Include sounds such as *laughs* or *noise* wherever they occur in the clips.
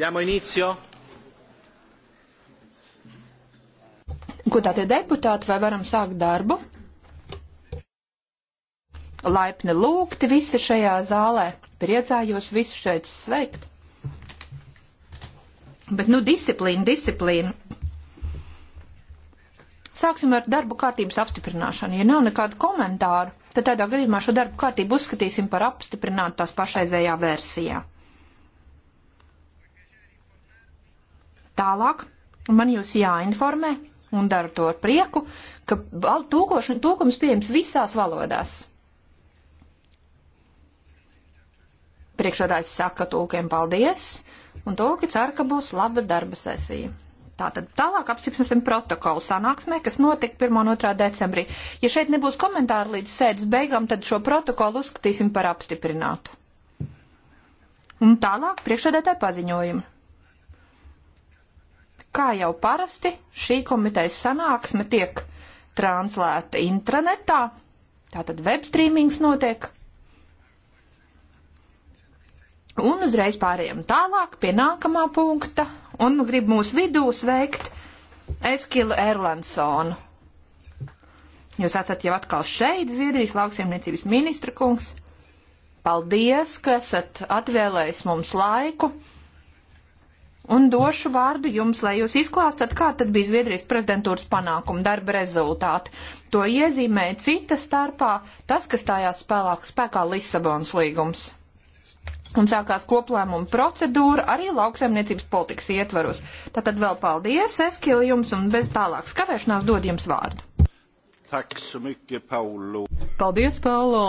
Diamo inizio. Godātie deputāti, vai varam sākt darbu? Laipni lūgti visi šajā zālē. Priecājos visu šeit sveikt. Bet, nu, disciplīna, disciplīna. Sāksim ar darbu kārtības apstiprināšanu. Ja nav nekādu komentāru, tad tādā gadījumā šo darbu kārtību uzskatīsim par apstiprinātu tās pašreizējā versijā. Tālāk man jūs jāinformē, un daru to ar prieku, ka tūkojums pieejams visās valodās. Priekšādājs saka tūkiem paldies, un tūki cer, ka būs laba darba sesija. Tātad tālāk apstiprināsim protokolu sanāksmē, kas notika 1. un 2. decembrī. Ja šeit nebūs komentāru līdz sēdes beigām, tad šo protokolu uzskatīsim par apstiprinātu. Un tālāk priekšādātāja paziņojumu. Kā jau parasti, šī komitejas sanāksme tiek translēta intranetā, tātad webstrīmings notiek. Un uzreiz pārējām tālāk pie nākamā punkta, un nu grib mūsu vidū sveikt Eskilu Erlansonu. Jūs esat jau atkal šeit, Zviedrijas lauksiemniecības ministra kungs. Paldies, ka esat atvēlējis mums laiku un došu vārdu jums, lai jūs izklāstat, kā tad bija Zviedrijas prezidentūras panākuma darba rezultāti. To iezīmēja cita starpā tas, kas stājās spēlāk, spēkā Lisabonas līgums. Un sākās koplēmuma procedūra arī lauksaimniecības politikas ietvaros. Tātad vēl paldies, Eskili, jums un bez tālākas kavēšanās dod jums vārdu. Mycket, Paulo. Paldies, Paulo!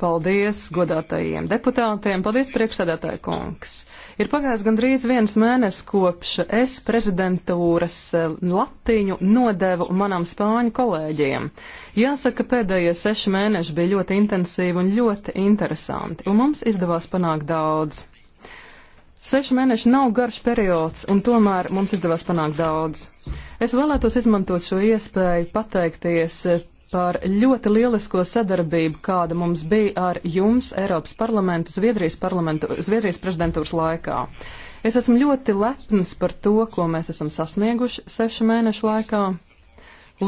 Paldies godātajiem deputātiem, paldies priekšsēdētāju kungs! Ir pagājis gandrīz viens mēnesis kopš es prezidentūras eh, latiņu nodevu manam spāņu kolēģiem. Jāsaka, pēdējie seši mēneši bija ļoti intensīvi un ļoti interesanti, un mums izdevās panākt daudz. Seši mēneši nav garš periods, un tomēr mums izdevās panākt daudz. Es vēlētos izmantot šo iespēju pateikties eh, par ļoti lielisko sadarbību, kāda mums bija ar jums Eiropas parlamentu Zviedrijas, parlamentu, Zviedrijas prezidentūras laikā. Es esmu ļoti lepns par to, ko mēs esam sasnieguši sešu mēnešu laikā.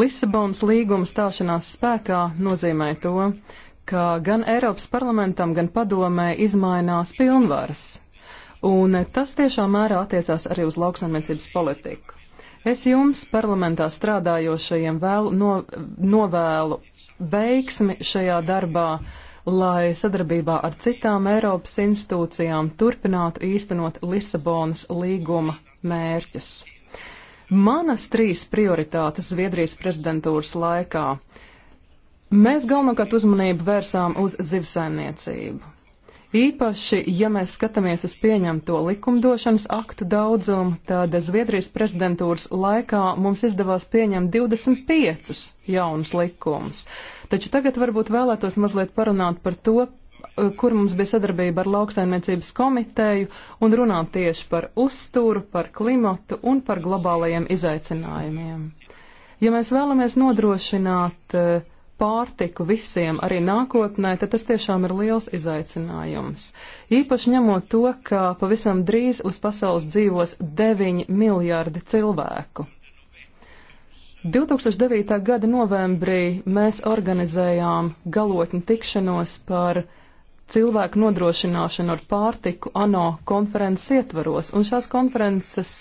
Lisabonas līguma stāšanās spēkā nozīmē to, ka gan Eiropas parlamentam, gan padomē izmainās pilnvaras. Un tas tiešām mērā attiecās arī uz lauksaimniecības politiku. Es jums, parlamentā strādājošajiem, vēlu, no, novēlu veiksmi šajā darbā, lai sadarbībā ar citām Eiropas institūcijām turpinātu īstenot Lisabonas līguma mērķus. Manas trīs prioritātes Zviedrijas prezidentūras laikā. Mēs galvenokārt uzmanību vērsām uz zivsaimniecību. Īpaši, ja mēs skatāmies uz pieņemto likumdošanas aktu daudzumu, tad Zviedrijas prezidentūras laikā mums izdevās pieņemt 25 jaunus likumus. Taču tagad varbūt vēlētos mazliet parunāt par to, eh, kur mums bija sadarbība ar lauksaimniecības komiteju un runāt tieši par uzturu, par klimatu un par globālajiem izaicinājumiem. Ja mēs vēlamies nodrošināt uh, pārtiku visiem arī nākotnē, tad tas tiešām ir liels izaicinājums. Īpaši ņemot to, ka pavisam drīz uz pasaules dzīvos 9 miljardi cilvēku. 2009. gada novembrī mēs organizējām galotņu tikšanos par cilvēku nodrošināšanu ar pārtiku ANO konferences ietvaros, un šās konferences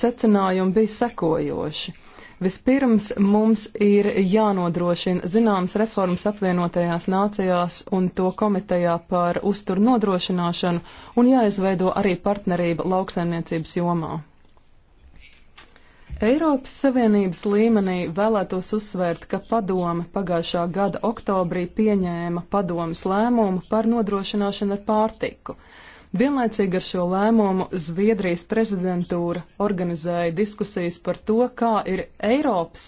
secinājumi bija sekojoši. Vispirms mums ir jānodrošina zināmas reformas apvienotajās nācijās un to komitejā par uzturu nodrošināšanu un jāizveido arī partnerība lauksaimniecības jomā. Eiropas Savienības līmenī vēlētos uzsvērt, ka padome pagājušā gada oktobrī pieņēma padomas lēmumu par nodrošināšanu ar pārtiku. Vienlaicīgi ar šo lēmumu Zviedrijas prezidentūra organizēja diskusijas par to, kā ir Eiropas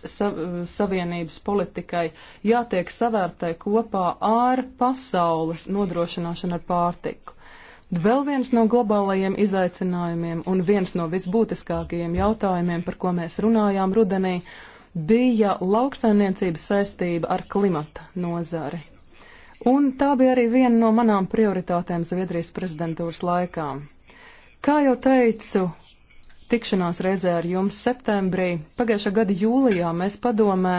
Savienības politikai jātiek savērtai kopā ar pasaules nodrošināšanu ar pārtiku. Vēl viens no globālajiem izaicinājumiem un viens no visbūtiskākajiem jautājumiem, par ko mēs runājām rudenī, bija lauksaimniecības saistība ar klimata nozari. Un tā bija arī viena no manām prioritātēm Zviedrijas prezidentūras laikā. Kā jau teicu, tikšanās reizē ar jums septembrī, pagājušā gada jūlijā mēs padomē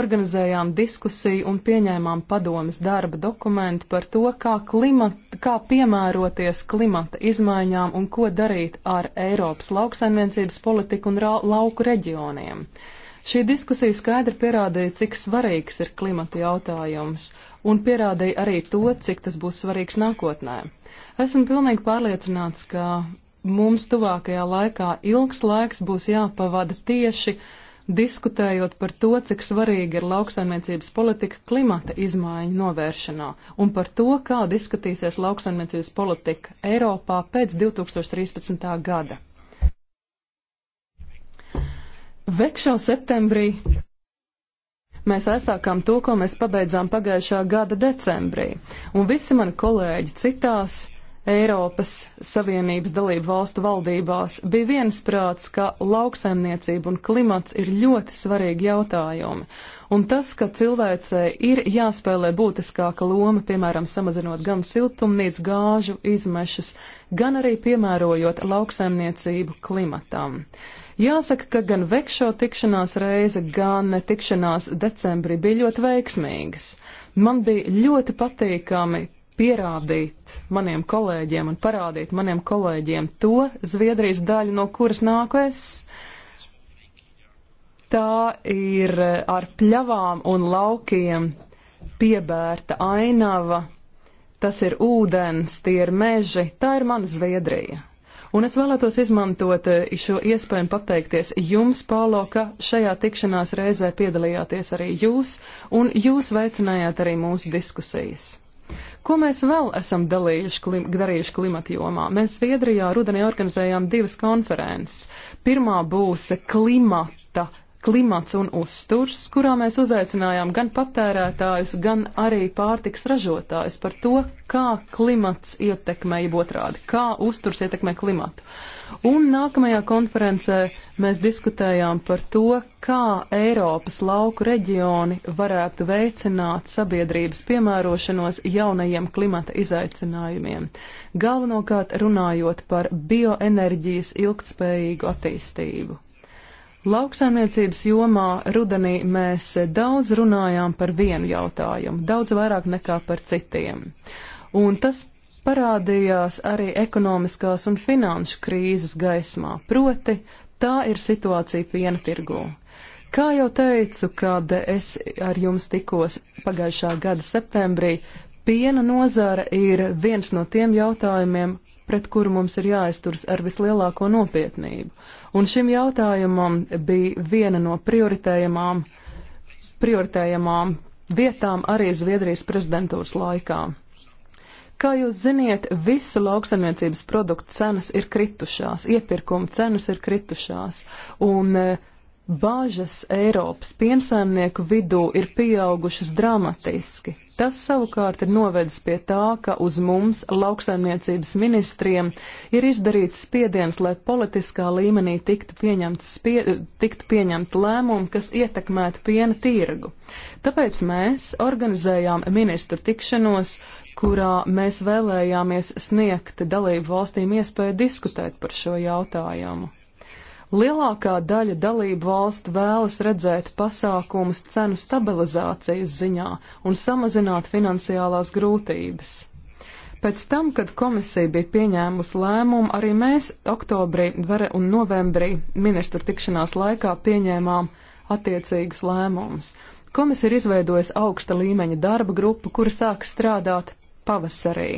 organizējām diskusiju un pieņēmām padomas darba dokumentu par to, kā, klimata, kā piemēroties klimata izmaiņām un ko darīt ar Eiropas lauksaimniecības politiku un rā, lauku reģioniem. Uh, Šī diskusija skaidri pierādīja, cik svarīgs ir klimata jautājums, un pierādīja arī to, cik tas būs svarīgs nākotnē. Esmu pilnīgi pārliecināts, ka mums tuvākajā laikā ilgs laiks būs jāpavada tieši diskutējot par to, cik svarīga ir lauksaimniecības politika klimata izmaiņu novēršanā un par to, kāda izskatīsies lauksaimniecības politika Eiropā pēc 2013. gada. Vekšā septembrī mēs aizsākām to, ko mēs pabeidzām pagājušā gada decembrī, un visi mani kolēģi citās Eiropas Savienības dalību valstu valdībās bija viensprāts, ka lauksaimniecība un klimats ir ļoti svarīgi jautājumi, un tas, ka cilvēcei ir jāspēlē būtiskāka loma, piemēram, samazinot gan siltumnīcas gāžu izmešus, gan arī piemērojot lauksaimniecību klimatam. Jāsaka, ka gan vekšo tikšanās reize, gan tikšanās decembrī bija ļoti veiksmīgas. Man bija ļoti patīkami pierādīt maniem kolēģiem un parādīt maniem kolēģiem to Zviedrijas daļu, no kuras nāku es. Tā ir ar pļavām un laukiem piebērta ainava, tas ir ūdens, tie ir meži, tā ir mana Zviedrija. Un es vēlētos izmantot eh, šo iespēju un pateikties jums, Paulo, ka šajā tikšanās reizē piedalījāties arī jūs, un jūs veicinājāt arī mūsu diskusijas. Ko mēs vēl esam klim, darījuši klimata jomā? Mēs Zviedrijā rudenī organizējām divas konferences. Pirmā būs klimata klimats un uzturs, kurā mēs uzaicinājām gan patērētājus, gan arī pārtiks ražotājus par to, kā klimats ietekmē, jeb otrādi, kā uzturs ietekmē klimatu. Un nākamajā konferencē mēs diskutējām par to, kā Eiropas lauku reģioni varētu veicināt sabiedrības piemērošanos jaunajiem klimata izaicinājumiem, galvenokārt runājot par bioenerģijas ilgtspējīgu attīstību. Lauksaimniecības jomā rudenī mēs daudz runājām par vienu jautājumu, daudz vairāk nekā par citiem. Un tas parādījās arī ekonomiskās un finanšu krīzes gaismā, proti tā ir situācija piena tirgū. Kā jau teicu, kad es ar jums tikos pagājušā gada septembrī, Piena nozara ir viens no tiem jautājumiem, pret kuru mums ir jāizturas ar vislielāko nopietnību. Un šim jautājumam bija viena no prioritējamām, prioritējamām vietām arī Zviedrijas prezidentūras laikā. Kā jūs ziniet, visu lauksaimniecības produktu cenas ir kritušās, iepirkuma cenas ir kritušās, un Bāžas Eiropas piensaimnieku vidū ir pieaugušas dramatiski. Tas savukārt ir novedis pie tā, ka uz mums, lauksaimniecības ministriem, ir izdarīts spiediens, lai politiskā līmenī tiktu, spie, tiktu pieņemta lēmuma, kas ietekmētu piena tirgu. Tāpēc mēs organizējām ministru tikšanos, kurā mēs vēlējāmies sniegt dalību valstīm iespēju diskutēt par šo jautājumu. Lielākā daļa dalību valstu vēlas redzēt pasākumus cenu stabilizācijas ziņā un samazināt finansiālās grūtības. Pēc tam, kad komisija bija pieņēmusi lēmumu, arī mēs oktobrī un novembrī ministru tikšanās laikā pieņēmām attiecīgus lēmumus. Komisija ir izveidojusi augsta līmeņa darba grupu, kura sāks strādāt pavasarī.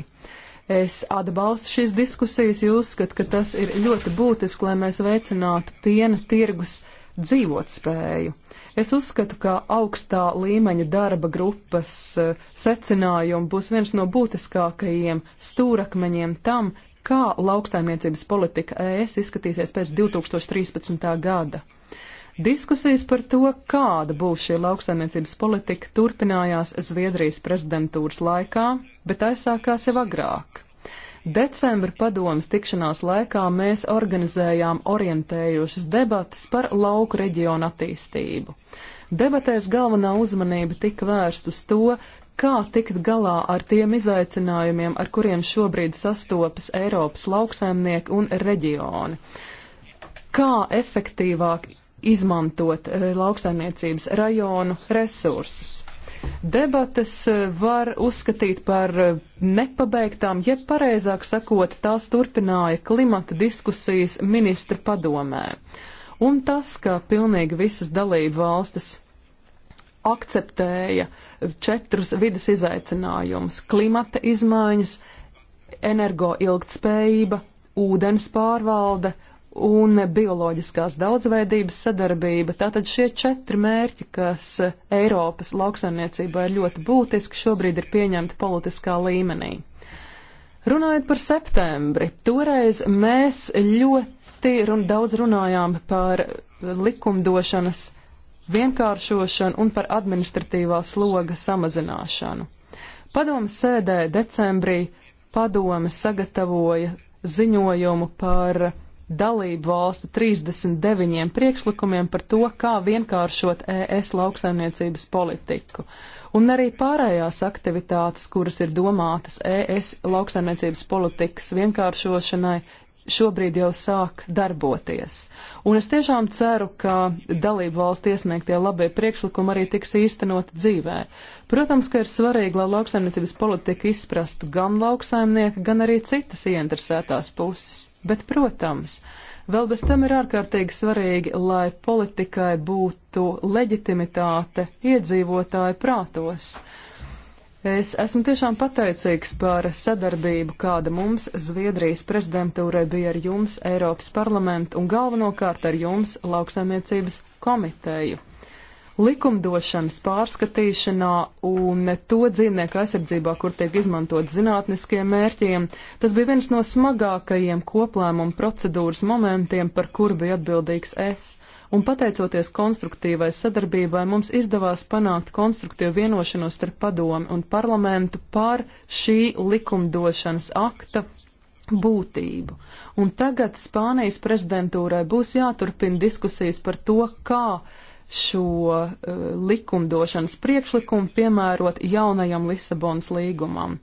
Es atbalstu šīs diskusijas, jo uzskatu, ka tas ir ļoti būtiski, lai mēs veicinātu piena tirgus dzīvotspēju. Es uzskatu, ka augstā līmeņa darba grupas e, secinājumi būs viens no būtiskākajiem stūrakmeņiem tam, kā lauksaimniecības politika ES izskatīsies pēc 2013. gada. Diskusijas par to, kāda būs šī lauksaimniecības politika, turpinājās Zviedrijas prezidentūras laikā, bet aizsākās jau agrāk. Decembra padomas tikšanās laikā mēs organizējām orientējošas debatas par lauku reģionu attīstību. Debatēs galvenā uzmanība tika vērst uz to, kā tikt galā ar tiem izaicinājumiem, ar kuriem šobrīd sastopas Eiropas lauksaimnieki un reģioni. Kā efektīvāk izmantot eh, lauksaimniecības rajonu resursus. Debates eh, var uzskatīt par eh, nepabeigtām, jeb pareizāk sakot, tās turpināja klimata diskusijas ministra padomē. Un tas, ka pilnīgi visas dalību valstis akceptēja četrus vidas izaicinājumus - klimata izmaiņas, energo ilgtspējība, ūdens pārvalde un bioloģiskās daudzveidības sadarbība. Tātad šie četri mērķi, kas Eiropas lauksaimniecībā ir ļoti būtiski, šobrīd ir pieņemti politiskā līmenī. Runājot par septembri, toreiz mēs ļoti run, daudz runājām par likumdošanas vienkāršošanu un par administratīvā sloga samazināšanu. Padomas sēdē decembrī padome sagatavoja ziņojumu par dalību valstu 39 priekšlikumiem par to, kā vienkāršot ES lauksaimniecības politiku. Un arī pārējās aktivitātes, kuras ir domātas ES lauksaimniecības politikas vienkāršošanai, šobrīd jau sāk darboties. Un es tiešām ceru, ka dalību valsts iesniegtie labie priekšlikumi arī tiks īstenot dzīvē. Protams, ka ir svarīgi, lai lauksaimniecības politika izprastu gan lauksaimnieka, gan arī citas ieinteresētās puses. Bet, protams, vēl bez tam ir ārkārtīgi svarīgi, lai politikai būtu leģitimitāte iedzīvotāju prātos. Es esmu tiešām pateicīgs par sadarbību, kāda mums Zviedrijas prezidentūrai bija ar jums, Eiropas parlamentu un galvenokārt ar jums, lauksaimniecības komiteju likumdošanas pārskatīšanā un to dzīvnieku aizsardzībā, kur tiek izmantot zinātniskiem mērķiem. Tas bija viens no smagākajiem koplēmuma procedūras momentiem, par kuru bija atbildīgs es. Un pateicoties konstruktīvai sadarbībai, mums izdevās panākt konstruktīvu vienošanos starp padomi un parlamentu par šī likumdošanas akta būtību. Un tagad Spānijas prezidentūrai būs jāturpina diskusijas par to, kā uh, šo uh, likumdošanas priekšlikumu piemērot jaunajam Lisabonas līgumam.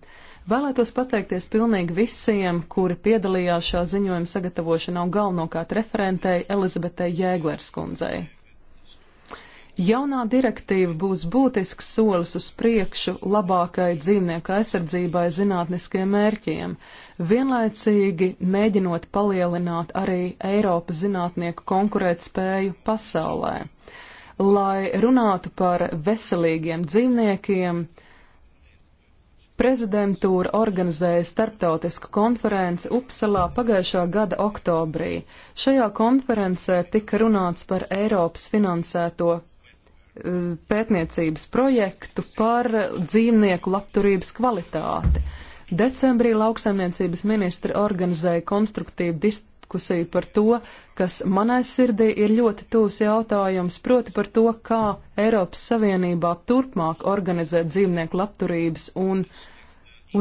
Vēlētos pateikties pilnīgi visiem, kuri piedalījās šā ziņojuma sagatavošanā un galvenokārt referentei Elizabetei Jēglerskundzei. Jaunā direktīva būs būtisks solis uz priekšu labākai dzīvnieku aizsardzībai zinātniskiem mērķiem, vienlaicīgi mēģinot palielināt arī Eiropas zinātnieku konkurētspēju pasaulē lai runātu par veselīgiem dzīvniekiem. Prezidentūra organizēja starptautisku konferenci Upsalā pagājušā gada oktobrī. Šajā konferencē tika runāts par Eiropas finansēto eh, pētniecības projektu par dzīvnieku labturības kvalitāti. Decembrī lauksaimniecības ministri organizēja konstruktīvu dis diskusiju par to, kas manai sirdī ir ļoti tūs jautājums, proti par to, kā Eiropas Savienībā turpmāk organizēt dzīvnieku labturības un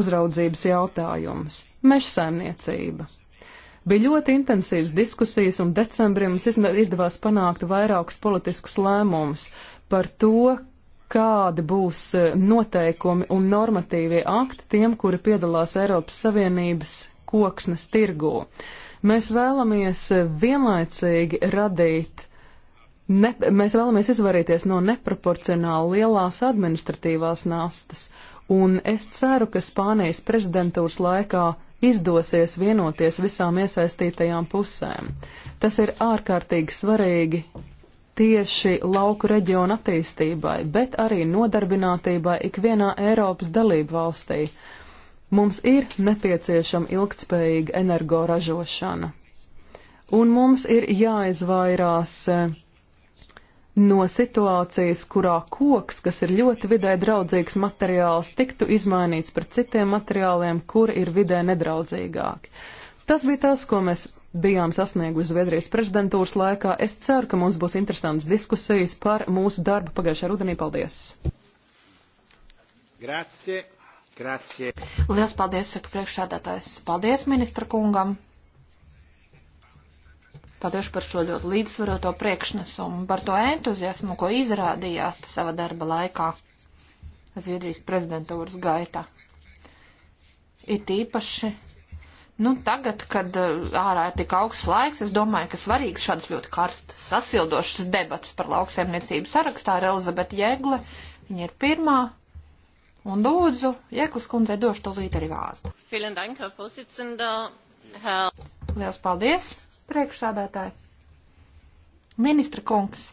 uzraudzības jautājumus - mežsaimniecība. Bija ļoti intensīvas diskusijas, un decembrī mums izdevās panākt vairākus politiskus lēmumus par to, kādi būs e, noteikumi un normatīvie akti tiem, kuri piedalās Eiropas Savienības koksnes tirgū. Mēs vēlamies vienlaicīgi radīt, ne, mēs vēlamies izvarīties no neproporcionāli lielās administratīvās nastas, un es ceru, ka Spānijas prezidentūras laikā izdosies vienoties visām iesaistītajām pusēm. Tas ir ārkārtīgi svarīgi tieši lauku reģionu attīstībai, bet arī nodarbinātībai ikvienā Eiropas dalību valstī. Mums ir nepieciešama ilgtspējīga energoražošana, un mums ir jāizvairās eh, no situācijas, kurā koks, kas ir ļoti vidē draudzīgs materiāls, tiktu izmainīts par citiem materiāliem, kur ir vidē nedraudzīgāki. Tas bija tas, ko mēs bijām sasnieguši Zviedrijas prezidentūras laikā. Es ceru, ka mums būs interesants diskusijas par mūsu darbu pagājušā rudenī. Paldies! Grazie. Grazie. Lielas paldies, saka priekšsādātājs. Paldies ministra kungam. Paldies par šo ļoti līdzsvaroto priekšnesumu, par to entuziasmu, ko izrādījāt sava darba laikā Zviedrijas prezidentūras gaitā. It īpaši, nu tagad, kad uh, ārā ir tik augsts laiks, es domāju, ka svarīgs šāds ļoti karstas, sasildošas debats par lauksaimniecību sarakstā ar Elizabeti Jēgle. Viņa ir pirmā Un lūdzu, Jēklas kundze došu to līdz arī vārdu. Liels paldies, priekšsādātāji. Ministra kungs.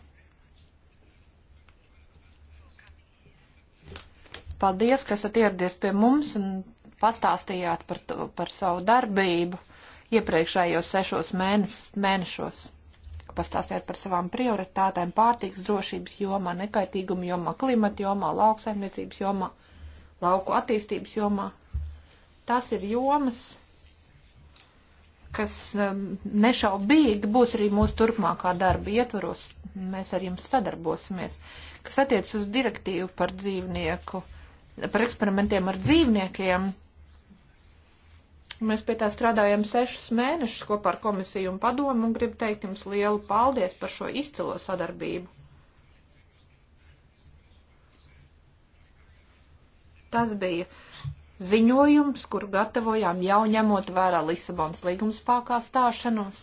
Paldies, ka esat ieradies pie mums un pastāstījāt par, to, par savu darbību iepriekšējos sešos mēnes, mēnešos, ka pastāstījāt par savām prioritātēm pārtīks drošības jomā, nekaitīguma jomā, klimata jomā, lauksaimniecības jomā lauku attīstības jomā. Tas ir jomas, kas um, nešaubīgi būs arī mūsu turpmākā darba ietvaros. Mēs ar jums sadarbosimies. Kas attiec uz direktīvu par dzīvnieku, par eksperimentiem ar dzīvniekiem, Mēs pie tā strādājam sešus mēnešus kopā ar komisiju un padomu un gribu teikt jums lielu paldies par šo izcilo sadarbību. Tas bija ziņojums, kur gatavojām jau ņemot vērā Lisabonas līguma spēkā stāšanos,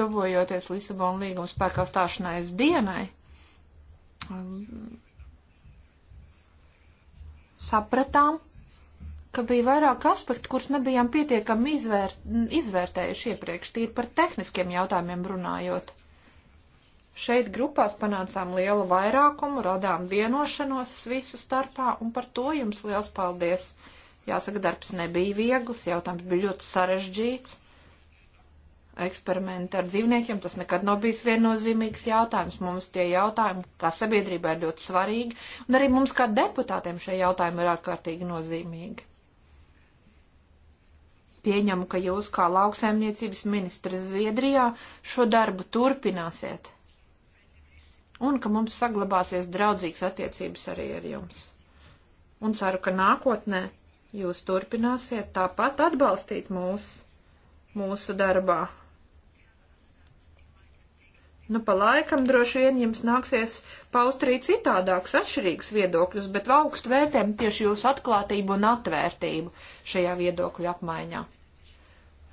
tuvojoties Lisabonas līguma spēkā stāšanās dienai. Um, sapratām, ka bija vairāk aspektu, kurus nebijām pietiekami izvērt, izvērtējuši iepriekš, tīri par tehniskiem jautājumiem runājot. Šeit grupās panācām lielu vairākumu, radām vienošanos visu starpā, un par to jums liels paldies. Jāsaka, darbs nebija viegls, jautājums bija ļoti sarežģīts. Eksperimenti ar dzīvniekiem, tas nekad nav bijis viennozīmīgs jautājums. Mums tie jautājumi, kā sabiedrībā, ir ļoti svarīgi, un arī mums kā deputātiem šie jautājumi ir ārkārtīgi nozīmīgi. Pieņemu, ka jūs kā lauksaimniecības ministrs Zviedrijā šo darbu turpināsiet un ka mums saglabāsies draudzīgs attiecības arī ar jums. Un ceru, ka nākotnē jūs turpināsiet tāpat atbalstīt mūs, mūsu darbā. Nu, pa laikam droši vien jums nāksies paust arī citādākus, atšķirīgus viedokļus, bet augstu vērtēm tieši jūsu atklātību un atvērtību šajā viedokļu apmaiņā.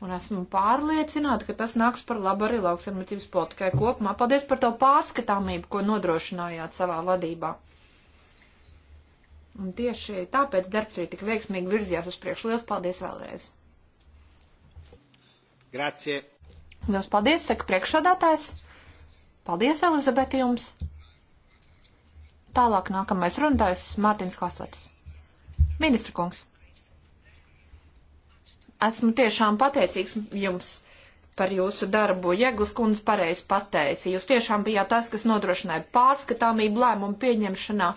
Un esmu pārliecināta, ka tas nāks par labu arī lauksaimniecības politikai kopumā. Paldies par to pārskatāmību, ko nodrošinājāt savā vadībā. Un tieši tāpēc darbs arī tik veiksmīgi virzījās uz priekšu. Lielas paldies vēlreiz! Grazie! Lielas paldies, saka priekšsādātājs! Paldies, Elizabete, jums! Tālāk nākamais runātājs Mārtiņš Kaslets. Ministra kungs! Esmu tiešām pateicīgs jums par jūsu darbu. Jeglas kundze pareizi pateica, jūs tiešām bijāt tas, kas nodrošināja pārskatāmību lēmumu pieņemšanā.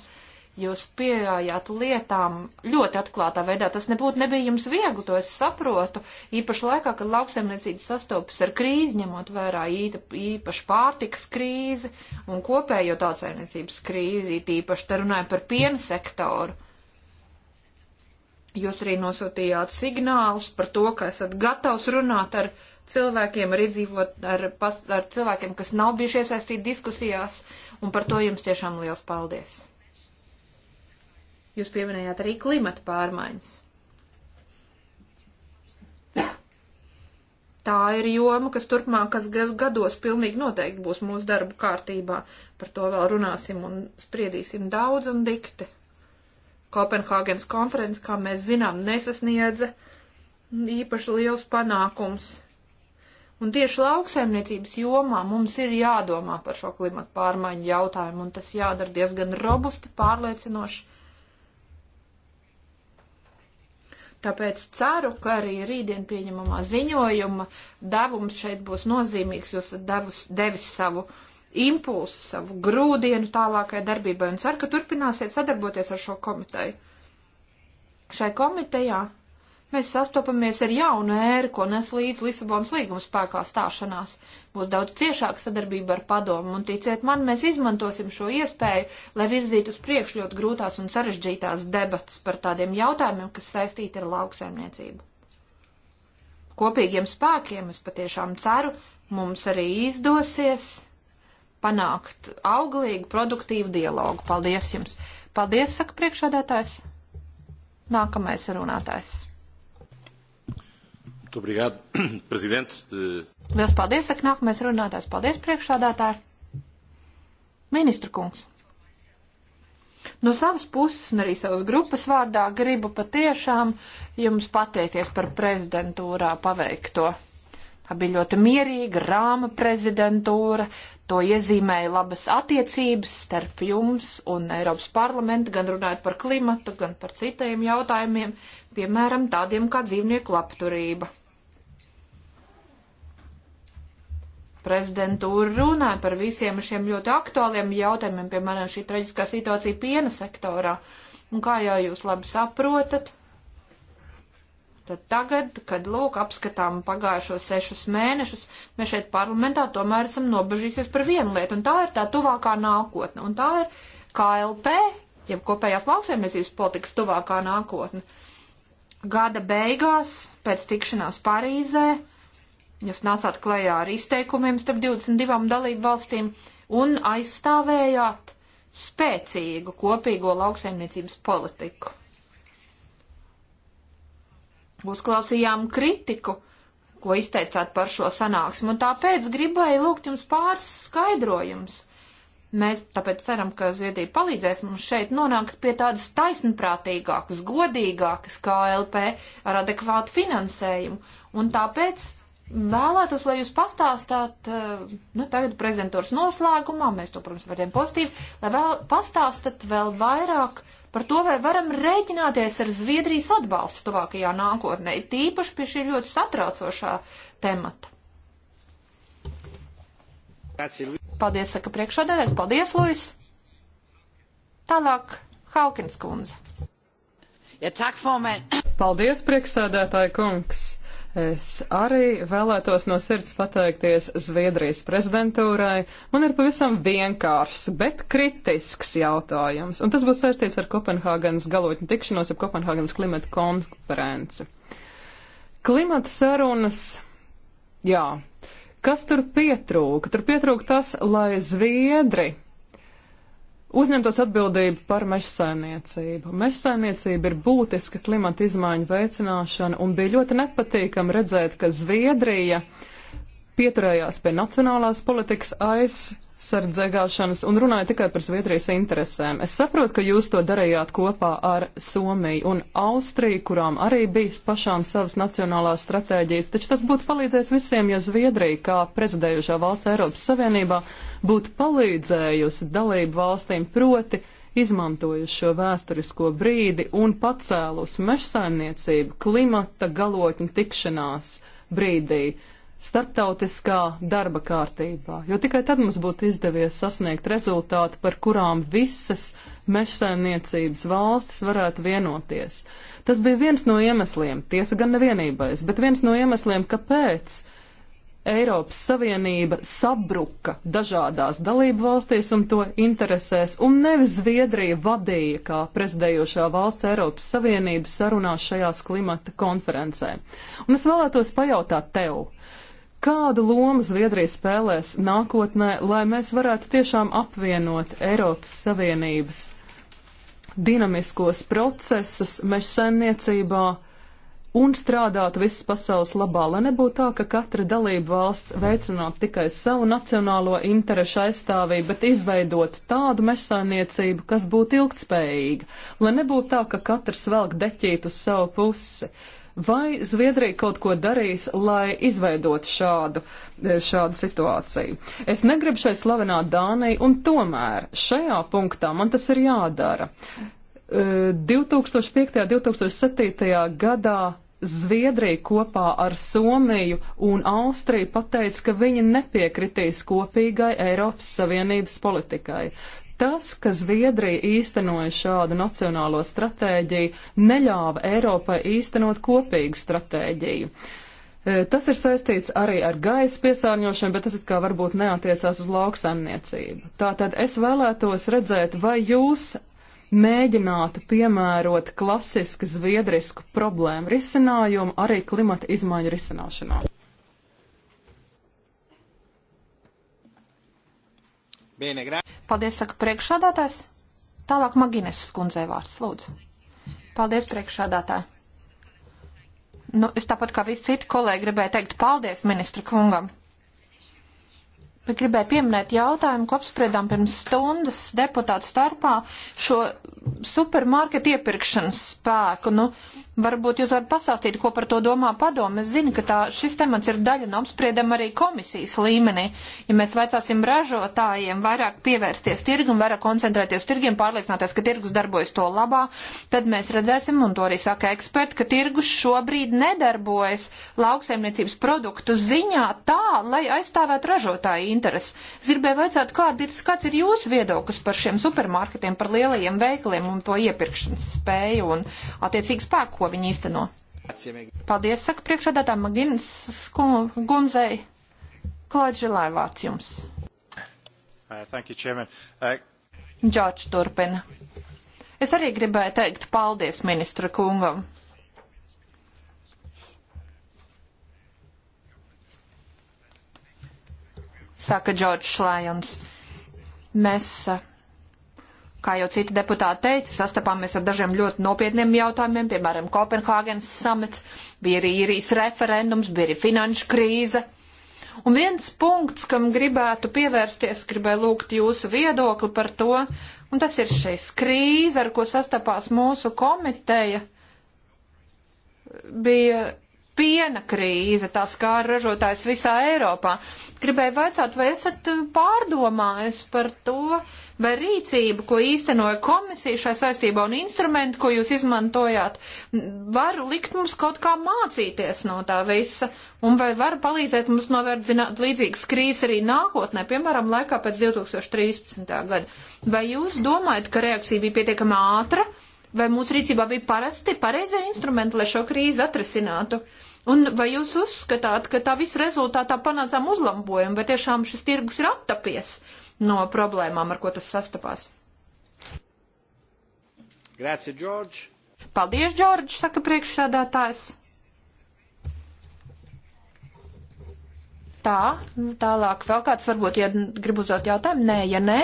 Jūs pieejāt lietām ļoti atklātā veidā. Tas nebūtu nebija jums viegli, to es saprotu. Īpaši laikā, kad lauksaimniecība sastopas ar krīzi, ņemot vērā īpaši pārtikas krīzi un kopējo tautsēmniecības krīzi, īpaši te runājam par piena sektoru. Jūs arī nosūtījāt signālus par to, ka esat gatavs runāt ar cilvēkiem, arī dzīvot ar, pas, ar cilvēkiem, kas nav bijuši iesaistīti diskusijās, un par to jums tiešām liels paldies. Jūs pieminējāt arī klimata pārmaiņas. Tā ir joma, kas turpmākas gados pilnīgi noteikti būs mūsu darbu kārtībā. Par to vēl runāsim un spriedīsim daudz un dikti. Kopenhāgenes konferences, kā mēs zinām, nesasniedza īpaši liels panākums. Un tieši lauksaimniecības jomā mums ir jādomā par šo klimatu pārmaiņu jautājumu, un tas jādara diezgan robusti, pārliecinoši. Tāpēc ceru, ka arī rītdien pieņemamā ziņojuma devums šeit būs nozīmīgs, jūs devis savu uh, impulsu, savu grūdienu tālākai darbībai un ceru, ka turpināsiet sadarboties ar šo komiteju. Šai komitejā mēs sastopamies ar jaunu ēru, ko nes līdz Lisabonas līguma spēkā stāšanās. Būs daudz ciešāka sadarbība ar padomu, un ticiet man, mēs izmantosim šo iespēju, lai virzītu uz priekšu ļoti grūtās un sarežģītās debatas par tādiem jautājumiem, kas saistīti ar lauksaimniecību. Kopīgiem spēkiem es patiešām ceru, mums arī izdosies panākt auglīgu, produktīvu dialogu. Paldies jums! Paldies, saka priekšādātājs. Nākamais runātājs. Obrigado, *coughs* prezidents. Liels paldies, saka nākamais runātājs. Paldies, priekšādātāji. Ministru kungs. No savas puses un arī savas grupas vārdā gribu patiešām jums pateikties par prezidentūrā paveikto. Tā bija ļoti mierīga, rāma prezidentūra, To iezīmēja labas attiecības starp jums un Eiropas parlamentu, gan runājot par klimatu, gan par citiem jautājumiem, piemēram, tādiem kā dzīvnieku labturība. Prezidentūra runāja par visiem šiem ļoti aktuāliem jautājumiem, piemēram, šī traģiskā situācija piena sektorā. Un kā jau jūs labi saprotat, Tad tagad, kad lūk apskatām pagājušos sešus mēnešus, mēs šeit parlamentā tomēr esam nobežīsies par vienu lietu, un tā ir tā tuvākā nākotne, un tā ir KLP, jeb kopējās lauksaimniecības politikas tuvākā nākotne. Gada beigās, pēc tikšanās Parīzē, jūs nācāt klajā ar izteikumiem starp 22 dalību valstīm un aizstāvējāt spēcīgu kopīgo lauksaimniecības politiku uzklausījām kritiku, ko izteicāt par šo sanāksmu, un tāpēc gribēju lūgt jums pāris skaidrojumus. Mēs tāpēc ceram, ka Zviedrija palīdzēs mums šeit nonākt pie tādas taisnprātīgākas, godīgākas KLP ar adekvātu finansējumu. Un tāpēc vēlētos, lai jūs pastāstāt, eh, nu tagad prezentūras noslēgumā, mēs to, protams, vērtējam pozitīvi, lai vēl pastāstat vēl vairāk par to, vai varam rēķināties ar Zviedrijas atbalstu tuvākajā nākotnē, tīpaši pie šī ļoti satraucošā temata. Paldies, saka priekšādājais. Paldies, Luis. Tālāk, Haukins kundze. Ja, tak, Paldies, priekšsēdētāji kungs. Es arī vēlētos no sirds pateikties Zviedrijas prezidentūrai. Man ir pavisam vienkāršs, bet kritisks jautājums, un tas būs saistīts ar Kopenhāgenes galotņu tikšanos, ja Kopenhāgenes klimata konferenci. Klimata sarunas, jā, kas tur pietrūka? Tur pietrūka tas, lai Zviedri uzņemtos atbildību par mežsaimniecību. Mežsaimniecība ir būtiska klimata izmaiņu veicināšana, un bija ļoti nepatīkami redzēt, ka Zviedrija pieturējās pie nacionālās politikas aiz sardzēgāšanas un runāju tikai par Zviedrijas interesēm. Es saprotu, ka jūs to darījāt kopā ar Somiju un Austriju, kurām arī bija pašām savas nacionālās stratēģijas, taču tas būtu palīdzējis visiem, ja Zviedrija kā prezidējušā valsts Eiropas Savienībā būtu palīdzējusi dalību valstīm proti izmantojuši šo vēsturisko brīdi un pacēlus mežsaimniecību klimata galotņu tikšanās brīdī starptautiskā darba kārtībā, jo tikai tad mums būtu izdevies sasniegt rezultātu, par kurām visas mežsaimniecības valstis varētu vienoties. Tas bija viens no iemesliem, tiesa gan nevienīgais, bet viens no iemesliem, kāpēc Eiropas Savienība sabruka dažādās dalību valstīs un to interesēs, un nevis Zviedrija vadīja kā prezidējošā valsts Eiropas Savienības sarunās šajās klimata konferencē. Un es vēlētos pajautāt tev, uh, Kādu lomu Zviedrija spēlēs nākotnē, lai mēs varētu tiešām apvienot Eiropas Savienības dinamiskos procesus meža saimniecībā un strādāt visas pasaules labā, lai nebūtu tā, ka katra dalība valsts veicinātu tikai savu nacionālo interešu aizstāvību, bet izveidotu tādu meža saimniecību, kas būtu ilgtspējīga, lai nebūtu tā, ka katrs velk deķīt uz savu pusi. Vai Zviedrija kaut ko darīs, lai izveidotu šādu, e, šādu situāciju? Es negribu šeit slavenāt Dāniju, un tomēr šajā punktā man tas ir jādara. 2005. un 2007. gadā Zviedrija kopā ar Somiju un Austriju pateica, ka viņi nepiekritīs kopīgai Eiropas Savienības politikai. Tas, ka Zviedrija īstenoja šādu nacionālo stratēģiju, neļāva Eiropai īstenot kopīgu stratēģiju. E, tas ir saistīts arī ar gaisa piesārņošanu, bet tas it kā varbūt neatiecās uz lauksaimniecību. Tātad es vēlētos redzēt, vai jūs mēģinātu piemērot klasisku zviedrisku problēmu risinājumu arī klimata izmaiņu risināšanā. Bene, gra... Paldies, saka priekšādātājs. Tālāk Magines skundzē vārds, lūdzu. Paldies, priekšādātāji. Nu, es tāpat kā visi citi kolēģi gribēju teikt paldies ministra kungam. Bet gribēju pieminēt jautājumu, ko apspriedām pirms stundas deputātu starpā šo supermarketu iepirkšanas spēku. Nu, Varbūt jūs varat pasāstīt, ko par to domā padomu. Es zinu, ka tā, šis temats ir daļa no apspriedama arī komisijas līmenī. Ja mēs vaicāsim ražotājiem vairāk pievērsties tirgum, vairāk koncentrēties tirgiem, pārliecināties, ka tirgus darbojas to labā, tad mēs redzēsim, un to arī saka eksperti, ka tirgus šobrīd nedarbojas lauksaimniecības produktu ziņā tā, lai aizstāvētu ražotāju interesi. Es gribēju vaicāt, kāds ir, kāds ir jūsu viedoklis par šiem supermarketiem, par lielajiem veikaliem un to iepirkšanas spēju un attiecīgi spēku ko viņi īsteno. Paldies, saka priekšādātā Maginas Gunzei. Klaid Žilai vārds jums. Uh, uh, Džordž turpina. Es arī gribēju teikt paldies ministra kungam. Saka Džordžs Lajons. Mēs uh, Kā jau citi deputāti teica, sastapāmies ar dažiem ļoti nopietniem jautājumiem, piemēram, Kopenhāgenes samets, bija arī īrijas referendums, bija arī finanšu krīze. Un viens punkts, kam gribētu pievērsties, gribēju lūgt jūsu viedokli par to, un tas ir šis krīze, ar ko sastapās mūsu komiteja, bija piena krīze, tā kā ražotājs visā Eiropā. Gribēju vaicāt, vai esat pārdomājis par to, uh, vai rīcība, ko īstenoja komisija šai saistībā un instrumenti, ko jūs izmantojāt, var likt mums kaut kā mācīties no tā visa un vai var palīdzēt mums novērt zināt, līdzīgas krīzes arī nākotnē, piemēram, laikā pēc 2013. gada. Vai jūs domājat, ka reakcija bija pietiekama ātra? vai mūsu rīcībā bija parasti pareizie instrumenti, lai šo krīzi atrisinātu? Un vai jūs uzskatāt, ka tā visa rezultātā panācām uzlabojumu, vai tiešām šis tirgus ir attapies no problēmām, ar ko tas sastapās? Grāci, Džordž. Paldies, Džordž, saka priekšsādātājs. Tā, tālāk vēl kāds varbūt, ja grib uzdot jautājumu. Nē, ja nē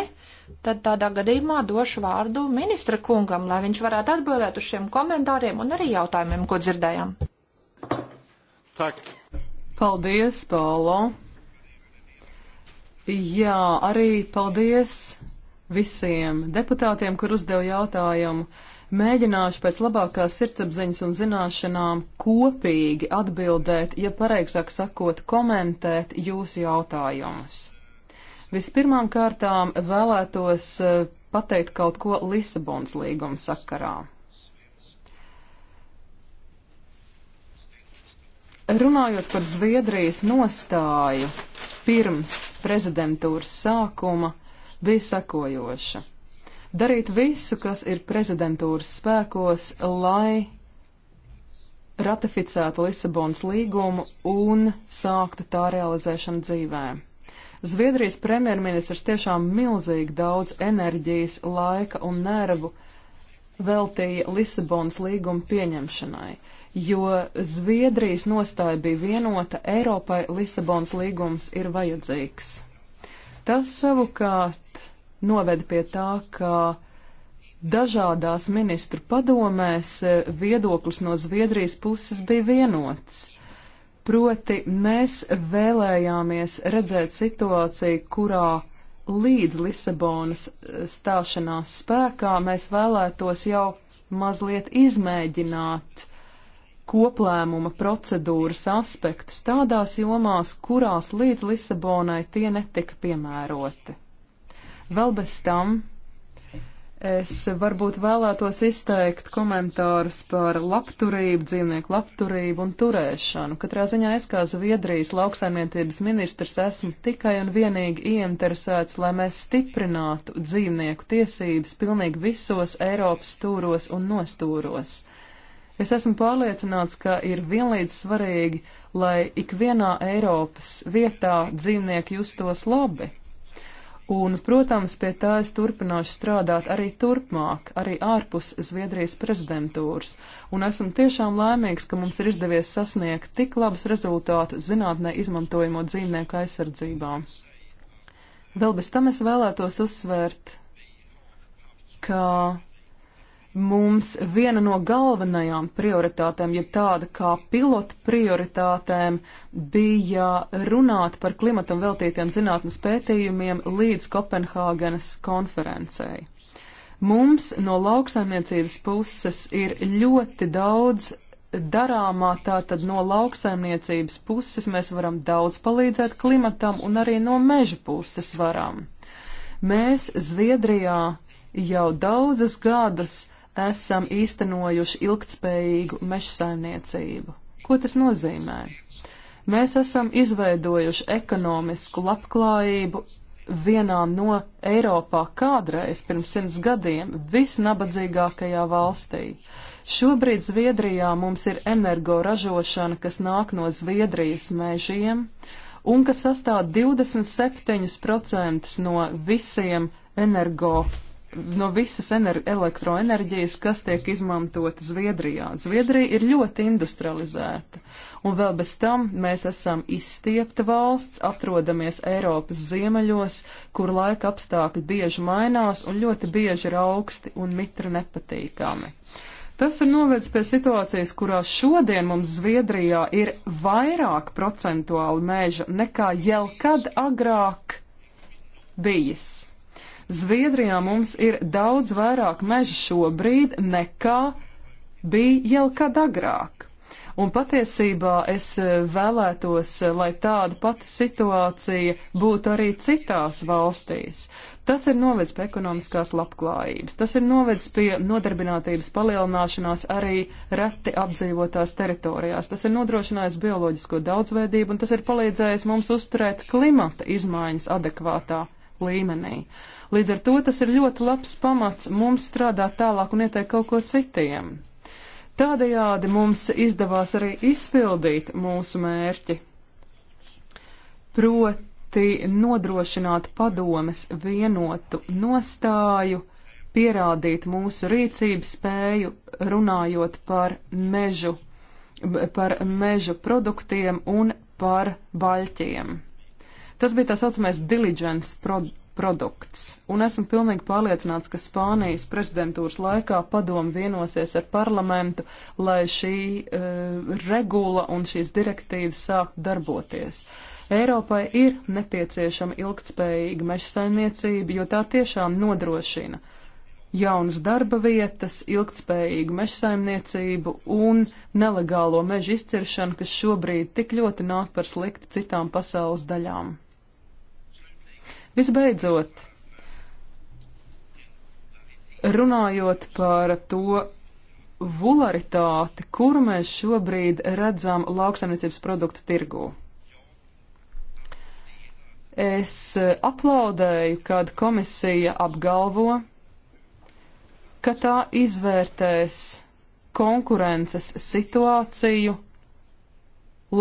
tad tādā gadījumā došu vārdu ministra kungam, lai viņš varētu atbildēt uz šiem komentāriem un arī jautājumiem, ko dzirdējām. Tak. Paldies, Paulo! Jā, arī paldies visiem deputātiem, kur uzdev jautājumu. Mēģināšu pēc labākās sirdsapziņas un zināšanām kopīgi atbildēt, ja pareizāk sakot, komentēt jūsu jautājumus. Vispirmām kārtām vēlētos eh, pateikt kaut ko Lisabons līguma sakarā. runājot par Zviedrijas nostāju pirms prezidentūras sākuma, bija sekojoša. Darīt visu, kas ir prezidentūras spēkos, lai ratificētu Lisabonas līgumu un sāktu tā realizēšanu dzīvēm. Zviedrijas premjerministrs tiešām milzīgi daudz enerģijas, laika un nervu veltīja Lisabonas līguma pieņemšanai, jo Zviedrijas nostāja bija vienota Eiropai Lisabonas līgums ir vajadzīgs. Tas savukārt noved pie tā, ka dažādās ministru padomēs viedoklis no Zviedrijas puses bija vienots. Proti mēs vēlējāmies redzēt situāciju, kurā līdz Lisabonas eh, stāšanās spēkā mēs vēlētos jau mazliet izmēģināt koplēmuma procedūras aspektus tādās jomās, kurās līdz Lisabonai tie netika piemēroti. Vēl bez tam Es varbūt vēlētos izteikt komentārus par labturību, dzīvnieku labturību un turēšanu. Katrā ziņā es kā Zviedrijas lauksaimniecības ministrs esmu tikai un vienīgi ieinteresēts, lai mēs stiprinātu dzīvnieku tiesības pilnīgi visos Eiropas stūros un nostūros. Es esmu pārliecināts, ka ir vienlīdz svarīgi, lai ikvienā Eiropas vietā dzīvnieki justos labi. Un, protams, pie tā es turpināšu strādāt arī turpmāk, arī ārpus Zviedrijas prezidentūras. Un esam tiešām laimīgs, ka mums ir izdevies sasniegt tik labus rezultātus zinātnē izmantojamo dzīvnieku aizsardzībā. Vēl bez tam es vēlētos uzsvērt, ka mums viena no galvenajām prioritātēm, ja tāda kā pilotu prioritātēm, bija runāt par klimatam veltītiem zinātnes pētījumiem līdz Kopenhāgenes konferencei. Mums no lauksaimniecības puses ir ļoti daudz darāmā, tātad no lauksaimniecības puses mēs varam daudz palīdzēt klimatam un arī no meža puses varam. Mēs Zviedrijā jau daudzus gadus esam īstenojuši ilgtspējīgu meža saimniecību. Ko tas nozīmē? Mēs esam izveidojuši ekonomisku labklājību vienā no Eiropā kādreiz pirms simts gadiem visnabadzīgākajā valstī. Šobrīd Zviedrijā mums ir energoražošana, kas nāk no Zviedrijas mežiem un kas sastāv 27% no visiem energo no visas elektroenerģijas, kas tiek izmantota Zviedrijā. Zviedrija ir ļoti industrializēta, un vēl bez tam mēs esam izstiepta valsts, atrodamies Eiropas ziemeļos, kur laika apstākļi bieži mainās un ļoti bieži ir augsti un mitri nepatīkami. Tas ir novedis pie situācijas, kurā šodien mums Zviedrijā ir vairāk procentuāli mēža nekā jebkad agrāk bijis. Zviedrijā mums ir daudz vairāk meža šobrīd nekā bija jau kad agrāk. Un patiesībā es e, vēlētos, e, lai tāda pati situācija būtu arī citās valstīs. Tas ir novedis pie ekonomiskās labklājības, tas ir novedis pie nodarbinātības palielināšanās arī reti apdzīvotās teritorijās, tas ir nodrošinājis bioloģisko daudzveidību un tas ir palīdzējis mums uzturēt klimata izmaiņas adekvātā līmenī. Līdz ar to tas ir ļoti labs pamats mums strādāt tālāk un ieteikt kaut ko citiem. Tādējādi mums izdevās arī izpildīt mūsu mērķi, proti nodrošināt padomes vienotu nostāju, pierādīt mūsu rīcības spēju, runājot par mežu, par mežu produktiem un par baļķiem. Tas bija tā saucamais diligence pro produkts, un esmu pilnīgi pārliecināts, ka Spānijas prezidentūras laikā padomu vienosies ar parlamentu, lai šī uh, regula un šīs direktīvas sāktu darboties. Eiropai ir nepieciešama ilgtspējīga meža saimniecība, jo tā tiešām nodrošina jaunas darba vietas, ilgtspējīgu mežsaimniecību un nelegālo meža izciršanu, kas šobrīd tik ļoti nāk par sliktu citām pasaules daļām. Visbeidzot, runājot par to vularitāti, kuru mēs šobrīd redzam lauksaimniecības produktu tirgū. Es aplaudēju, kad komisija apgalvo, ka tā izvērtēs konkurences situāciju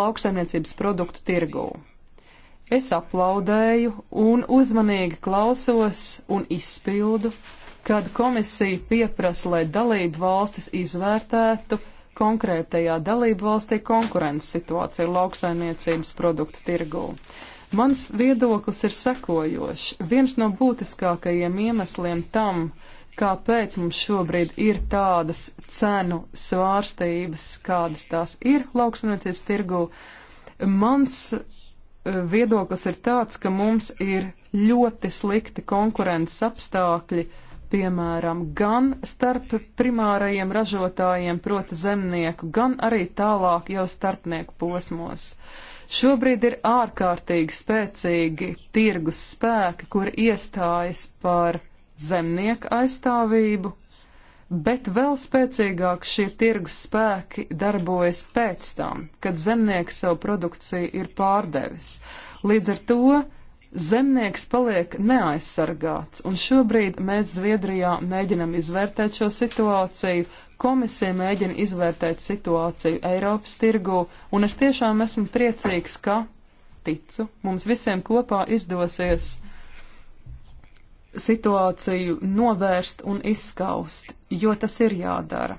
lauksaimniecības produktu tirgū. Es aplaudēju un uzmanīgi klausos un izpildu, kad komisija pieprasa, lai dalību valstis izvērtētu konkrētajā dalību valstī konkurences situāciju lauksaimniecības produktu tirgū. Mans viedoklis ir sekojošs. Viens no būtiskākajiem iemesliem tam, kāpēc mums šobrīd ir tādas cenu svārstības, kādas tās ir lauksaimniecības tirgū. Mans viedoklis ir tāds, ka mums ir ļoti slikti konkurences apstākļi, piemēram, gan starp primārajiem ražotājiem, proti zemnieku, gan arī tālāk jau starpnieku posmos. Šobrīd ir ārkārtīgi spēcīgi tirgus spēki, kuri iestājas par zemnieku aizstāvību Bet vēl spēcīgāk šie tirgus spēki darbojas pēc tam, kad zemnieks savu produkciju ir pārdevis. Līdz ar to zemnieks paliek neaizsargāts, un šobrīd mēs Zviedrijā mēģinam izvērtēt šo situāciju, komisija mēģina izvērtēt situāciju Eiropas tirgū, un es tiešām esmu priecīgs, ka, ticu, mums visiem kopā izdosies situāciju novērst un izskaust, jo tas ir jādara.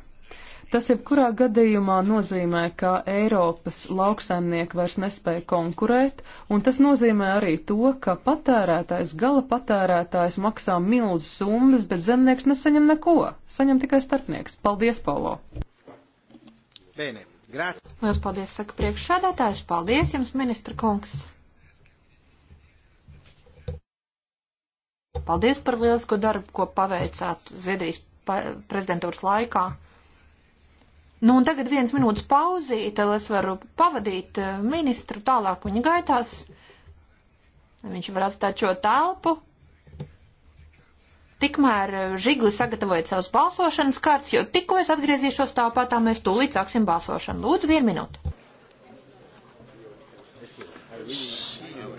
Tas jebkurā gadījumā nozīmē, ka Eiropas lauksaimnieki vairs nespēja konkurēt, un tas nozīmē arī to, ka patērētājs, gala patērētājs maksā milzu summas, bet zemnieks nesaņem neko, saņem tikai starpnieks. Paldies, Paulo! Bene, grāts! Lielas paldies, saka priekšsēdētājs, paldies jums, ministra kungs! Paldies par lielisko darbu, ko paveicāt Zviedrijas prezidentūras laikā. Nu, un tagad viens minūtes pauzīte, lai es varu pavadīt ministru tālāk viņa gaitās. Viņš var atstāt šo telpu. Tikmēr žigli sagatavojiet savus balsošanas kārtas, jo tikko es atgriezīšos tāpat, tā mēs tūlīt sāksim balsošanu. Lūdzu, vienu minūtu. See you.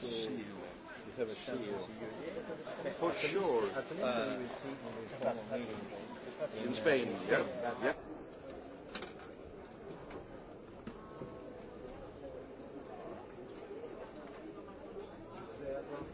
See you. You have a chance for at sure. Least, at least uh, we will see in the formal meeting in, in Spain. Uh, yeah. yeah. Thank you.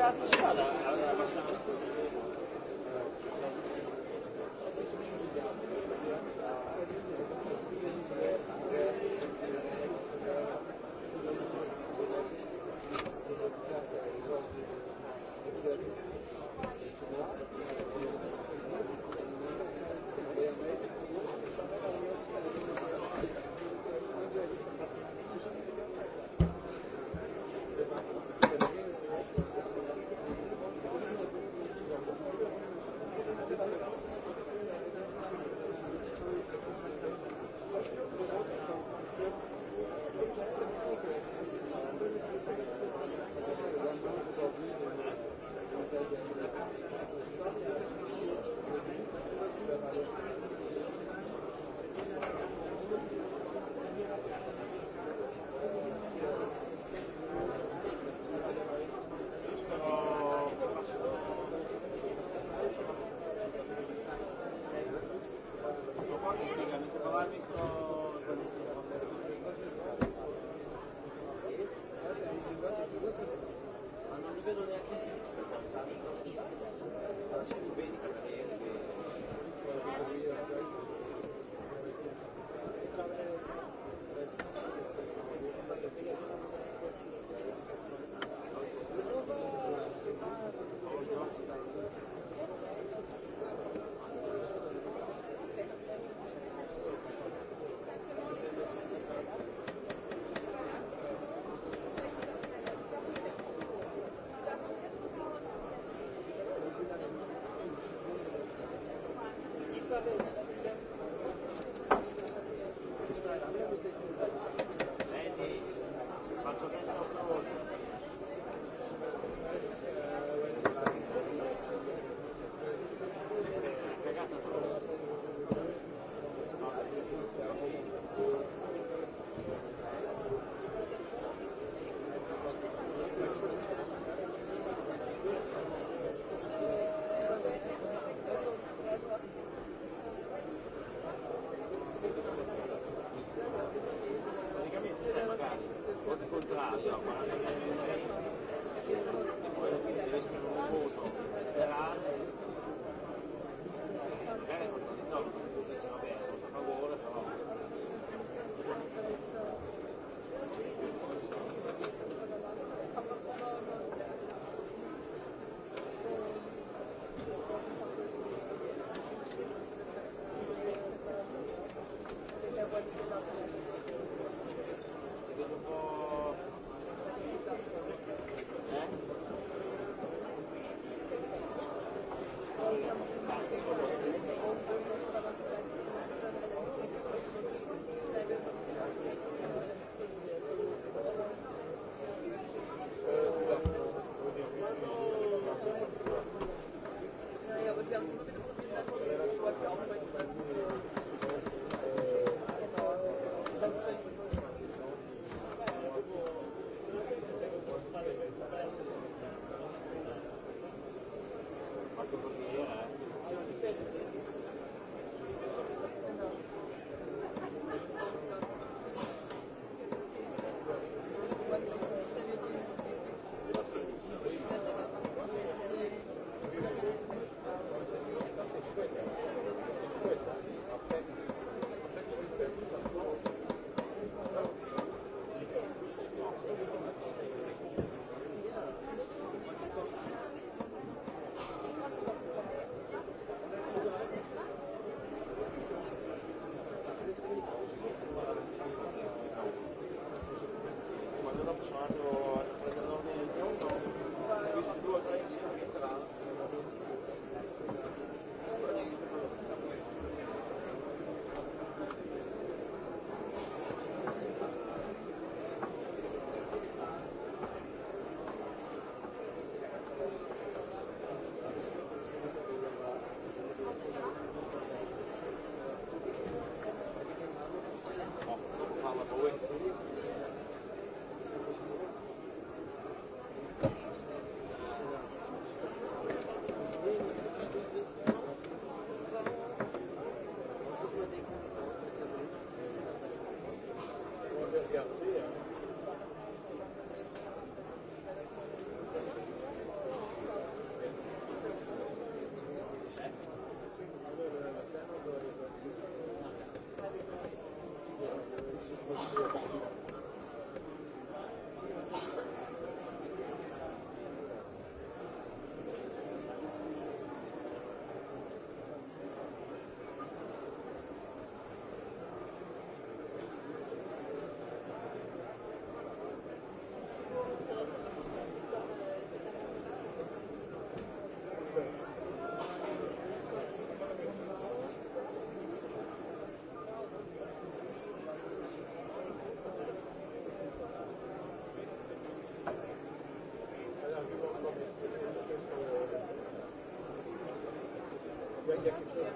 che cazzo si fa la, la, la passata?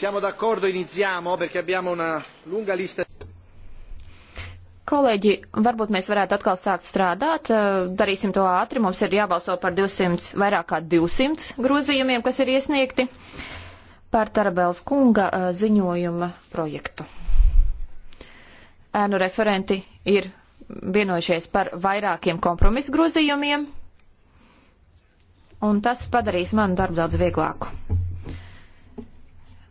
Siamo d'accordo, iniziamo, perché abbiamo una lunga lista. Kolēģi, varbūt mēs varētu atkal sākt strādāt. Eh, darīsim to ātri. Mums ir jābalso par 200, vairāk kā 200 grozījumiem, kas ir iesniegti par Tarabels kunga eh, ziņojuma projektu. Ēnu referenti ir vienojušies par vairākiem kompromisu grozījumiem, un tas padarīs manu darbu daudz vieglāku.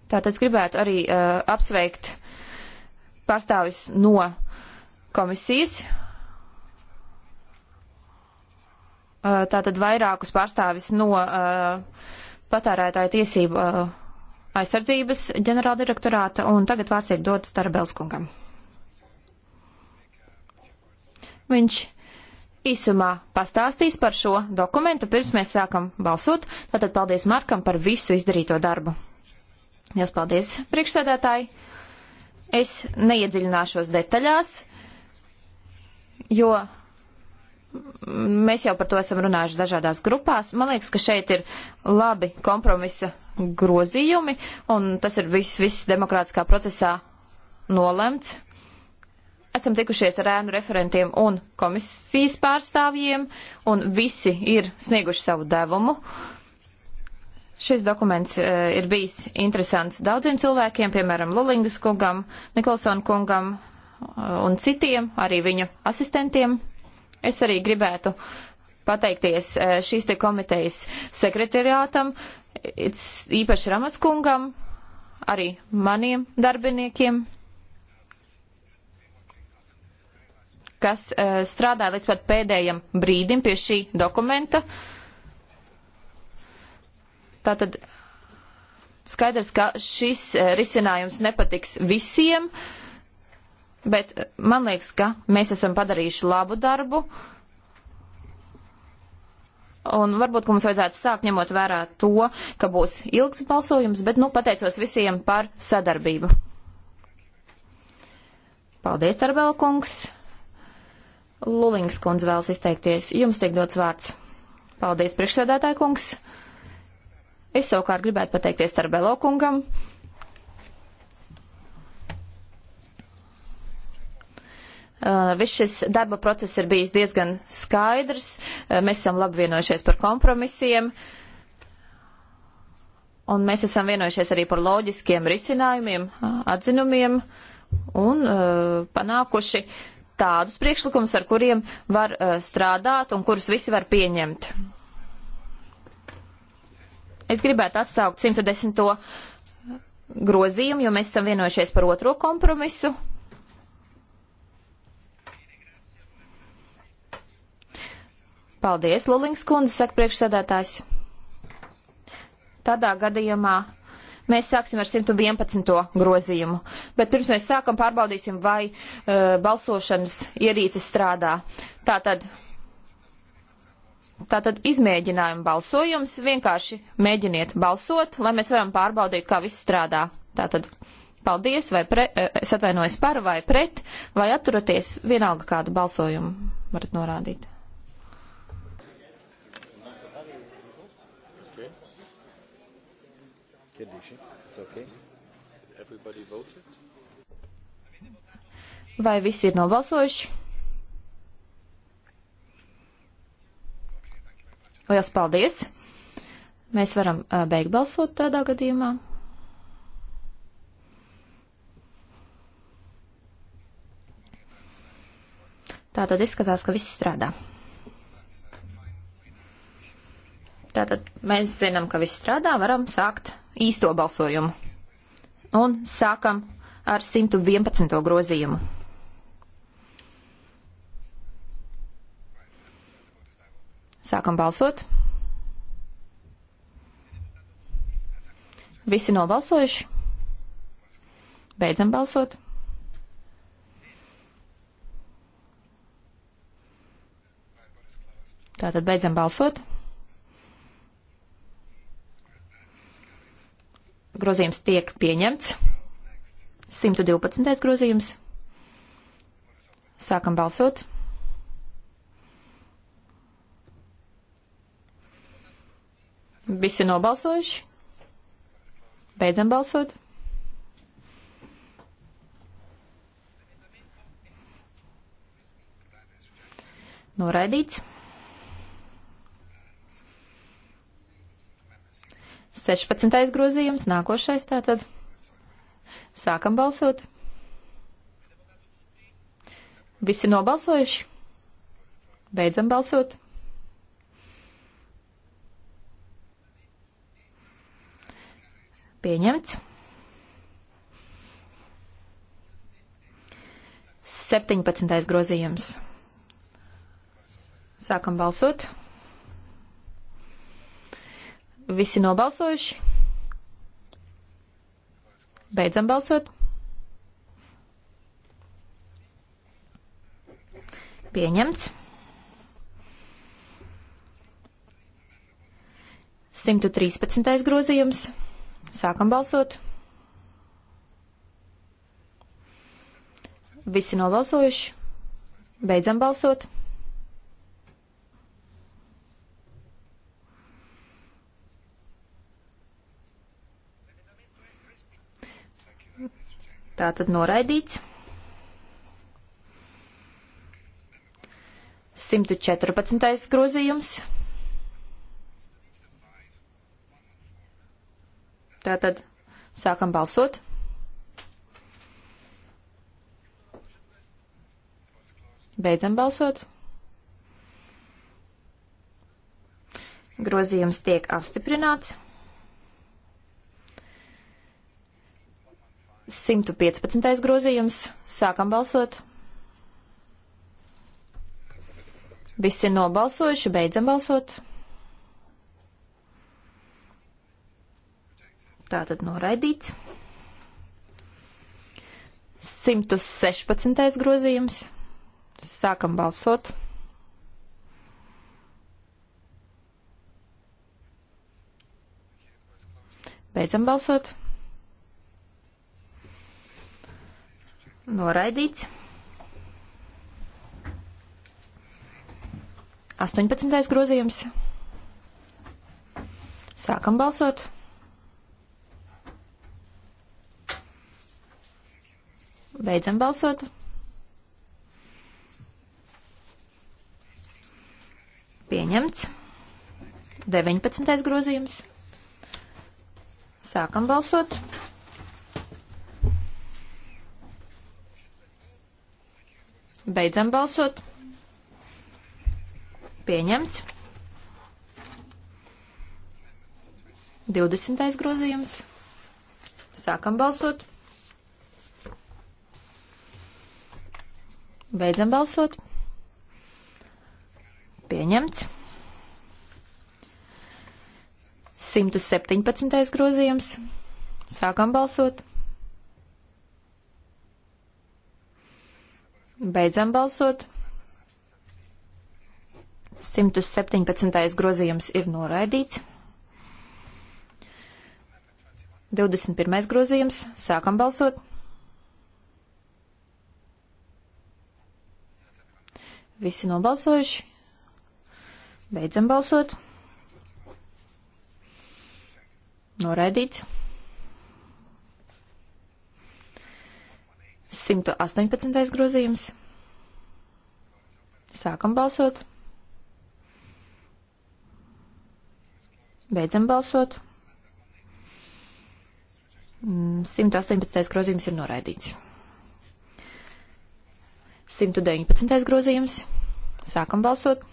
Tātad es gribētu arī uh, apsveikt pārstāvis no komisijas. Uh, tātad vairākus pārstāvis no uh, patērētāju tiesību uh, aizsardzības ģenerāldirektorāta, un tagad vārds tiek dots Tarabelskungam. Viņš īsumā pastāstīs par šo dokumentu, pirms mēs sākam balsot. Tātad paldies Markam par visu izdarīto darbu. Jās paldies, priekšsēdētāji. Es neiedziļināšos detaļās, jo mēs jau par to esam runājuši dažādās grupās. Man liekas, ka šeit ir labi kompromisa grozījumi, un tas ir viss, viss demokrātiskā procesā nolemts. Esam tikušies ar ēnu referentiem un komisijas pārstāvjiem, un visi ir snieguši savu devumu. Uh, Šis dokuments uh, ir bijis interesants daudziem cilvēkiem, piemēram, Lulingas kungam, Nikolsona kungam uh, un citiem, arī viņu asistentiem. Es arī gribētu pateikties uh, šīs te komitejas sekretariātam, īpaši Ramas kungam, arī maniem darbiniekiem, kas uh, strādāja līdz pat pēdējiem brīdim pie šī dokumenta. Uh, Tātad skaidrs, ka šis eh, risinājums nepatiks visiem, bet eh, man liekas, ka mēs esam padarījuši labu darbu. Un varbūt, ka mums vajadzētu sākt ņemot vērā to, ka būs ilgs balsojums, bet, nu, pateicos visiem par sadarbību. Paldies, Tarbēl kungs. Lulings kundze vēlas izteikties. Jums tiek dots vārds. Paldies, priekšsēdētāji kungs. Es savukārt gribētu pateikties Tarbelo kungam. Uh, viss šis darba process ir bijis diezgan skaidrs. Uh, mēs esam labi vienojušies par kompromisiem. Un mēs esam vienojušies arī par loģiskiem risinājumiem, atzinumiem un uh, panākuši tādus priekšlikumus, ar kuriem var uh, strādāt un kurus visi var pieņemt. Es gribētu atsaukt 110. grozījumu, jo mēs esam vienojušies par otro kompromisu. Paldies, Lulings kundze, saka priekšsēdētājs. Tādā gadījumā mēs sāksim ar 111. grozījumu, bet pirms mēs sākam pārbaudīsim, vai uh, balsošanas ierīce strādā. Tātad Tātad izmēģinājumu balsojums, vienkārši mēģiniet balsot, lai mēs varam pārbaudīt, kā viss strādā. Tātad paldies, vai pre, eh, es atvainojos par vai pret, vai atturaties vienalga kādu balsojumu varat norādīt. Vai visi ir nobalsojuši? Lielas paldies! Mēs varam beigt balsot tādā gadījumā. Tātad izskatās, ka viss strādā. Tātad mēs zinām, ka viss strādā, varam sākt īsto balsojumu. Un sākam ar 111. grozījumu. Sākam balsot. Visi nobalsojuši. Beidzam balsot. Tātad beidzam balsot. Grozījums tiek pieņemts. 112. grozījums. Sākam balsot. Visi nobalsojuši? Beidzam balsot. Noraidīts. 16. grozījums, nākošais tātad. Sākam balsot. Visi nobalsojuši? Beidzam balsot. Pieņemts. 17. grozījums. Sākam balsot. Visi nobalsojuši. Beidzam balsot. Pieņemts. 113. grozījums. Sākam balsot. Visi nobalsojuši. Beidzam balsot. Tā tad noraidīts. 114. grozījums. Tātad sākam balsot. Beidzam balsot. Grozījums tiek apstiprināts. 115. grozījums. Sākam balsot. Visi nobalsojuši, beidzam balsot. Tātad noraidīts. 116. grozījums. Sākam balsot. Beidzam balsot. Noraidīts. 18. grozījums. Sākam balsot. Beidzam balsot. Pieņemts. 19. grozījums. Sākam balsot. Beidzam balsot. Pieņemts. 20. grozījums. Sākam balsot. Beidzam balsot. Pieņemts. 117. grozījums. Sākam balsot. Beidzam balsot. 117. grozījums ir noraidīts. 21. grozījums. Sākam balsot. Visi nobalsojuši. Beidzam balsot. Noraidīts. 118. grozījums. Sākam balsot. Beidzam balsot. 118. Mm, grozījums ir noraidīts. 119. grozījums. Sākam balsot.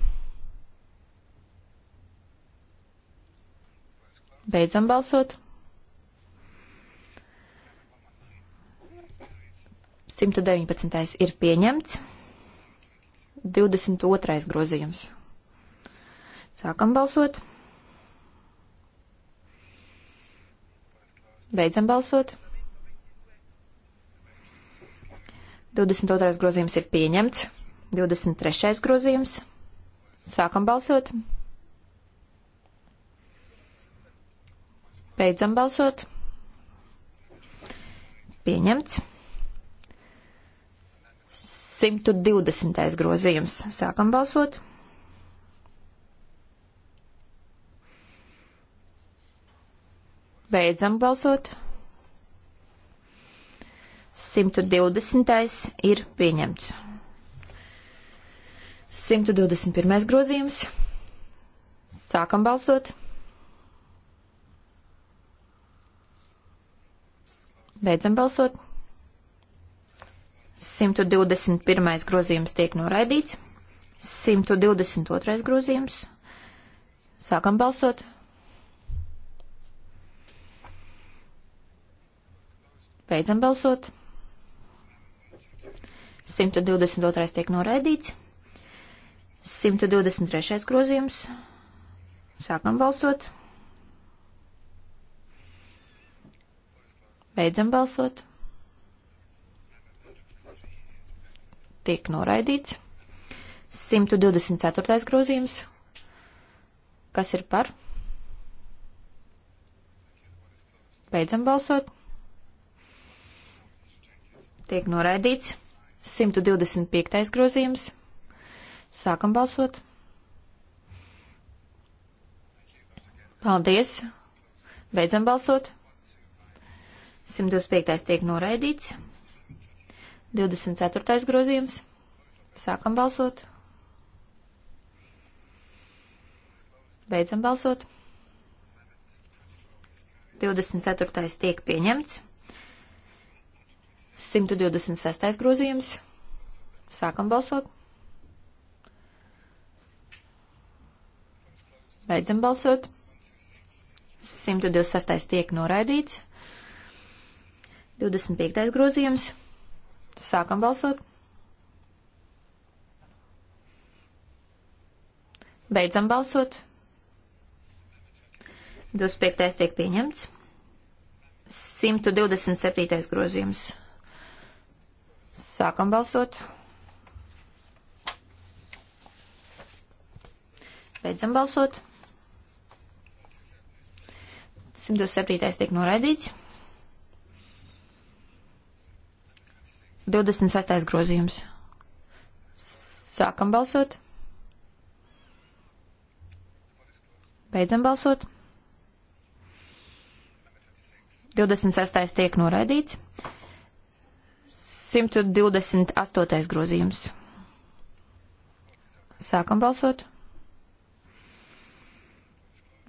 Beidzam balsot. 119. ir pieņemts. 22. grozījums. Sākam balsot. Beidzam balsot. 22. grozījums ir pieņemts. 23. grozījums. Sākam balsot. Beidzam balsot. Pieņemts. 120. grozījums. Sākam balsot. Beidzam balsot. 120. ir pieņemts. 121. grozījums. Sākam balsot. Beidzam balsot. 121. grozījums tiek noraidīts. 122. grozījums. Sākam balsot. Beidzam balsot. 122. tiek noraidīts. 123. grozījums. Sākam balsot. Beidzam balsot. Tiek noraidīts. 124. grozījums. Kas ir par? Beidzam balsot. Tiek noraidīts. 125. grozījums. Sākam balsot. Paldies. Beidzam balsot. 125. tiek noraidīts. 24. grozījums. Sākam balsot. Beidzam balsot. 24. tiek pieņemts. 126. grozījums. Sākam balsot. Beidzam balsot. 126. tiek noraidīts. 25. grozījums. Sākam balsot. Beidzam balsot. 25. tiek pieņemts. 127. grozījums. Sākam balsot. Beidzam balsot. 107. tiek noraidīts. 26. grozījums. Sākam balsot. Beidzam balsot. 26. tiek noraidīts. 128. grozījums. Sākam balsot.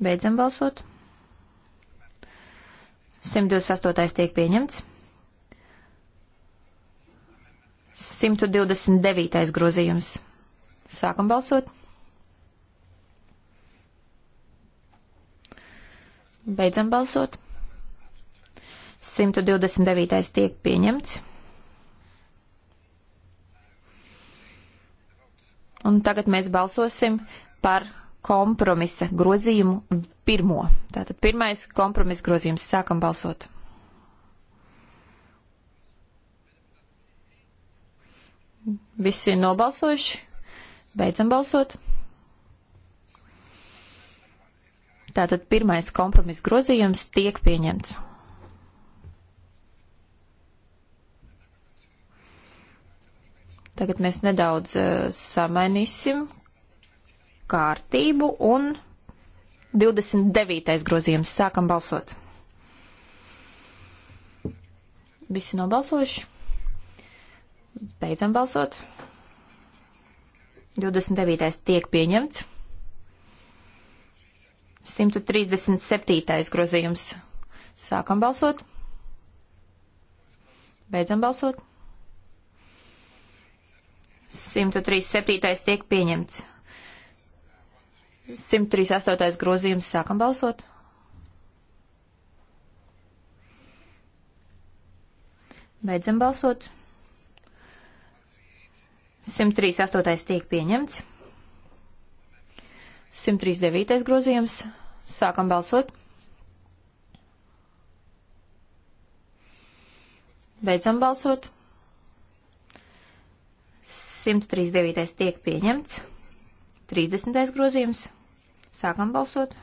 Beidzam balsot. 128. tiek pieņemts. 129. grozījums. Sākam balsot. Beidzam balsot. 129. tiek pieņemts. Un tagad mēs balsosim par kompromisa grozījumu pirmo. Tātad pirmais kompromisa grozījums. Sākam balsot. Visi ir nobalsojuši. Beidzam balsot. Tātad pirmais kompromisa grozījums tiek pieņemts. Tagad mēs nedaudz uh, samainīsim kārtību un 29. grozījums. Sākam balsot. Visi nobalsojuši. Beidzam balsot. 29. tiek pieņemts. 137. grozījums. Sākam balsot. Beidzam balsot. 137. tiek pieņemts. 138. grozījums sākam balsot. Beidzam balsot. 138. tiek pieņemts. 139. grozījums sākam balsot. Beidzam balsot. 139. tiek pieņemts. 30. grozījums. Sākam balsot.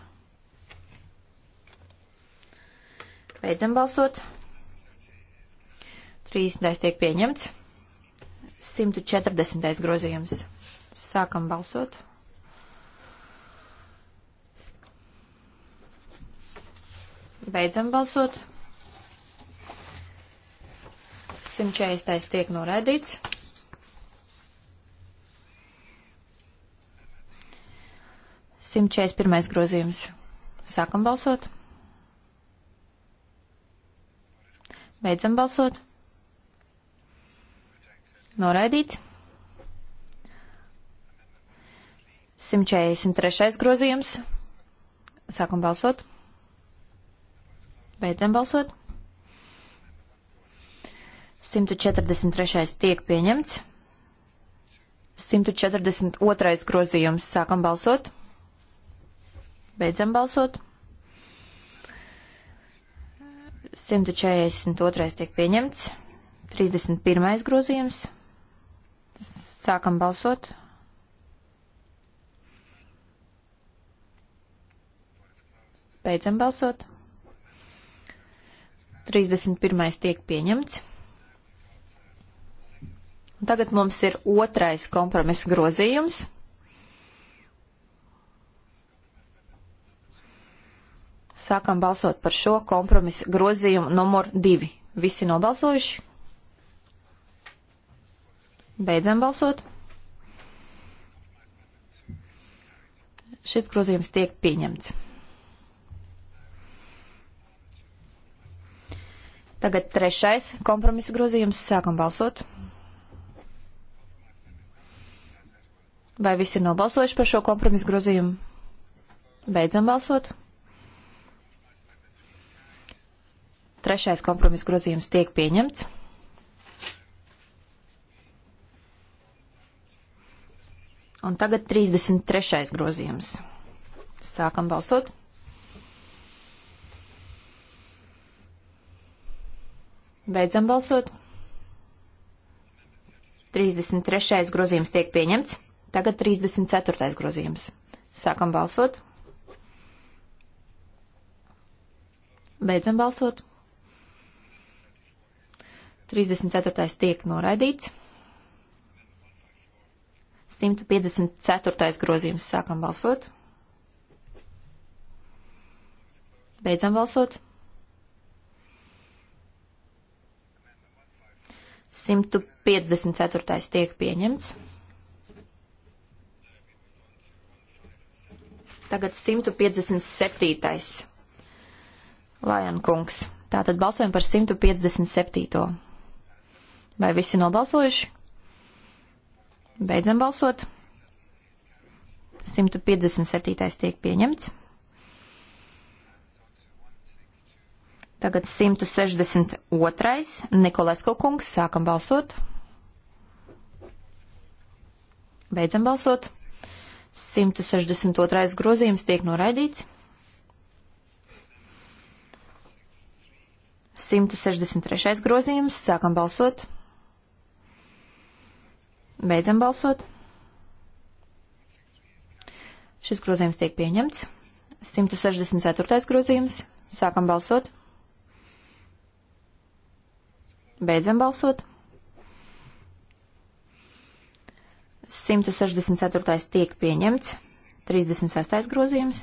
Beidzam balsot. 30. tiek pieņemts. 140. grozījums. Sākam balsot. Beidzam balsot. 140. tiek noraidīts. 141. grozījums. Sākam balsot. Beidzam balsot. Noraidīts. 143. grozījums. Sākam balsot. Beidzam balsot. 143. tiek pieņemts. 142. grozījums. Sākam balsot. Beidzam balsot. 142. tiek pieņemts. 31. grozījums. Sākam balsot. Beidzam balsot. 31. tiek pieņemts. Un tagad mums ir otrais kompromisa grozījums. Sākam balsot par šo kompromisu grozījumu numur divi. Visi nobalsojuši? Beidzam balsot. Šis grozījums tiek pieņemts. Tagad trešais kompromisa grozījums. Sākam balsot. Vai visi ir nobalsojuši par šo kompromisa grozījumu? Beidzam balsot. Trešais kompromiss grozījums tiek pieņemts. Un tagad 33. grozījums. Sākam balsot. Beidzam balsot. 33. grozījums tiek pieņemts. Tagad 34. grozījums. Sākam balsot. Beidzam balsot. 34. tiek noraidīts. 154. grozījums sākam balsot. Beidzam balsot. 154. tiek pieņemts. Tagad 157. Lajan kungs. Tātad balsojam par 157. Vai visi nobalsojuši? Beidzam balsot. 157. tiek pieņemts. Tagad 162. Nikolesko kungs. Sākam balsot. Beidzam balsot. 162. grozījums tiek noraidīts. 163. grozījums. Sākam balsot. Beidzam balsot. Šis grozījums tiek pieņemts. 164. grozījums. Sākam balsot. Beidzam balsot. 164. tiek pieņemts. 36. grozījums.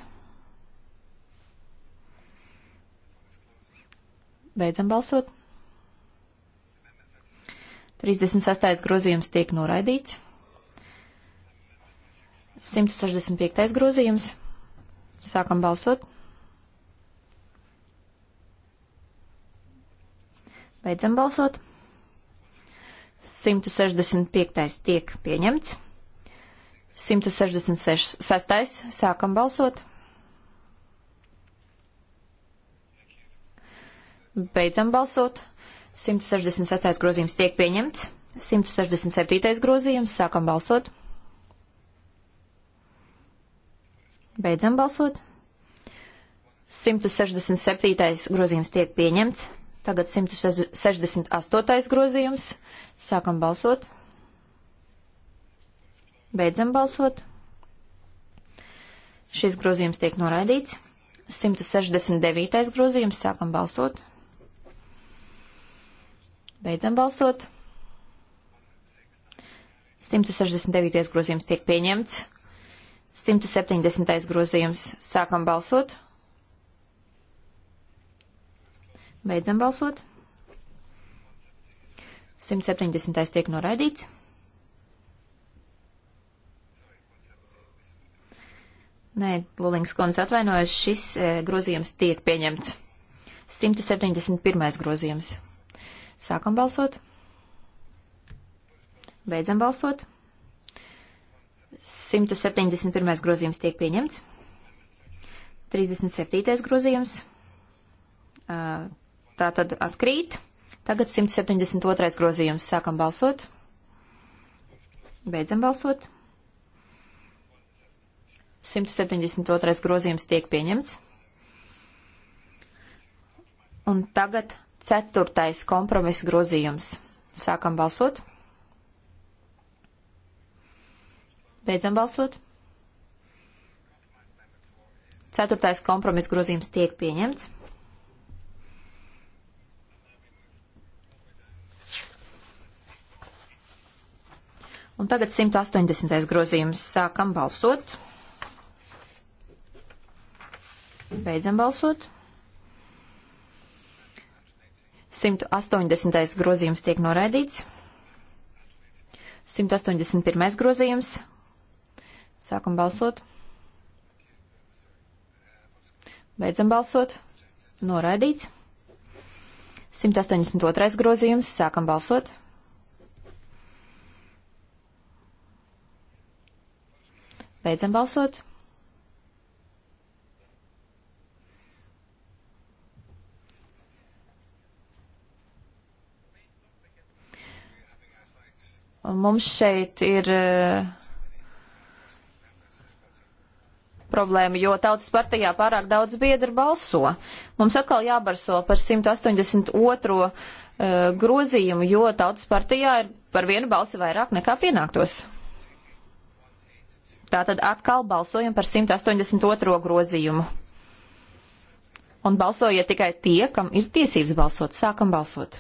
Beidzam balsot. 36. grozījums tiek noraidīts. 165. grozījums. Sākam balsot. Beidzam balsot. 165. tiek pieņemts. 166. sākam balsot. Beidzam balsot. 168. grozījums tiek pieņemts. 167. grozījums. Sākam balsot. Beidzam balsot. 167. grozījums tiek pieņemts. Tagad 168. grozījums. Sākam balsot. Beidzam balsot. Šis grozījums tiek noraidīts. 169. grozījums. Sākam balsot. Beidzam balsot. 169. grozījums tiek pieņemts. 170. grozījums. Sākam balsot. Beidzam balsot. 170. tiek noraidīts. Nē, Lulīngas kundze atvainojas, šis e, grozījums tiek pieņemts. 171. grozījums. Sākam balsot. Beidzam balsot. 171. grozījums tiek pieņemts. 37. grozījums. Tā tad atkrīt. Tagad 172. grozījums. Sākam balsot. Beidzam balsot. 172. grozījums tiek pieņemts. Un tagad Ceturtais kompromisa grozījums. Sākam balsot. Beidzam balsot. Ceturtais kompromisa grozījums tiek pieņemts. Un tagad 180. grozījums. Sākam balsot. Beidzam balsot. 180. grozījums tiek noraidīts. 181. grozījums. Sākam balsot. Beidzam balsot. Noraidīts. 182. grozījums. Sākam balsot. Beidzam balsot. Mums šeit ir eh, problēma, jo tautas partijā pārāk daudz biedru balso. Mums atkal jābarso par 182. Eh, grozījumu, jo tautas partijā ir par vienu balsi vairāk nekā pienāktos. Tātad atkal balsojam par 182. grozījumu. Un balsojiet tikai tie, kam ir tiesības balsot. Sākam balsot.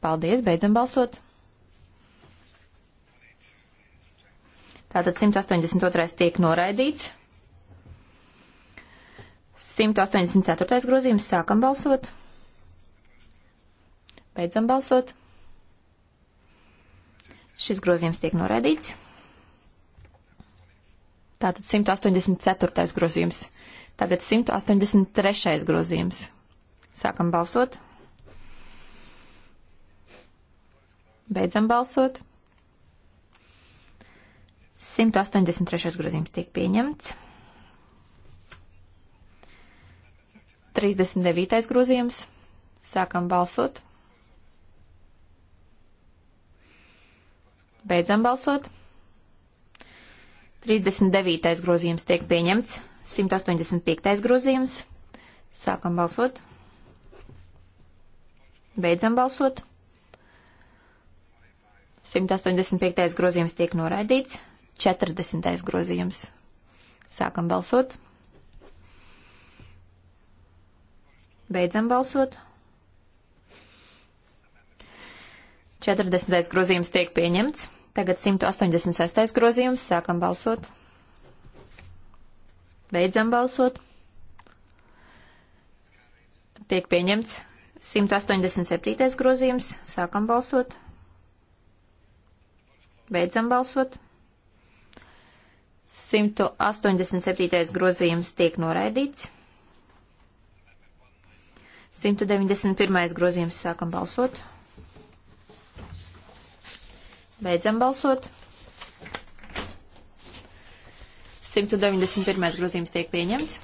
Paldies, beidzam balsot. Tātad 182. tiek noraidīts. 184. grozījums sākam balsot. Beidzam balsot. Šis grozījums tiek noraidīts. Tātad 184. grozījums. Tagad 183. grozījums. Sākam balsot. Beidzam balsot. 183. grozījums tiek pieņemts. 39. grozījums. Sākam balsot. Beidzam balsot. 39. grozījums tiek pieņemts. 185. grozījums. Sākam balsot. Beidzam balsot. 185. grozījums tiek noraidīts. 40. grozījums. Sākam balsot. Beidzam balsot. 40. grozījums tiek pieņemts. Tagad 186. grozījums. Sākam balsot. Beidzam balsot. Tiek pieņemts 187. grozījums. Sākam balsot. Beidzam balsot. 187. grozījums tiek noraidīts. 191. grozījums sākam balsot. Beidzam balsot. 191. grozījums tiek pieņemts.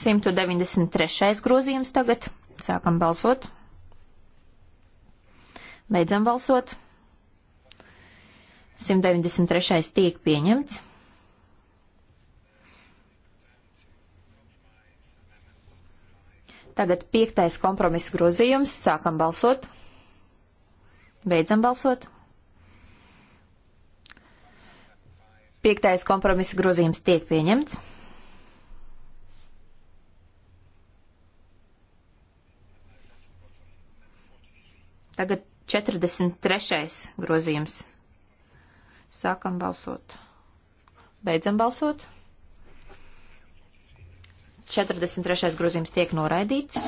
193. grozījums tagad. Sākam balsot. Beidzam balsot. 193. tiek pieņemts. Tagad piektais kompromiss grozījums. Sākam balsot. Beidzam balsot. Piektais kompromiss grozījums tiek pieņemts. Tagad 43. grozījums. Sākam balsot. Beidzam balsot. 43. grozījums tiek noraidīts.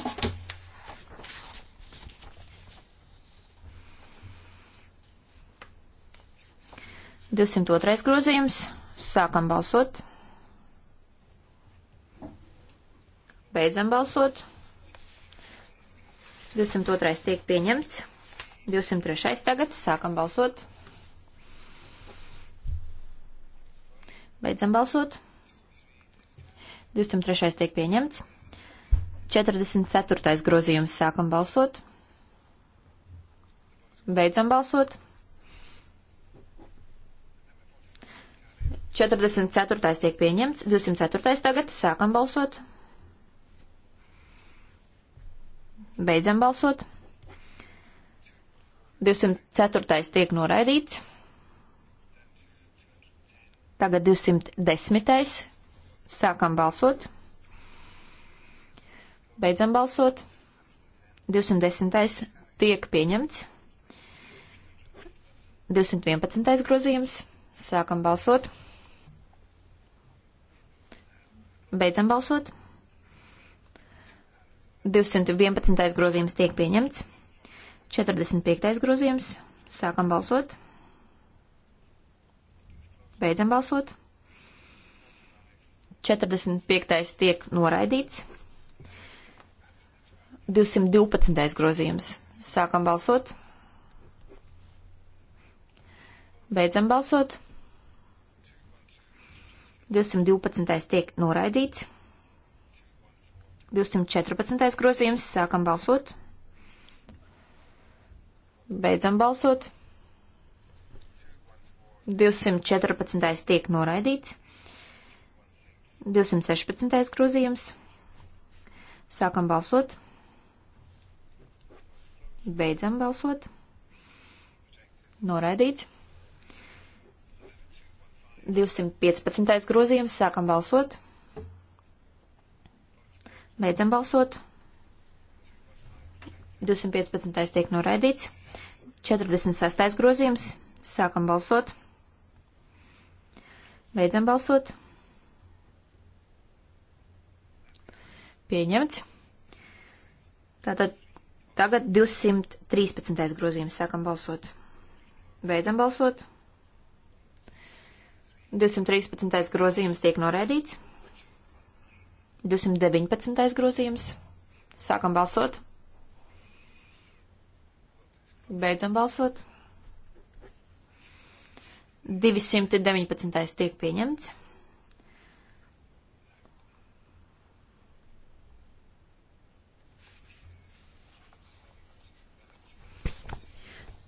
Divsimt otrais grozījums. Sākam balsot. Beidzam balsot. 202. tiek pieņemts. 203. tagad sākam balsot. Beidzam balsot. 203. tiek pieņemts. 44. grozījums sākam balsot. Beidzam balsot. 44. tiek pieņemts, 204. tagad sākam balsot. Beidzam balsot. 204. tiek noraidīts. Tagad 210. Sākam balsot. Beidzam balsot. 210. tiek pieņemts. 211. grozījums. Sākam balsot. Beidzam balsot. 211. grozījums tiek pieņemts. 45. grozījums. Sākam balsot. Beidzam balsot. 45. tiek noraidīts. 212. grozījums. Sākam balsot. Beidzam balsot. 212. tiek noraidīts. 214. grozījums. Sākam balsot. Beidzam balsot. 214. tiek noraidīts. 216. grozījums. Sākam balsot. Beidzam balsot. Noraidīts. 215. grozījums. Sākam balsot. Beidzam balsot. 215. tiek noraidīts. 46. grozījums. Sākam balsot. Beidzam balsot. Pieņemts. Tātad tagad 213. grozījums. Sākam balsot. Beidzam balsot. 213. grozījums tiek noraidīts. 219. grozījums. Sākam balsot. Beidzam balsot. 219. tiek pieņemts.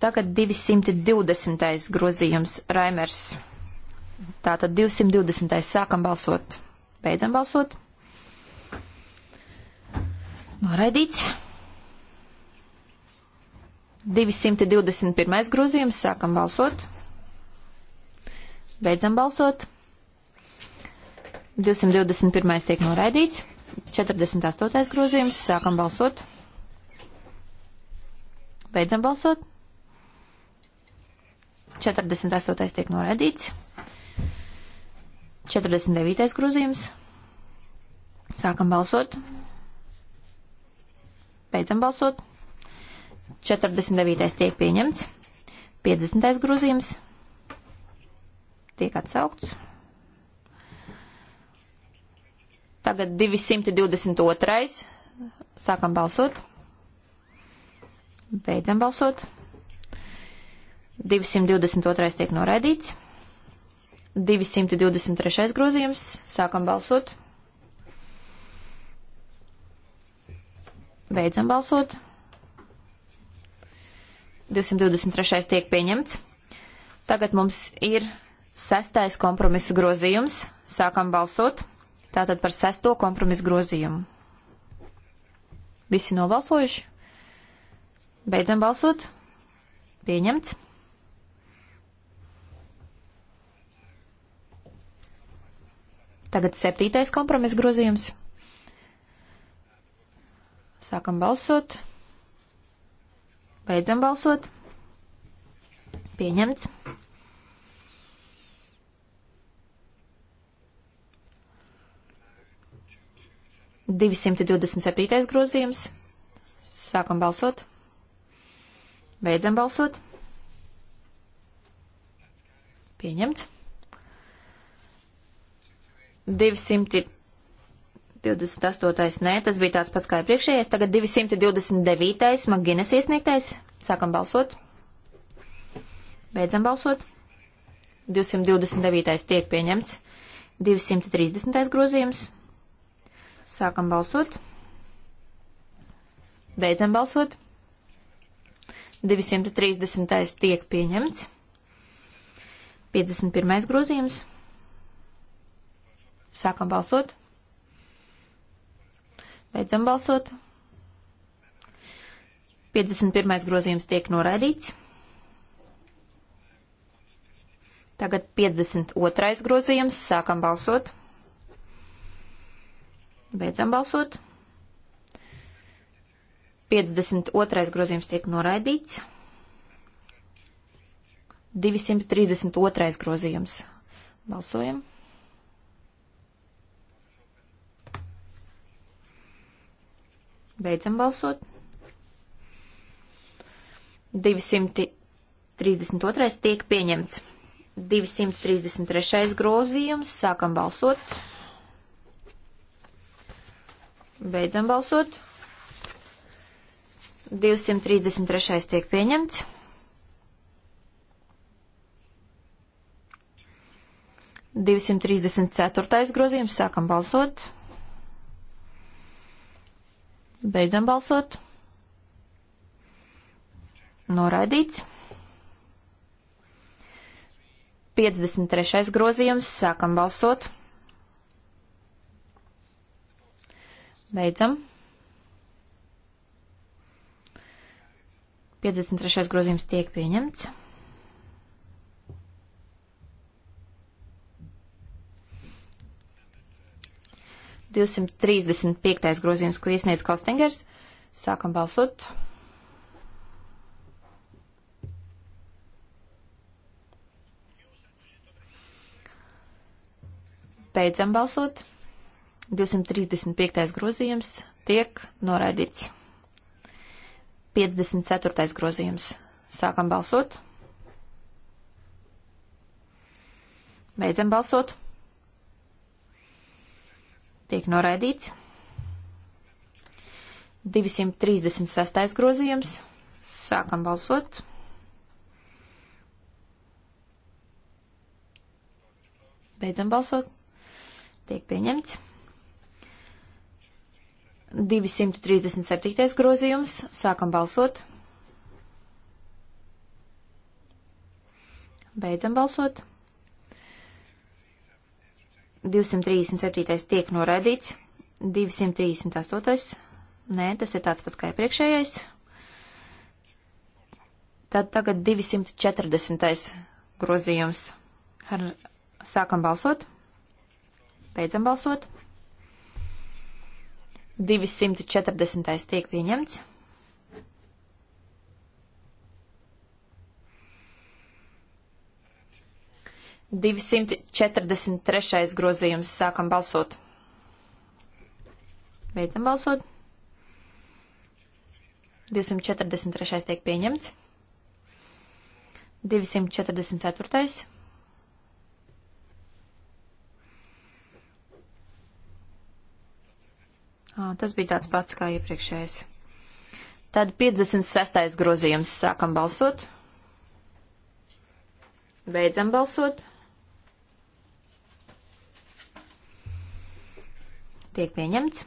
Tagad 220. grozījums Raimers. Tātad 220. sākam balsot. Beidzam balsot. Noraidīts. 221. grozījums. Sākam balsot. Beidzam balsot. 221. tiek noraidīts. 48. grozījums. Sākam balsot. Beidzam balsot. 48. tiek noraidīts. 49. grozījums. Sākam balsot. Beidzam balsot. 49. tiek pieņemts. 50. grozījums tiek atsaukts. Tagad 222. Sākam balsot. Beidzam balsot. 222. tiek noraidīts. 223. grozījums. Sākam balsot. Beidzam balsot. 223. tiek pieņemts. Tagad mums ir sestais kompromisa grozījums. Sākam balsot. Tātad par sesto kompromisa grozījumu. Visi nobalsojuši? Beidzam balsot. Pieņemts. Tagad septītais kompromisa grozījums. Sākam balsot. Beidzam balsot. Pieņemts. Divsimti divdesmit septītais grozījums. Sākam balsot. Beidzam balsot. Pieņemts. 200. 28. nē, tas bija tāds pats kā iepriekšējais. Tagad 229. Magines iesniegtais. Sākam balsot. Beidzam balsot. 229. tiek pieņemts. 230. grozījums. Sākam balsot. Beidzam balsot. 230. tiek pieņemts. 51. grozījums. Sākam balsot. Beidzam balsot. 51. grozījums tiek noraidīts. Tagad 52. grozījums. Sākam balsot. Beidzam balsot. 52. grozījums tiek noraidīts. 232. grozījums. Balsojam. Beidzam balsot. 232. tiek pieņemts. 233. grozījums. Sākam balsot. Beidzam balsot. 233. tiek pieņemts. Divsimt trīsdesmit ceturtais grozījums sākam balsot. Beidzam balsot. Noraidīts. 53. grozījums. Sākam balsot. Beidzam. 53. grozījums tiek pieņemts. 235. grozījums, ko iesniedz Kostingers. Sākam balsot. Beidzam balsot. 235. grozījums tiek noraidīts. 54. grozījums. Sākam balsot. Beidzam balsot tiek noraidīts. 236. grozījums. Sākam balsot. Beidzam balsot. Tiek pieņemts. 237. grozījums. Sākam balsot. Beidzam balsot. 237. tiek noraidīts, 238. Nē, tas ir tāds pats kā iepriekšējais. Tad tagad 240. grozījums. Ar, sākam balsot, beidzam balsot. 240. tiek pieņemts. 243. grozījums. Sākam balsot. Beidzam balsot. 243. tiek pieņemts. 244. À, tas bija tāds pats kā iepriekšējais. Tad 56. grozījums. Sākam balsot. Beidzam balsot. tiek pieņemts.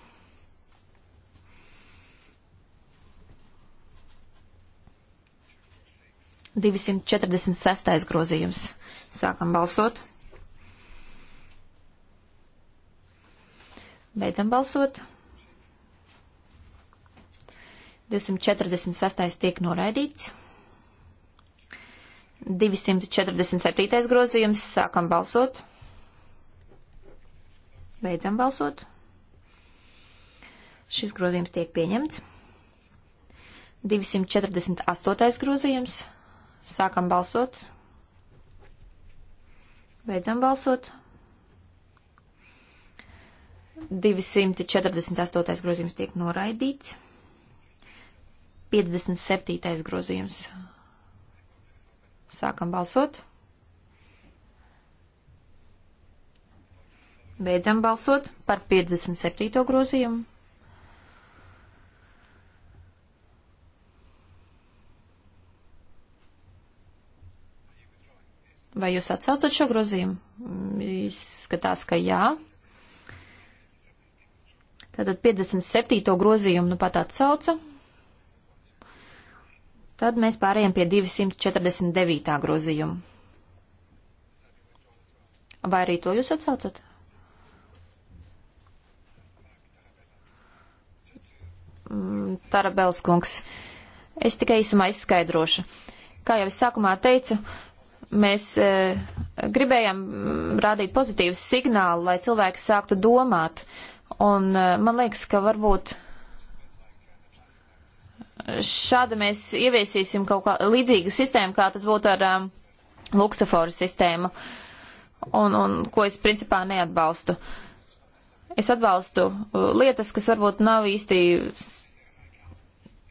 Divsimt četrdesmit sestais grozījums. Sākam balsot. Beidzam balsot. 246. tiek noraidīts. 247. grozījums. Sākam balsot. Beidzam balsot. Šis grozījums tiek pieņemts. 248. grozījums. Sākam balsot. Beidzam balsot. 248. grozījums tiek noraidīts. 57. grozījums. Sākam balsot. Beidzam balsot par 57. grozījumu. Vai jūs atsaucat šo grozījumu? Mm, izskatās, ka jā. Tātad 57. grozījumu nu pat atsauca. Tad mēs pārējām pie 249. grozījuma. Vai arī to jūs atsaucat? Mm, Tarabels kungs, es tikai īsumā izskaidrošu. Kā jau es sākumā teicu, uh, Mēs e, gribējām rādīt pozitīvu signālu, lai cilvēki sāktu domāt. Un e, man liekas, ka varbūt šādi mēs ieviesīsim kaut kā līdzīgu sistēmu, kā tas būtu ar um, luksaforu sistēmu, un, un ko es principā neatbalstu. Es atbalstu lietas, kas varbūt nav īsti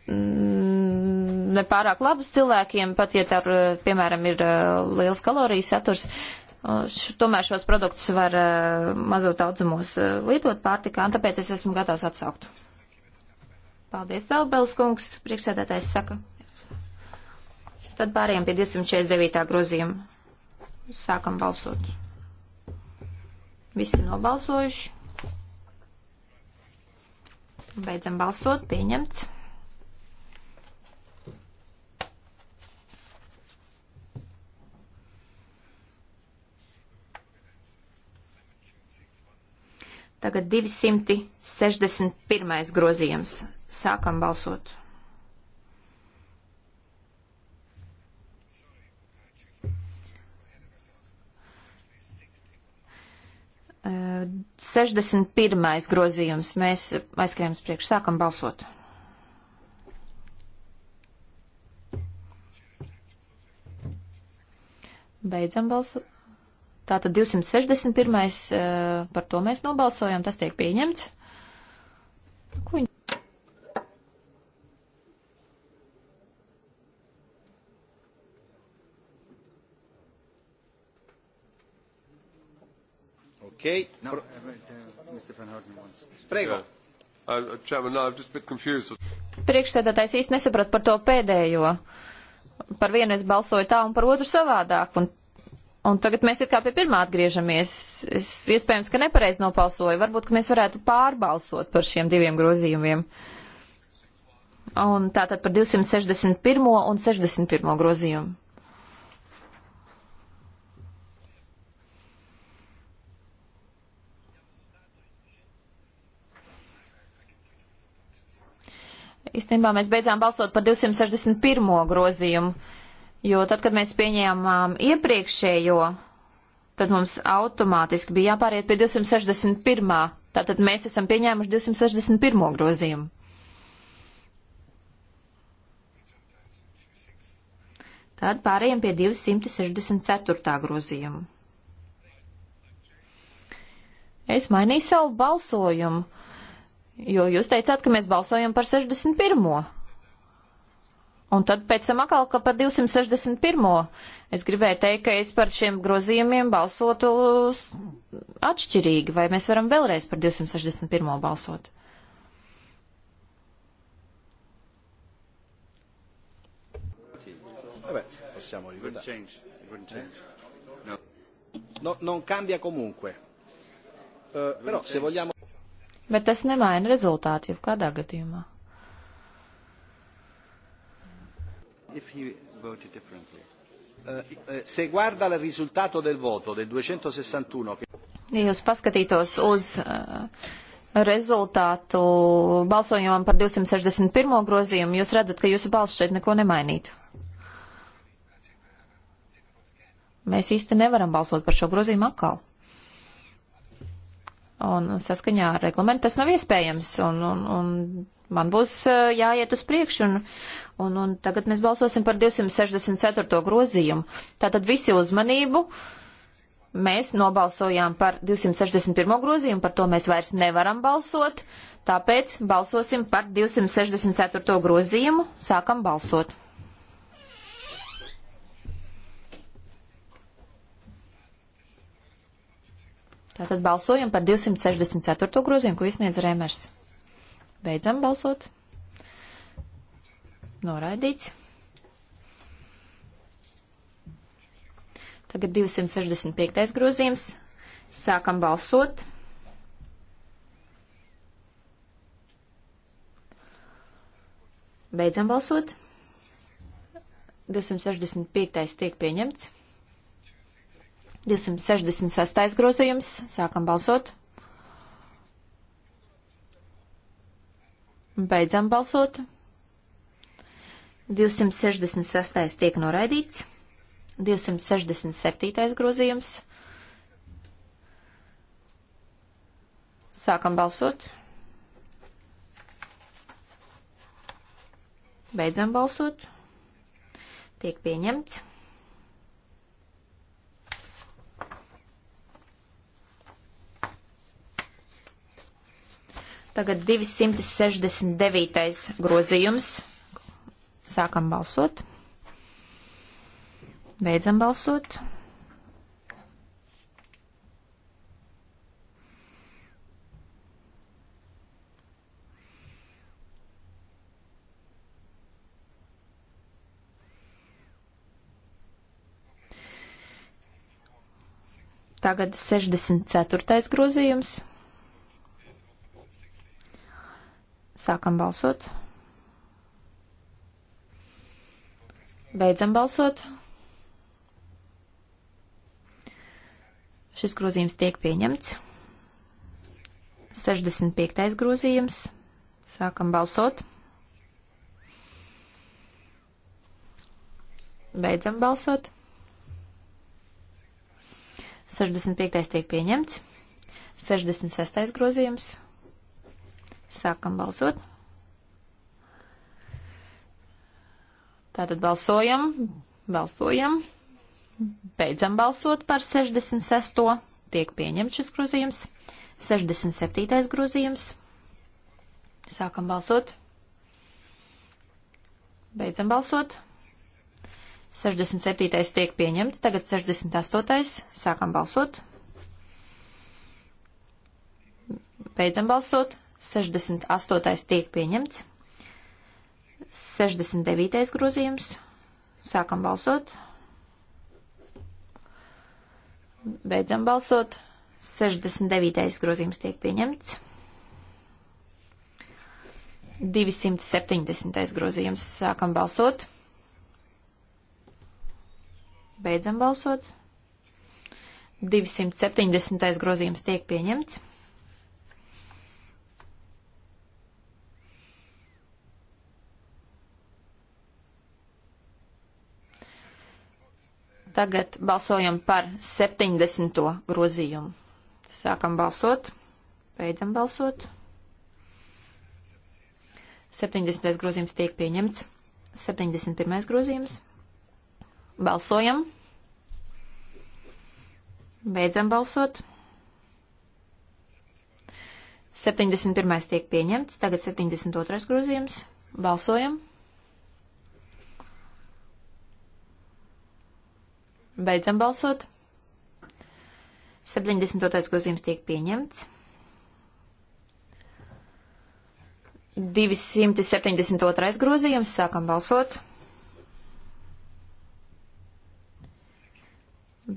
Mm, nepārāk labas cilvēkiem, pat ja tur, eh, piemēram, ir eh, liels kaloriju saturs. Tomēr šos produktus var eh, mazos daudzumos lietot pārtikā, un tāpēc es esmu gatavs atsaukt. Paldies, Dalbels kungs, priekšsēdētājs saka. Tad pārējiem pie 249. grozījuma. Sākam balsot. Visi nobalsojuši. Beidzam balsot, pieņemts. Tagad 261. grozījums. Sākam balsot. Uh, 61. grozījums. Mēs aizskrējam uz priekšu. Sākam balsot. Beidzam balsot. Tātad 261. Eh, par to mēs nobalsojam, tas tiek pieņemts. Ko viņi? Okay. No, uh, uh, Mr. Van Houten wants. Prego. Uh, uh, Chairman, no, I'm just a bit confused. Priekšsēdētājs īsti nesaprat par to pēdējo. Par vienu es balsoju tā un par otru savādāk. Un Un tagad mēs it kā pie pirmā atgriežamies. Es iespējams, ka nepareiz nopalsoju. Varbūt, ka mēs varētu pārbalsot par šiem diviem grozījumiem. Un tātad par 261. un 61. grozījumu. Īstenībā mēs beidzām balsot par 261. grozījumu. Jo tad, kad mēs pieņēmām um, iepriekšējo, tad mums automātiski bija jāpāriet pie 261. Tātad mēs esam pieņēmuši 261. grozījumu. Tad pārējiem pie 264. grozījuma. Es mainīju savu balsojumu, jo jūs teicāt, ka mēs balsojam par 61. Un tad pēc tam atkal, ka par 261. es gribēju teikt, ka es par šiem grozījumiem balsotu atšķirīgi, vai mēs varam vēlreiz par 261. balsot. possiamo ricordare. Eh? No. No, non cambia comunque. Uh, però se vogliamo... Bet tas nemaina rezultātu jau kādā gadījumā. if he voted differently. Uh, uh, se guarda il risultato del voto del 261 che... Ja jūs paskatītos uz uh, rezultātu balsojumam par 261. grozījumu, jūs redzat, ka jūsu balss šeit neko nemainītu. Mēs īsti nevaram balsot par šo grozījumu atkal. Un saskaņā ar reglamentu tas nav iespējams, un, un, un man būs eh, jāiet uz priekšu, un, un, un tagad mēs balsosim par 264. grozījumu. Tātad visi uzmanību. Mēs nobalsojām par 261. grozījumu, par to mēs vairs nevaram balsot, tāpēc balsosim par 264. grozījumu, sākam balsot. Tātad balsojam par 264. grozījumu, ko izsniedz Rēmers. Beidzam balsot. Noraidīts. Tagad 265. grozījums. Sākam balsot. Beidzam balsot. 265. tiek pieņemts. 266. grozījums. Sākam balsot. Beidzam balsot. 266. tiek noraidīts. 267. grozījums. Sākam balsot. Beidzam balsot. Tiek pieņemts. Tagad 269. grozījums. Sākam balsot. Beidzam balsot. Tagad 64. grozījums. Sākam balsot. Beidzam balsot. Šis grozījums tiek pieņemts. 65. grozījums. Sākam balsot. Beidzam balsot. 65. tiek pieņemts. 66. grozījums. Sākam balsot. Tātad balsojam, balsojam, beidzam balsot par 66. Tiek pieņemts šis grozījums. 67. grozījums. Sākam balsot. Beidzam balsot. 67. tiek pieņemts, tagad 68. sākam balsot. Beidzam balsot. 68. tiek pieņemts. 69. grozījums. Sākam balsot. Beidzam balsot. 69. grozījums tiek pieņemts. 270. grozījums. Sākam balsot. Beidzam balsot. 270. grozījums tiek pieņemts. Tagad balsojam par 70. grozījumu. Sākam balsot, beidzam balsot. 70. grozījums tiek pieņemts. 71. grozījums. Balsojam. Beidzam balsot. 71. tiek pieņemts, tagad 72. grozījums. Balsojam. Beidzam balsot. 72. grozījums tiek pieņemts. 272. grozījums. Sākam balsot.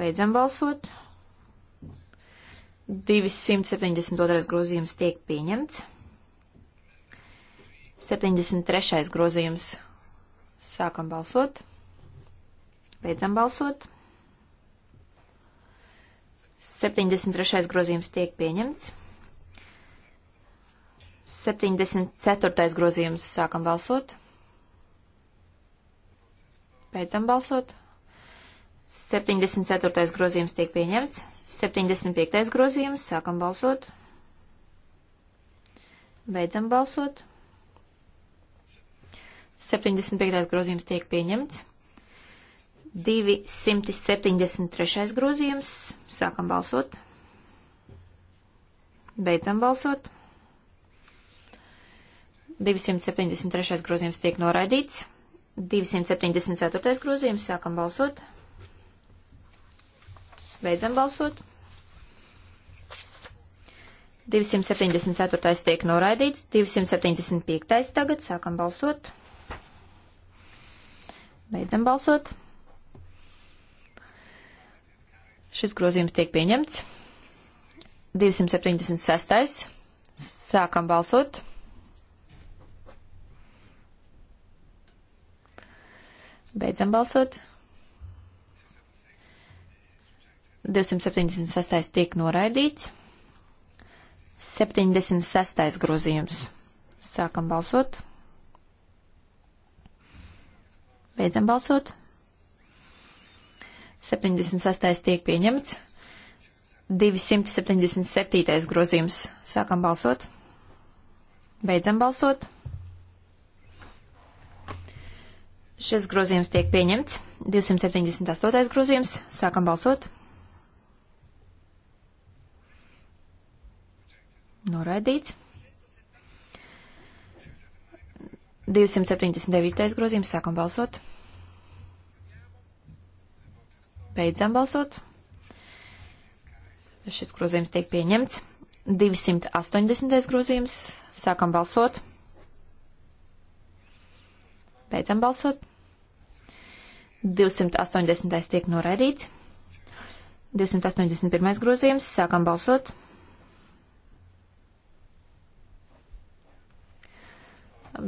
Beidzam balsot. 272. grozījums tiek pieņemts. 73. grozījums. Sākam balsot. Beidzam balsot. 73. grozījums tiek pieņemts. 74. grozījums sākam balsot. Beidzam balsot. 74. grozījums tiek pieņemts. 75. grozījums sākam balsot. Beidzam balsot. 75. grozījums tiek pieņemts. 273. grozījums. Sākam balsot. Beidzam balsot. 273. grozījums tiek noraidīts. 274. grozījums. Sākam balsot. Beidzam balsot. 274. tiek noraidīts. 275. tagad. Sākam balsot. Beidzam balsot. Šis grozījums tiek pieņemts. 276. Sākam balsot. Beidzam balsot. 276. tiek noraidīts. 76. grozījums. Sākam balsot. Beidzam balsot. 76. tiek pieņemts. 277. grozījums. Sākam balsot. Beidzam balsot. Šis grozījums tiek pieņemts. 278. grozījums. Sākam balsot. Noraidīts. 279. grozījums. Sākam balsot. Beidzam balsot. Šis grozījums tiek pieņemts. 280. grozījums. Sākam balsot. Beidzam balsot. 280. tiek noraidīts. 281. grozījums. Sākam balsot.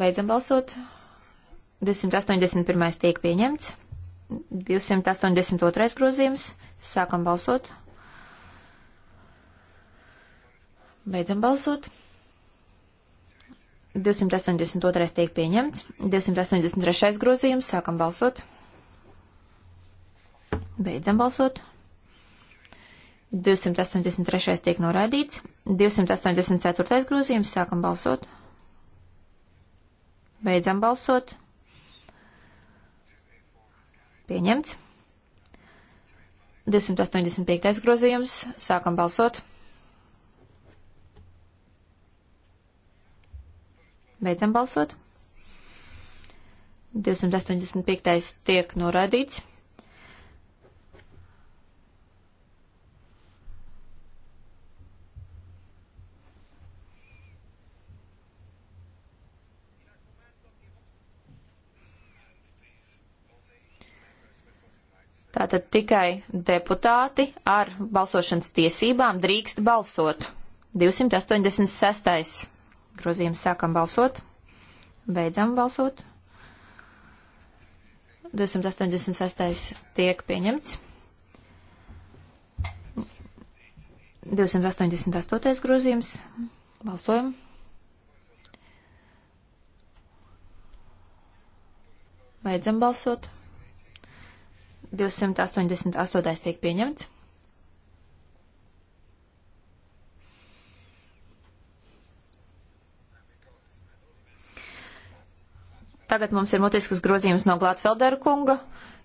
Beidzam balsot. 281. tiek pieņemts. 282. grozījums. Sākam balsot. Beidzam balsot. 282. tiek pieņemts. 283. grozījums. Sākam balsot. Beidzam balsot. 283. tiek noraidīts. 284. grozījums. Sākam balsot. Beidzam balsot. Pieņemts. 285. grozījums. Sākam balsot. Beidzam balsot. 285. tiek noraidīts. Tātad tikai deputāti ar balsošanas tiesībām drīkst balsot. 286. grozījums sākam balsot, beidzam balsot. 286. tiek pieņemts. 288. grozījums. Balsojam. Beidzam balsot. 288. tiek pieņemts. Tagad mums ir mutiskas grozījums no Glātfeldera kunga.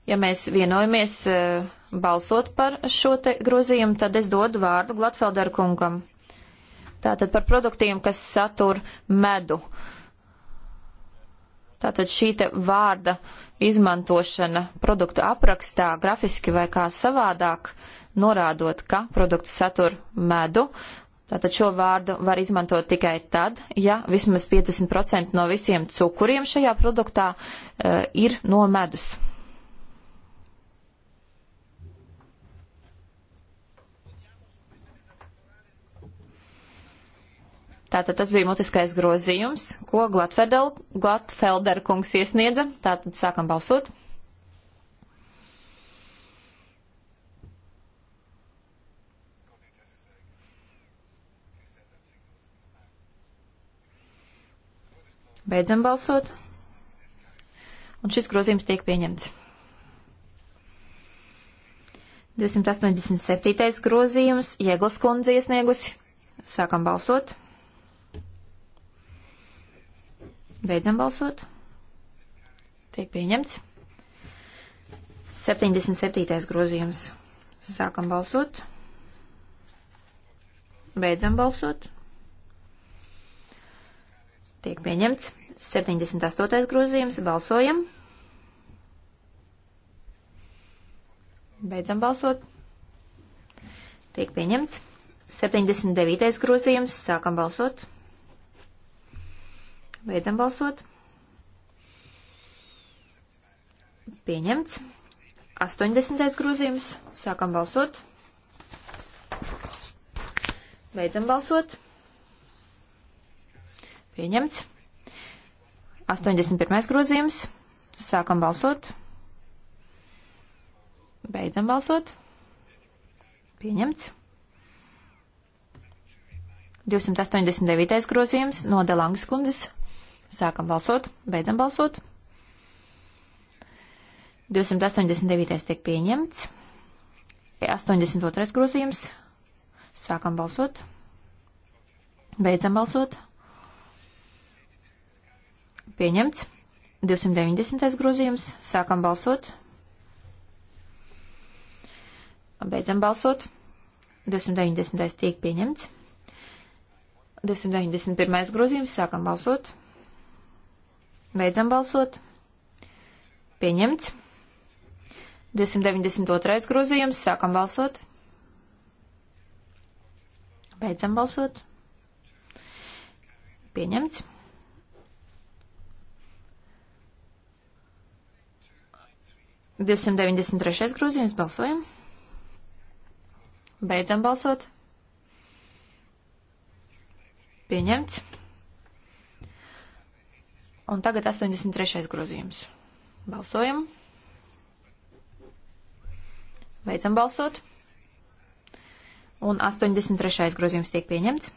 Ja mēs vienojamies eh, balsot par šo te grozījumu, tad es dodu vārdu Glātfeldera kungam. Tātad par produktiem, kas satur medu. Uh, Tātad šī vārda izmantošana produktu aprakstā, grafiski vai kā savādāk, norādot, ka produkts satur medu. Tātad šo vārdu var izmantot tikai tad, ja vismaz 50% no visiem cukuriem šajā produktā uh, ir no medus. Tātad tas bija mutiskais grozījums, ko Glatfelder kungs iesniedza. Tātad sākam balsot. Beidzam balsot. Un šis grozījums tiek pieņemts. 287. grozījums Ieglas kundze iesniegusi. Sākam balsot. Beidzam balsot. Tiek pieņemts. 77. grozījums. Sākam balsot. Beidzam balsot. Tiek pieņemts. 78. grozījums. Balsojam. Beidzam balsot. Tiek pieņemts. 79. grozījums. Sākam balsot. Beidzam balsot. Pieņemts. 80. grozījums. Sākam balsot. Beidzam balsot. Pieņemts. 81. grozījums. Sākam balsot. Beidzam balsot. Pieņemts. 289. grozījums no Delangas kundzes. Sākam balsot, beidzam balsot. 289. tiek pieņemts. 82. grozījums. Sākam balsot. Beidzam balsot. Pieņemts. 290. grozījums. Sākam balsot. Beidzam balsot. 290. tiek pieņemts. 291. grozījums. Sākam balsot. Beidzam balsot. Pieņemts. 292. grozījums. Sākam balsot. Beidzam balsot. Pieņemts. 293. grozījums. Balsojam. Beidzam balsot. Pieņemts. Un tagad 83. grozījums. Balsojam. Beidzam balsot. Un 83. grozījums tiek pieņemts.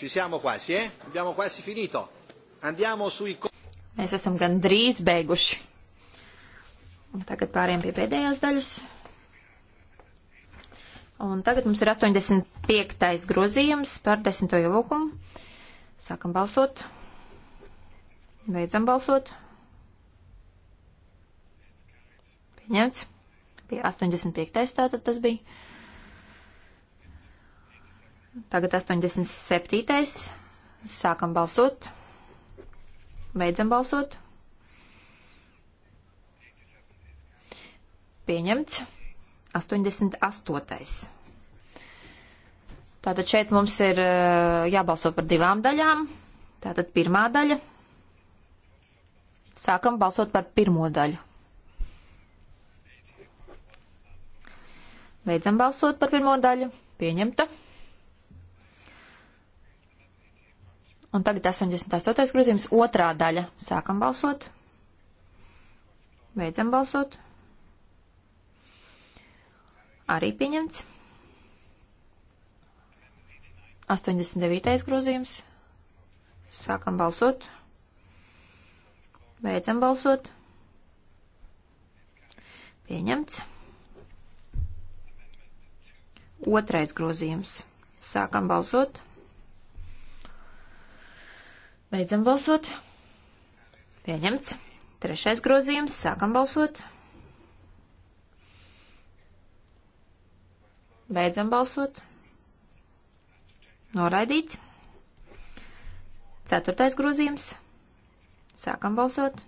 Ci siamo quasi, eh? Abbiamo quasi finito. Andiamo sui... Mēs esam gan drīz beiguši. Un tagad pāriem pie pēdējās daļas. Un tagad mums ir 85. grozījums par desmito ielūkumu. Sākam balsot. Beidzam balsot. Pieņemts. Bija 85. tātad tas bija. Tagad 87. Sākam balsot. Beidzam balsot. Pieņemts. 88. Tātad šeit mums ir eh, jābalso par divām daļām. Tātad pirmā daļa. Sākam balsot par pirmo daļu. Beidzam balsot par pirmo daļu. Pieņemta. Un tagad 88. grozījums otrā daļa. Sākam balsot. Beidzam balsot arī pieņemts. 89. grozījums. Sākam balsot. Beidzam balsot. Pieņemts. Otrais grozījums. Sākam balsot. Beidzam balsot. Pieņemts. Trešais grozījums. Sākam balsot. Pieņemts. Beidzam balsot. Noraidīts. Ceturtais grozījums. Sākam balsot.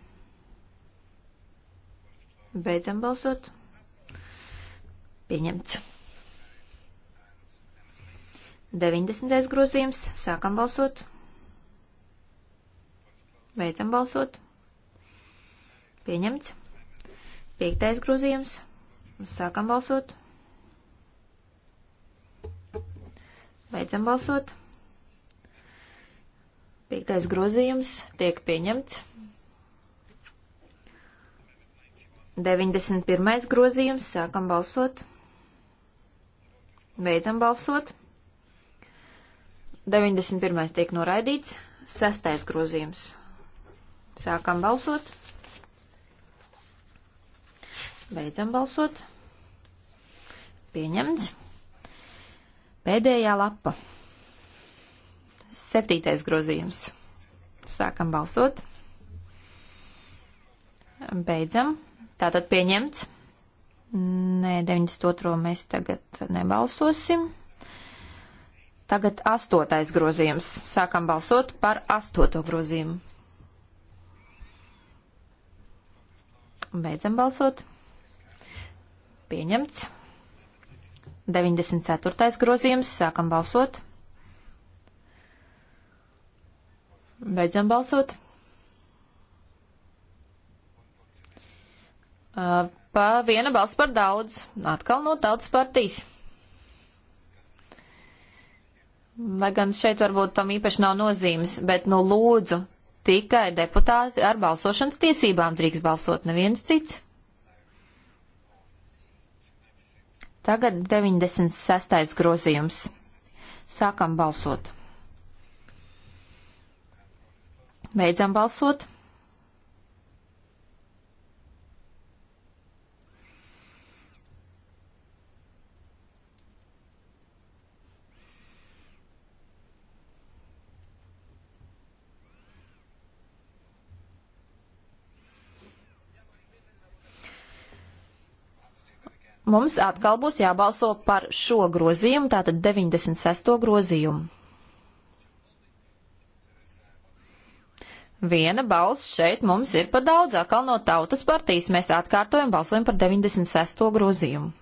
Beidzam balsot. Pieņemts. 90. grozījums. Sākam balsot. Beidzam balsot. Pieņemts. 5. grozījums. Sākam balsot. Beidzam balsot. Piektais grozījums tiek pieņemts. 91. grozījums. Sākam balsot. Beidzam balsot. 91. tiek noraidīts. 6. grozījums. Sākam balsot. Beidzam balsot. Pieņemts. Pēdējā lapa. Septītais grozījums. Sākam balsot. Beidzam. Tātad pieņemts. Nē, 92. mēs tagad nebalsosim. Tagad astotais grozījums. Sākam balsot par astoto grozījumu. Beidzam balsot. Pieņemts. 94. grozījums. Sākam balsot. Beidzam balsot. Pa viena balss par daudz. Atkal no tautas partijas. Lai gan šeit varbūt tam īpaši nav nozīmes, bet nu lūdzu, tikai deputāti ar balsošanas tiesībām drīkst balsot, neviens cits. Tagad 96. grozījums. Sākam balsot. Beidzam balsot. mums atkal būs jābalso par šo grozījumu, tātad 96. grozījumu. Viena balss šeit mums ir pa daudz, atkal no tautas partijas mēs atkārtojam balsojumu par 96. grozījumu.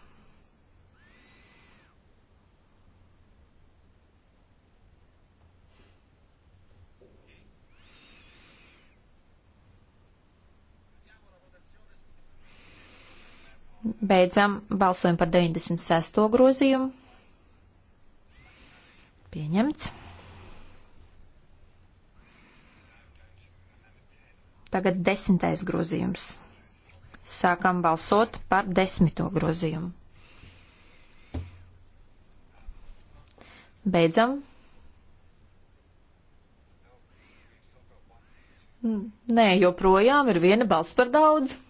Beidzam balsojumu par 96. grozījumu. Pieņemts. Tagad desmitais grozījums. Sākam balsot par desmito grozījumu. Beidzam. Nē, joprojām ir viena balss par daudz.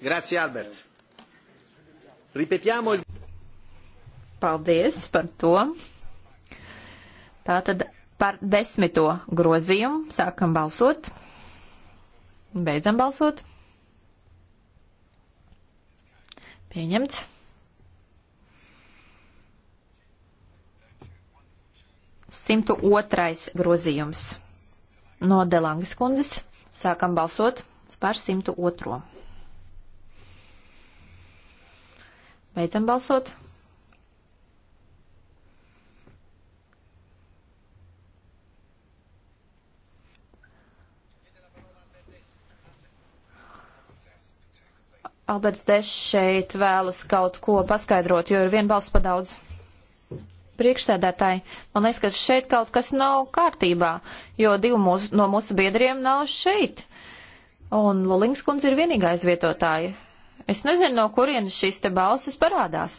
Grazie, Albert. Ripetiamo il. Paldies par to. Tātad par desmito grozījumu sākam balsot. Beidzam balsot. Pieņemts. Simtu otrais grozījums no Delangas kundzes. Sākam balsot par simtu otro. Beidzam balsot. Alberts Dešs šeit vēlas kaut ko paskaidrot, jo ir viena balss pa daudz. Priekšsēdētāji, man liekas, ka šeit kaut kas nav kārtībā, jo divi mūs, no mūsu biedriem nav šeit. Un Lulings kundze ir vienīgā aizvietotāja. Es nezinu, no kurienes šīs te balsis parādās.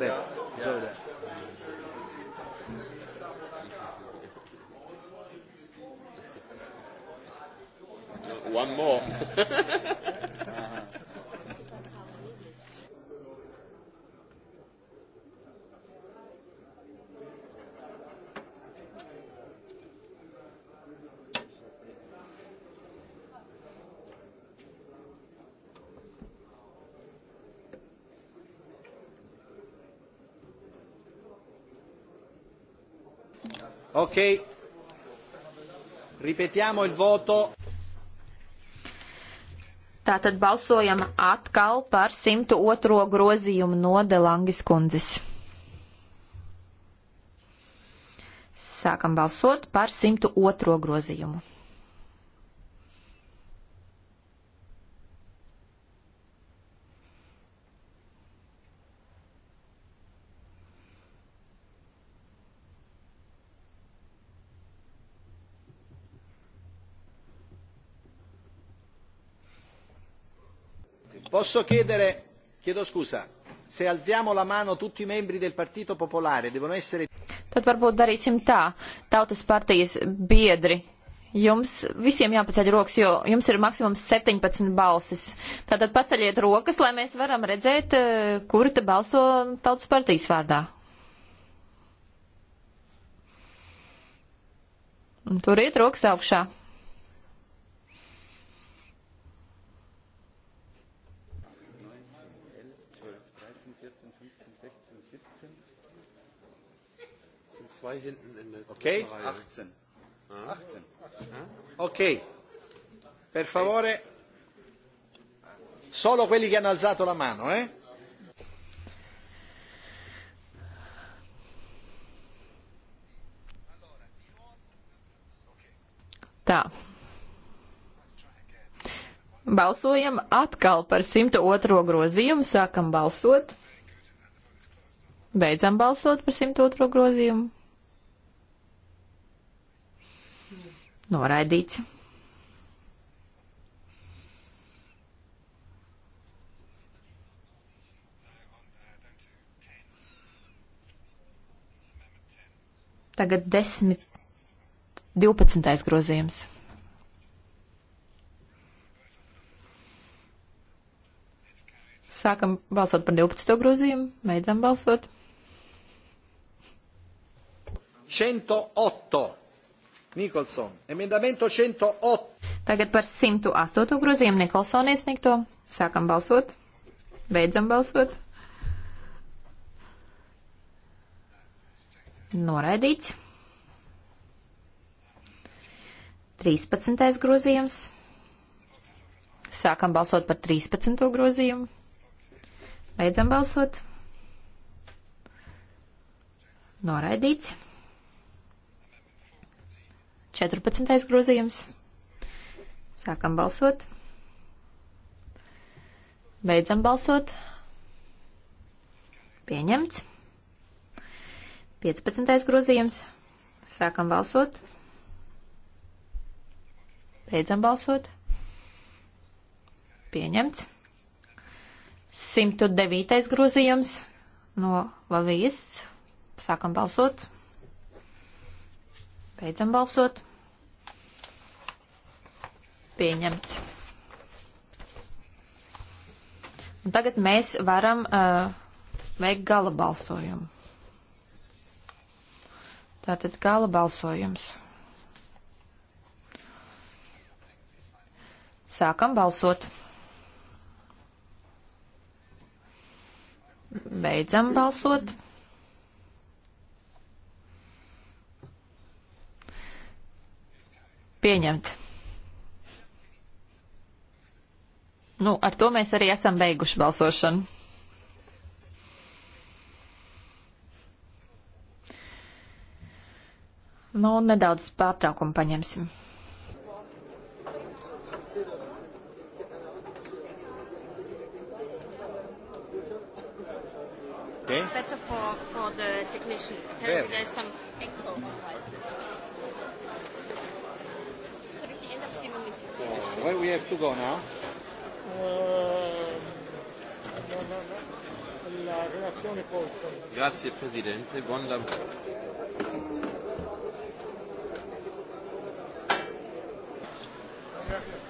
Bet, zaudē. One more. *laughs* Ok, ripetiamo il voto. Tātad balsojam atkal par 102. grozījumu no Delangis kundzes. Sākam balsot par 102. grozījumu. Posso chiedere, chiedo scusa, se alziamo la mano tutti i membri del Partito Popolare devono essere. Tad varbūt darīsim tā, tautas partijas biedri. Jums visiem jāpaceļ rokas, jo jums ir maksimums 17 balsis. Tātad paceļiet rokas, lai mēs varam redzēt, eh, kur te balso tautas partijas vārdā. Un turiet rokas augšā. zwei hinten in der Okay, Reihe. 18. Ah. 18. Ah. Ok, per favore, solo quelli che hanno alzato la mano, eh? Tā. Balsojam atkal par 102. grozījumu, sākam balsot. Beidzam balsot par 102. grozījumu. Noraidīts. Tagad 10, 12. grozījums. Sākam balsot par 12. grozījumu, beidzam balsot. 108. Nikolson. Emendamento 108. Tagad par 108. grozījumu Nikolson iesniegto. Sākam balsot. Beidzam balsot. Noraidīts. 13. grozījums. Sākam balsot par 13. grozījumu. Beidzam balsot. Noraidīts. 14. grozījums. Sākam balsot. Beidzam balsot. Pieņemts. 15. grozījums. Sākam balsot. Beidzam balsot. Pieņemts. 109. grozījums no Lavijas. Sākam balsot. Beidzam balsot. Pieņemts. Un tagad mēs varam uh, veikt gala balsojumu. Tātad gala balsojums. Sākam balsot. Beidzam balsot. Pieņemt. Nu, ar to mēs arī esam beiguši balsošanu. Nu, nedaudz pārtraukumu paņemsim. Okay. It's better for, for the technician. Apparently there. there's some echo. Where we have to go now? Uh, no, no, no. La relazione Polson. Grazie Presidente, buon lavoro. Gracias.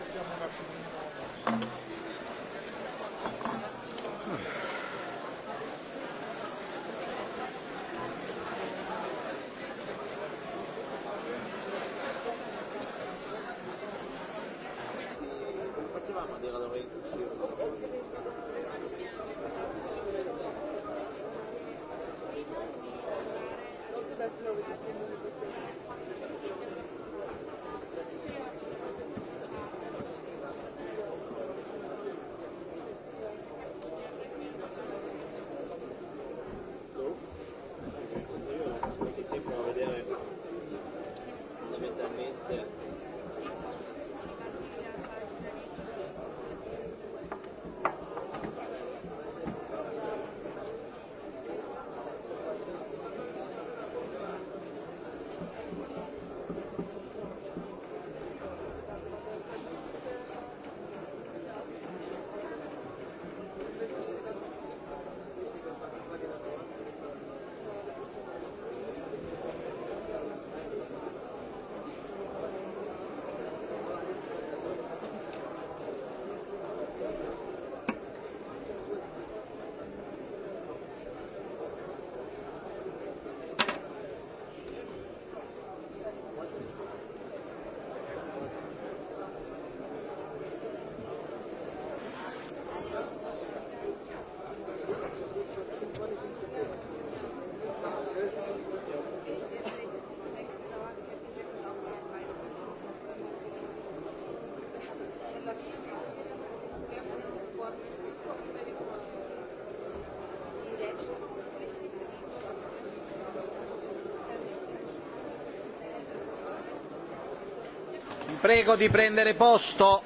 Prego di prendere posto.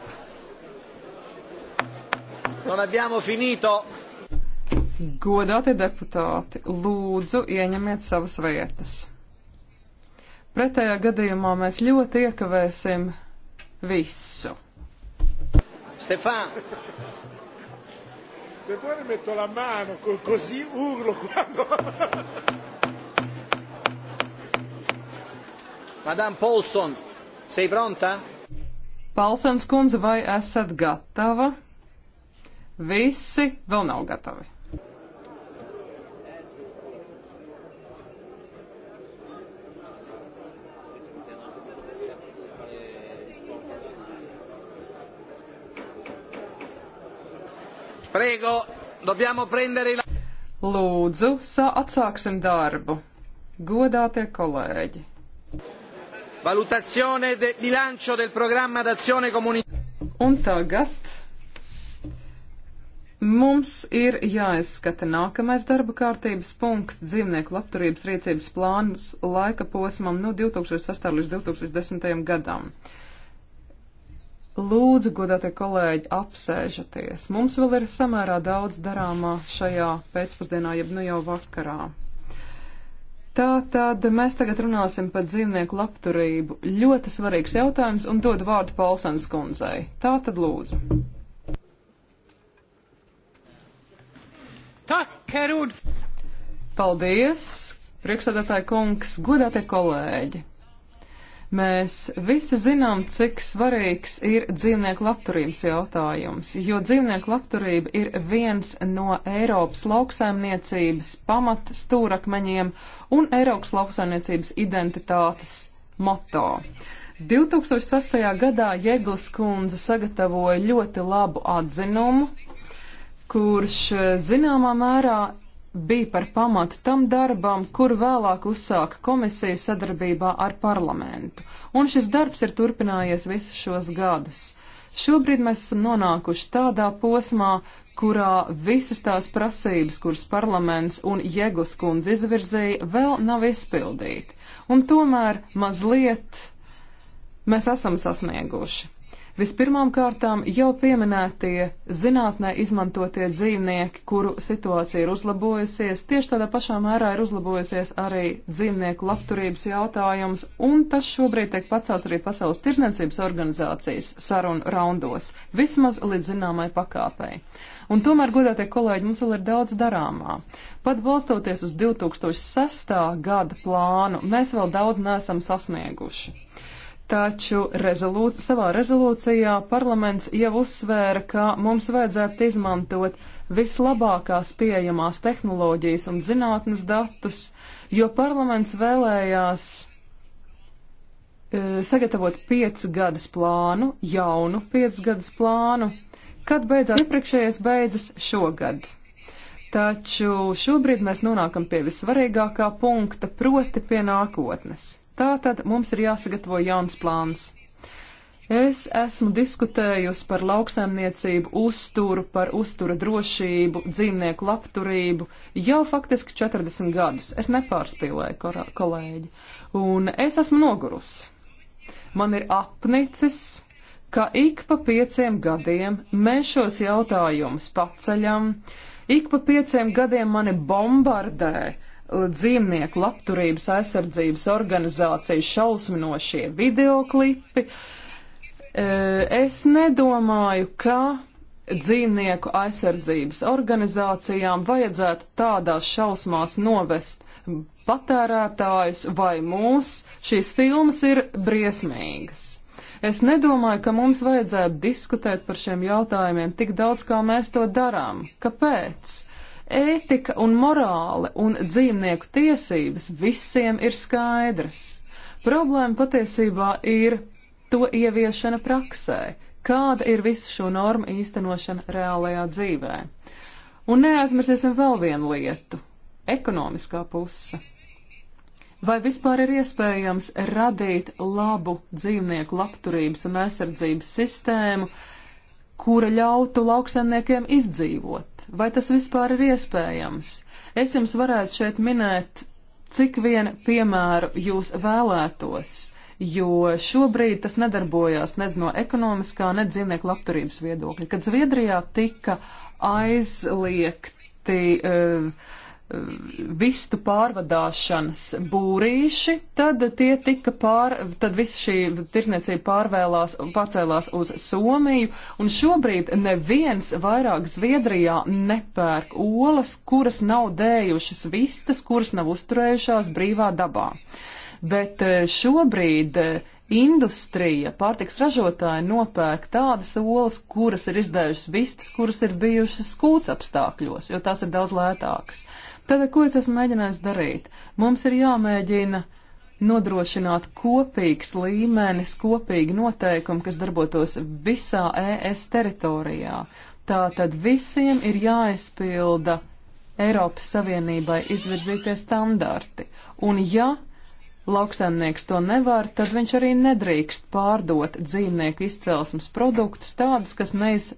Non abbiamo finito. Godāti deputāti, lūdzu, ieņemiet savas vietas. Pretējā gadījumā mēs ļoti iekavēsim visu. Stefan! Se vuoi le metto la mano, co- così urlo quando... Madame Paulson! Sei pronta? Palsens kundze, vai esat gatava? Visi vēl nav gatavi. Prego, dobbiamo prendere la... Lūdzu, atsāksim darbu. Godātie kolēģi! Valutazione del bilancio del programma d'azione comunitaria. Un tagad mums ir jāizskata nākamais darba kārtības punkts - dzīvnieku labturības rīcības plāns laika posmam no 2008. līdz 2010. gadam. Lūdzu, godātie kolēģi, apsēžaties. Mums vēl ir samērā daudz darāmā šajā pēcpusdienā, jeb nu jau vakarā. Tā tad mēs tagad runāsim par dzīvnieku labturību. Ļoti svarīgs jautājums un dod vārdu Paulsens kundzei. Tā tad lūdzu. Tak, Herūd! Paldies, priekšsēdētāji kungs, godātie kolēģi! Mēs visi zinām, cik svarīgs ir dzīvnieku labturības jautājums, jo dzīvnieku labturība ir viens no Eiropas lauksaimniecības pamat stūrakmeņiem un Eiropas lauksaimniecības identitātes moto. 2008. gadā Jēglas kundze sagatavoja ļoti labu atzinumu, kurš zināmā mērā bija par pamatu tam darbam, kur vēlāk uzsāka komisija sadarbībā ar parlamentu. Un šis darbs ir turpinājies visus šos gadus. Šobrīd mēs esam nonākuši tādā posmā, kurā visas tās prasības, kuras parlaments un Jēglas kundze izvirzīja, vēl nav izpildīti. Un tomēr mazliet mēs esam sasnieguši. Vispirmām kārtām jau pieminētie zinātnē izmantotie dzīvnieki, kuru situācija ir uzlabojusies, tieši tādā pašā mērā ir uzlabojusies arī dzīvnieku labturības jautājums, un tas šobrīd tiek pacelts arī Pasaules tirzniecības organizācijas sarunu raundos, vismaz līdz zināmai pakāpei. Un tomēr, godātie kolēģi, mums vēl ir daudz darāmā. Pat balstoties uz 2006. gada plānu, mēs vēl daudz nesam sasnieguši. Taču rezolūt, savā rezolūcijā parlaments jau uzsvēra, ka mums vajadzētu izmantot vislabākās pieejamās tehnoloģijas un zinātnes datus, jo parlaments vēlējās e, sagatavot piecgadas plānu, jaunu piecgadas plānu, kad beidzās iepriekšējais beidzas šogad. Taču šobrīd mēs nonākam pie vissvarīgākā punkta, proti pie nākotnes. Tā tad mums ir jāsagatavo jauns plāns. Es esmu diskutējusi par lauksaimniecību, uzturu, par uztura drošību, dzīvnieku labturību jau faktiski 40 gadus. Es nepārspīlēju, kolēģi. Un es esmu nogurusi. Man ir apnicis, ka ik pa pieciem gadiem mēs šos jautājumus paceļam, ik pa pieciem gadiem mani bombardē dzīvnieku labturības aizsardzības organizācijas šausminošie videoklipi. E, es nedomāju, ka dzīvnieku aizsardzības organizācijām vajadzētu tādās šausmās novest patērētājus vai mūs. Šīs filmas ir briesmīgas. Es nedomāju, ka mums vajadzētu diskutēt par šiem jautājumiem tik daudz, kā mēs to darām. Kāpēc? Ētika un morāle un dzīvnieku tiesības visiem ir skaidrs. Problēma patiesībā ir to ieviešana praksē, kāda ir visu šo normu īstenošana reālajā dzīvē. Un neaizmirsīsim vēl vienu lietu - ekonomiskā puse. Vai vispār ir iespējams radīt labu dzīvnieku labturības un aizsardzības sistēmu, uh, kura ļautu lauksaimniekiem izdzīvot. Vai tas vispār ir iespējams? Es jums varētu šeit minēt, cik vien piemēru jūs vēlētos, jo šobrīd tas nedarbojās ne no ekonomiskā, ne dzīvnieku labturības viedokļa. Kad Zviedrijā tika aizliegti. Uh, vistu pārvadāšanas būrīši, tad tie tika pār, tad viss šī tirniecība pārvēlās, pārcēlās uz Somiju, un šobrīd neviens vairāk Zviedrijā nepērk olas, kuras nav dējušas vistas, kuras nav uzturējušās brīvā dabā. Bet eh, šobrīd eh, industrija, pārtiks ražotāji nopērk tādas olas, kuras ir izdējušas vistas, kuras ir bijušas skūts apstākļos, jo tās ir daudz lētākas. Uh, Tagad, ko es esmu mēģinājis darīt? Mums ir jāmēģina nodrošināt kopīgs līmenis, kopīgi noteikumi, kas darbotos visā ES teritorijā. Tātad visiem ir jāizpilda Eiropas Savienībai izvirzītie standarti. Un ja lauksaimnieks to nevar, tad viņš arī nedrīkst pārdot dzīvnieku izcelsmes produktus tādus, kas neiz,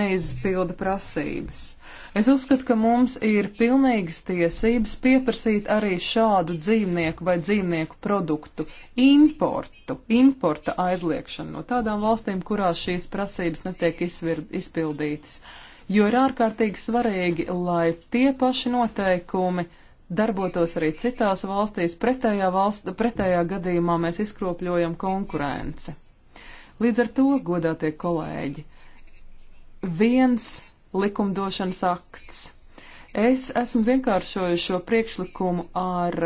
neizpilda prasības. Es uzskatu, ka mums ir pilnīgas tiesības pieprasīt arī šādu dzīvnieku vai dzīvnieku produktu importu, importa aizliekšanu no tādām valstīm, kurās šīs prasības netiek izvird, izpildītas, jo ir ārkārtīgi svarīgi, lai tie paši noteikumi darbotos arī citās valstīs, pretējā, valst, pretējā gadījumā mēs izkropļojam konkurenci. Līdz ar to, godātie kolēģi, viens likumdošanas akts. Es esmu vienkāršojuši šo priekšlikumu ar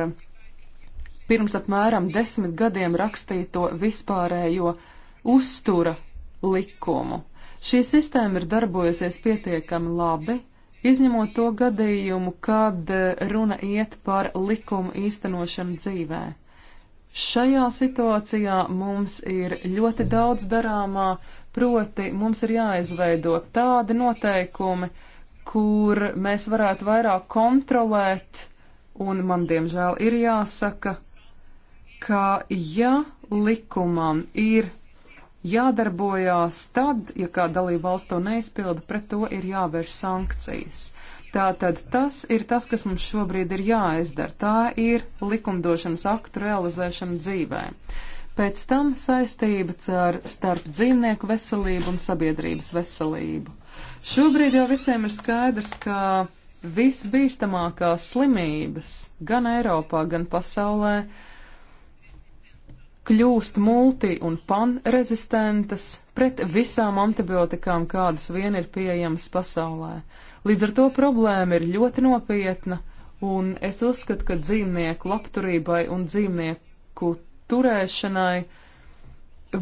pirms apmēram desmit gadiem rakstīto vispārējo uztura likumu. Šī sistēma ir darbojusies pietiekami labi, izņemot to gadījumu, kad runa iet par likumu īstenošanu dzīvē. Šajā situācijā mums ir ļoti daudz darāmā, uh, Proti, mums ir jāizveido tādi noteikumi, kur mēs varētu vairāk kontrolēt, un man diemžēl ir jāsaka, ka ja likumam ir jādarbojās tad, ja kā dalība valsts to neizpilda, pret to ir jāvērš sankcijas. Tātad tas ir tas, kas mums šobrīd ir jāizdara. Tā ir likumdošanas aktu realizēšana dzīvē pēc tam saistības ar starp dzīvnieku veselību un sabiedrības veselību. Šobrīd jau visiem ir skaidrs, ka visbīstamākās slimības gan Eiropā, gan pasaulē kļūst multi un panrezistentas pret visām antibiotikām, kādas vien ir pieejamas pasaulē. Līdz ar to problēma ir ļoti nopietna, un es uzskatu, ka dzīvnieku labturībai un dzīvnieku turēšanai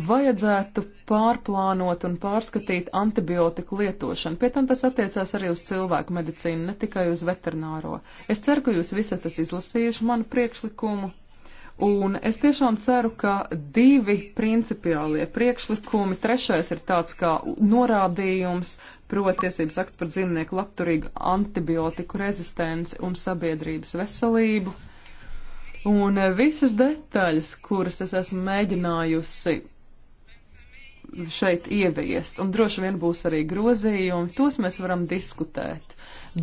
vajadzētu pārplānot un pārskatīt antibiotiku lietošanu. Pie tam tas attiecās arī uz cilvēku medicīnu, ne tikai uz veterināro. Es ceru, ka jūs visi esat izlasījuši manu priekšlikumu. Un es tiešām ceru, ka divi principiālie priekšlikumi, trešais ir tāds kā norādījums, proti tiesības akts par dzīvnieku labturīgu antibiotiku rezistenci un sabiedrības veselību. Uh, Un eh, visas detaļas, kuras es esmu mēģinājusi šeit ieviest, un droši vien būs arī grozījumi, tos mēs varam diskutēt.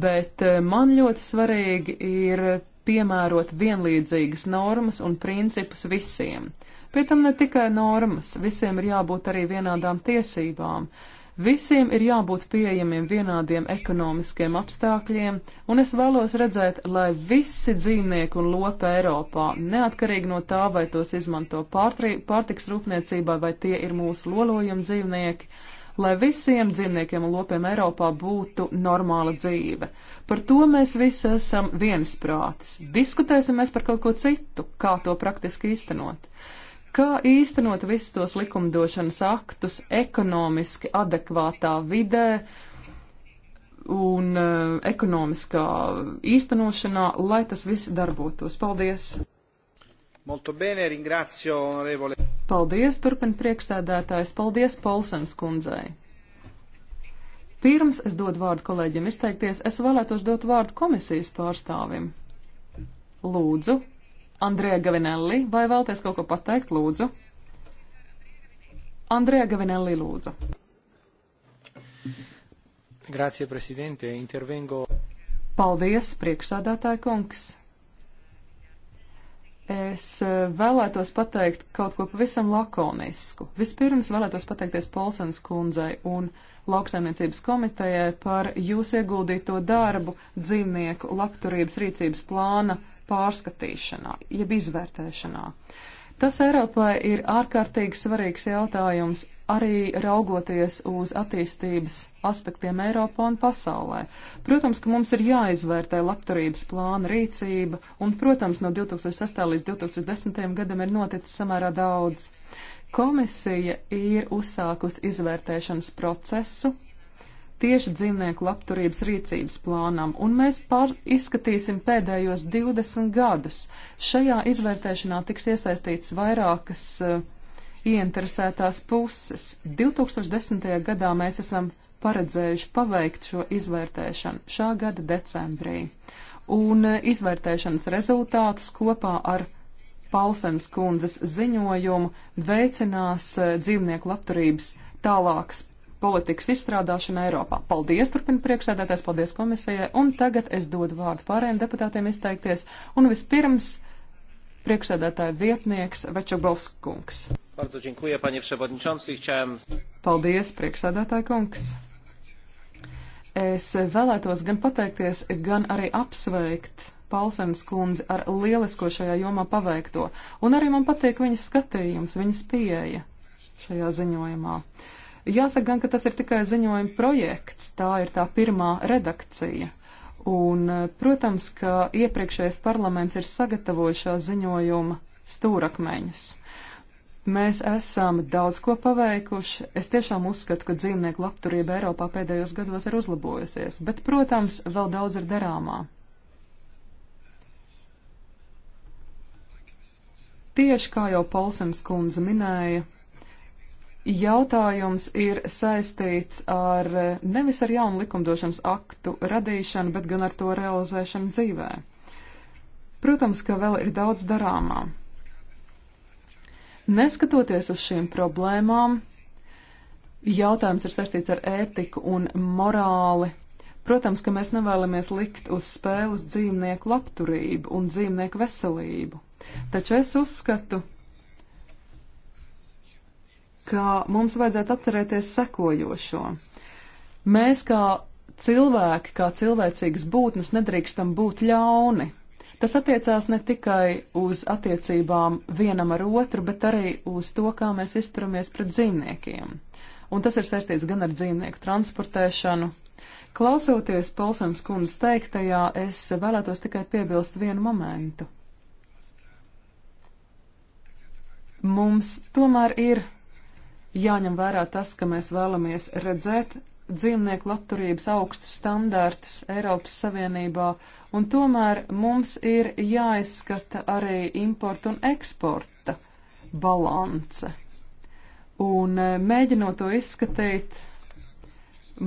Bet eh, man ļoti svarīgi ir piemērot vienlīdzīgas normas un principus visiem. Pie tam ne tikai normas, visiem ir jābūt arī vienādām tiesībām. Uh, Visiem ir jābūt pieejamiem vienādiem ekonomiskiem apstākļiem, un es vēlos redzēt, lai visi dzīvnieki un lopi Eiropā, neatkarīgi no tā, vai tos izmanto pārtiks rūpniecībā vai tie ir mūsu lolojuma dzīvnieki, lai visiem dzīvniekiem un lopiem Eiropā būtu normāla dzīve. Par to mēs visi esam viensprātis. Diskutēsim mēs par kaut ko citu, kā to praktiski īstenot. Kā īstenot visus tos likumdošanas aktus ekonomiski adekvātā vidē un uh, ekonomiskā īstenošanā, lai tas viss darbotos? Paldies! Molto bene, ringrazio, onorevole. Paldies, turpin priekšsēdētājs. Paldies, Polsens kundzei. Pirms es dodu vārdu kolēģiem izteikties, es vēlētos dot vārdu komisijas pārstāvim. Lūdzu, Andrija Gavinelli, vai vēlties kaut ko pateikt, lūdzu? Andrija Gavinelli, lūdzu. Grazie, prezidente, intervengo. Paldies, priekšsādātāja kungs. Es eh, vēlētos pateikt kaut ko pavisam lakonisku. Vispirms vēlētos pateikties Polsens kundzei un lauksaimniecības komitejai par jūsu ieguldīto darbu dzīvnieku labturības rīcības plāna pārskatīšanā, jeb izvērtēšanā. Tas Eiropai ir ārkārtīgi svarīgs jautājums arī raugoties uz attīstības aspektiem Eiropā un pasaulē. Protams, ka mums ir jāizvērtē labturības plāna rīcība, un, protams, no 2006. līdz 2010. gadam ir noticis samērā daudz. Komisija ir uzsākusi izvērtēšanas procesu, tieši dzīvnieku labturības rīcības plānam, un mēs pār izskatīsim pēdējos 20 gadus. Šajā izvērtēšanā tiks iesaistīts vairākas uh, ieinteresētās puses. 2010. gadā mēs esam paredzējuši paveikt šo izvērtēšanu šā gada decembrī. Un eh, izvērtēšanas rezultātus kopā ar Paulsens kundzes ziņojumu veicinās eh, dzīvnieku labturības tālākas politikas izstrādāšana Eiropā. Paldies, turpina priekšsēdētājs, paldies komisijai, un tagad es dodu vārdu pārējiem deputātiem izteikties, un vispirms priekšsēdētāja vietnieks Večobovskungs. Paldies, priekšsēdētāja kungs. Es vēlētos gan pateikties, gan arī apsveikt Paulsenas kundzi ar lielisko šajā jomā paveikto, un arī man patīk viņas skatījums, viņas pieeja šajā ziņojumā. Uh, Jāsaka gan, ka tas ir tikai ziņojuma projekts, tā ir tā pirmā redakcija. Un, eh, protams, ka iepriekšējais parlaments ir sagatavojis šā ziņojuma stūrakmeņus. Mēs esam daudz ko paveikuši. Es tiešām uzskatu, ka dzīvnieku labturība Eiropā pēdējos gados ir uzlabojusies, bet, protams, vēl daudz ir darāmā. Tieši kā jau Polsens kundze minēja, Jautājums ir saistīts ar eh, nevis ar jaunu likumdošanas aktu radīšanu, bet gan ar to realizēšanu dzīvē. Protams, ka vēl ir daudz darāmā. Neskatoties uz šīm problēmām, jautājums ir saistīts ar ētiku un morāli. Protams, ka mēs nevēlamies likt uz spēles dzīvnieku labturību un dzīvnieku veselību. Taču es uzskatu, ka mums vajadzētu atcerēties sekojošo. Mēs kā cilvēki, kā cilvēcīgas būtnes, nedrīkstam būt ļauni. Tas attiecās ne tikai uz attiecībām vienam ar otru, bet arī uz to, kā mēs izturamies pret dzīvniekiem. Un tas ir saistīts gan ar dzīvnieku transportēšanu. Klausoties Polsams kundzes teiktajā, es vēlētos tikai piebilst vienu momentu. Mums tomēr ir jāņem vērā tas, ka mēs vēlamies redzēt dzīvnieku labturības augstus standārtus Eiropas Savienībā, un tomēr mums ir jāizskata arī importa un eksporta balance. Un e, mēģinot to izskatīt,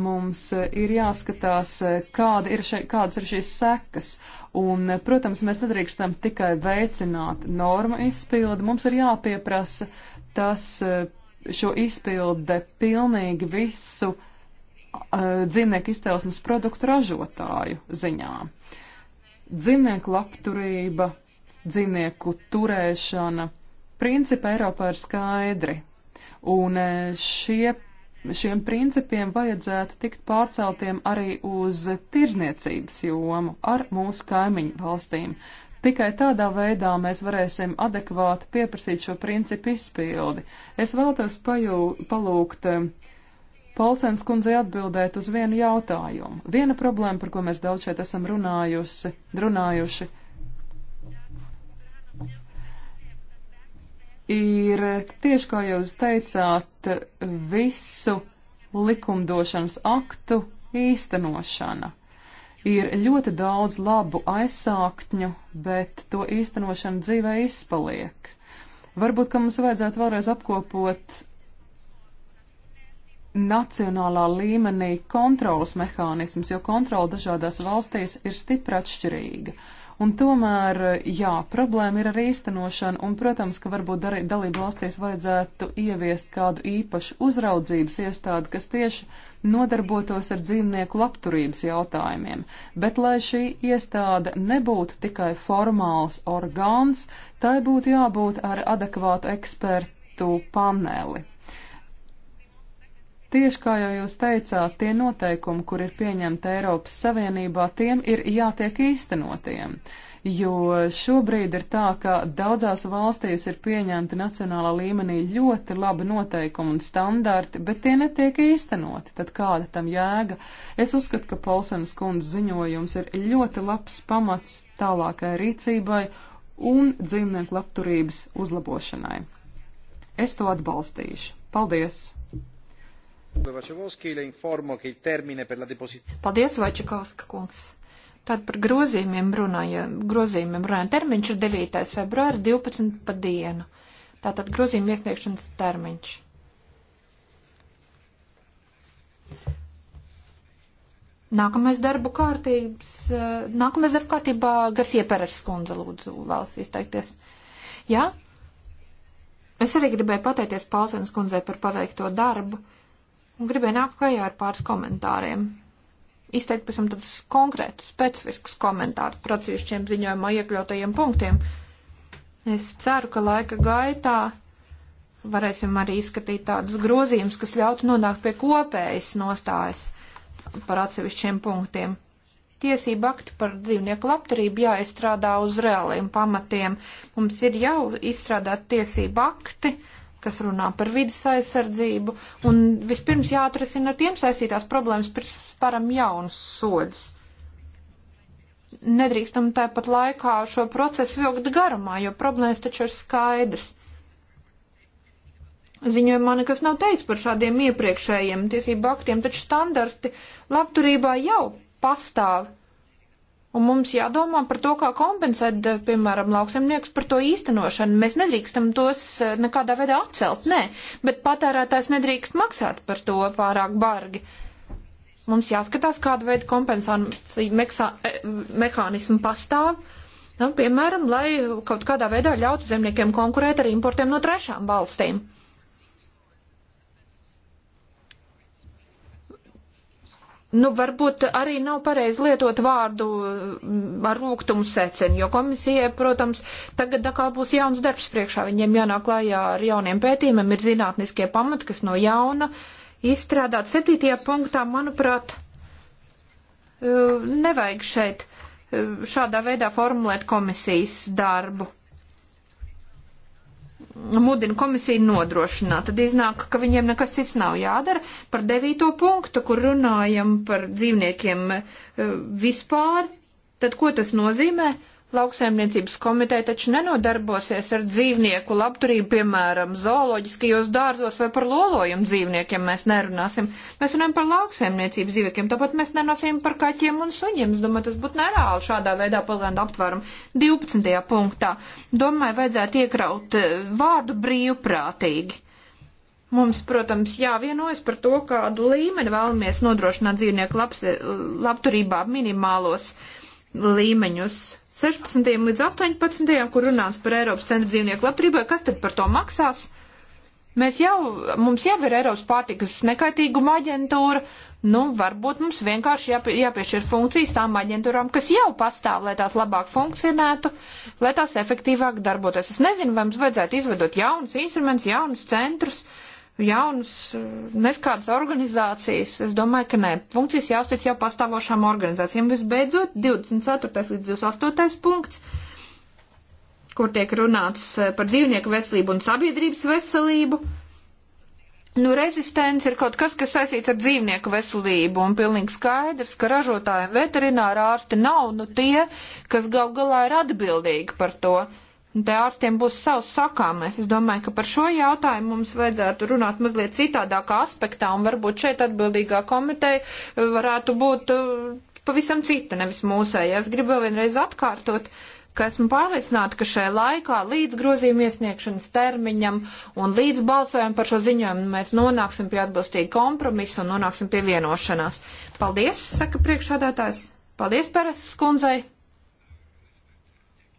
mums e, ir jāskatās, e, kāda ir še, kādas ir šīs sekas. Un, protams, mēs nedrīkstam tikai veicināt normu izpildi, mums ir jāpieprasa tas šo izpilde pilnīgi visu uh, dzīvnieku izcelsmes produktu ražotāju ziņā. Dzīvnieku labturība, dzīvnieku turēšana, principi Eiropā ir skaidri, un uh, šie, šiem principiem vajadzētu tikt pārceltiem arī uz tirzniecības jomu ar mūsu kaimiņu valstīm. Tikai tādā veidā mēs varēsim adekvāti pieprasīt šo principu izpildi. Es vēlos palūgt eh, Polsens kundzei atbildēt uz vienu jautājumu. Viena problēma, par ko mēs daudz šeit esam runājusi, runājuši, ir tieši kā jūs teicāt, visu likumdošanas aktu īstenošana. Ir ļoti daudz labu aizsāktņu, bet to īstenošana dzīvē izpaliek. Varbūt, ka mums vajadzētu vēlreiz apkopot nacionālā līmenī kontrolas mehānisms, jo kontrola dažādās valstīs ir stipri atšķirīga. Un tomēr, jā, problēma ir ar īstenošanu, un, protams, ka varbūt dalību valstīs vajadzētu ieviest kādu īpašu uzraudzības iestādi, kas tieši nodarbotos ar dzīvnieku labturības jautājumiem. Bet, lai šī iestāde nebūtu tikai formāls orgāns, tai būtu jābūt ar adekvātu ekspertu paneli. Tieši kā jau jūs teicāt, tie noteikumi, kur ir pieņemti Eiropas Savienībā, tiem ir jātiek īstenotiem. Jo šobrīd ir tā, ka daudzās valstīs ir pieņemti nacionālā līmenī ļoti labi noteikumi un standarti, bet tie netiek īstenoti. Tad kāda tam jēga? Es uzskatu, ka Polsenas kundzes ziņojums ir ļoti labs pamats tālākai rīcībai un dzīvnieku labturības uzlabošanai. Es to atbalstīšu. Paldies! Paldies, Vačakovska kungs. Tad par grozījumiem runāja, grozījumiem runāja termiņš ir 9. februārs 12 pa dienu. Tātad grozījuma iesniegšanas termiņš. Nākamais darbu kārtības, eh, nākamais darbu kārtībā Garsie Peres skundze lūdzu vēlas izteikties. Jā? Es arī gribēju pateikties Palsvenas kundzei par paveikto darbu un gribēju nākt klajā ar pāris komentāriem. Izteikt pēc tam tādus konkrētus, specifiskus komentārus par atsevišķiem ziņojumā iekļautajiem punktiem. Es ceru, ka laika gaitā varēsim arī izskatīt tādus grozījumus, kas ļautu nonākt pie kopējas nostājas par atsevišķiem punktiem. Tiesība akti par dzīvnieku labturību jāizstrādā uz reāliem pamatiem. Mums ir jau izstrādāt tiesība akti, uh, kas runā par vidas aizsardzību, un vispirms jāatrisina ar tiem saistītās problēmas, pirms param jaunus sodus. Nedrīkstam tāpat laikā šo procesu vilkt garumā, jo problēmas taču ir skaidrs. Ziņojumā nekas nav teicis par šādiem iepriekšējiem tiesību aktiem, taču standarti labturībā jau pastāv. Un mums jādomā par to, kā kompensēt, eh, piemēram, lauksemnieks par to īstenošanu. Mēs nedrīkstam tos eh, nekādā veidā atcelt, nē, bet patērētājs nedrīkst maksāt par to pārāk bargi. Mums jāskatās, kāda veida kompensācija meksā, e, mehānismu pastāv. Nu, piemēram, lai kaut kādā veidā ļautu zemniekiem konkurēt ar importiem no trešām valstīm. nu, varbūt arī nav pareizi lietot vārdu mm, ar lūgtumu secinu, jo komisijai, protams, tagad atkal būs jauns darbs priekšā, viņiem jānāk klājā ar jauniem pētījumiem, ir zinātniskie pamati, kas no jauna izstrādāt. Septītajā punktā, manuprāt, eh, nevajag šeit eh, šādā veidā formulēt komisijas darbu mudina komisiju nodrošināt. Tad iznāk, ka viņiem nekas cits nav jādara. Par devīto punktu, kur runājam par dzīvniekiem eh, vispār, tad ko tas nozīmē? Lauksaimniecības komiteja taču nenodarbosies ar dzīvnieku labturību, piemēram, zooloģiskajos dārzos vai par lolojumu dzīvniekiem mēs nerunāsim. Mēs runājam par lauksaimniecības dzīvniekiem, tāpat mēs nerunāsim par kaķiem un suņiem. Es domāju, tas būtu nereāli šādā veidā palēndu aptvērumu 12. punktā. Domāju, vajadzētu iekraut eh, vārdu brīvprātīgi. Mums, protams, jāvienojas par to, kādu līmeni vēlamies nodrošināt dzīvnieku labs, eh, labturībā minimālos līmeņus. 16. līdz 18. kur runāts par Eiropas centra dzīvnieku labturībai, kas tad par to maksās? Mēs jau, mums jau ir Eiropas pārtikas nekaitīguma aģentūra, nu, varbūt mums vienkārši jāpie, jāpiešķir funkcijas tām aģentūrām, kas jau pastāv, lai tās labāk funkcionētu, lai tās efektīvāk darbotos. Es nezinu, vai mums vajadzētu izvedot jaunus instrumentus, jaunus centrus, uh, jaunus, eh, neskādas organizācijas. Es domāju, ka nē, funkcijas jāuztic jau pastāvošām organizācijām. Visbeidzot, 24. līdz 28. punkts, kur tiek runāts eh, par dzīvnieku veselību un sabiedrības veselību. Nu, rezistence ir kaut kas, kas saistīts ar dzīvnieku veselību, un pilnīgi skaidrs, ka ražotājiem veterināri ārsti nav nu tie, kas gal galā ir atbildīgi par to. Uh, Te ārstiem būs savs sakāmais. Es domāju, ka par šo jautājumu mums vajadzētu runāt mazliet citādākā aspektā, un varbūt šeit atbildīgā komiteja eh, varētu būt eh, pavisam cita, nevis mūsēja. Es gribu vēl vienreiz atkārtot, ka esmu pārliecināta, ka šajā laikā līdz grozījuma iesniegšanas termiņam un līdz balsojam par šo ziņojumu mēs nonāksim pie atbilstīga kompromisa un nonāksim pie vienošanās. Paldies, saka priekšādātājs. Paldies, Peres skundzei.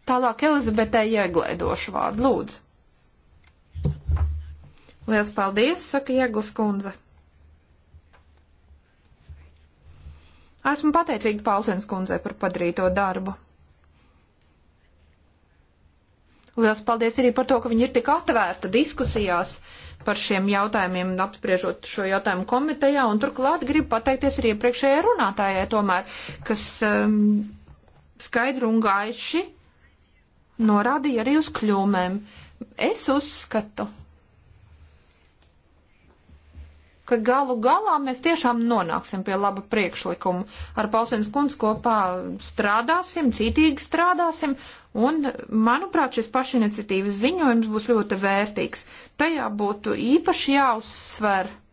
Tālāk Elizabetai Jēglē došu vārdu. Lūdzu. Lielas paldies, saka Jēglas kundze. Esmu pateicīga Paulsens kundzei par padarīto darbu. Lielas paldies arī par to, ka viņi ir tik atvērta diskusijās par šiem jautājumiem, apspriežot šo jautājumu komitejā, un turklāt gribu pateikties arī iepriekšējai runātājai tomēr, kas um, skaidru un gaiši norādīja arī uz kļūmēm. Es uzskatu, ka galu galā mēs tiešām nonāksim pie laba priekšlikuma. Ar Pausens kundz kopā strādāsim, cītīgi strādāsim, un, manuprāt, šis pašiniciatīvas ziņojums būs ļoti vērtīgs. Tajā būtu īpaši jāuzsver. Uh,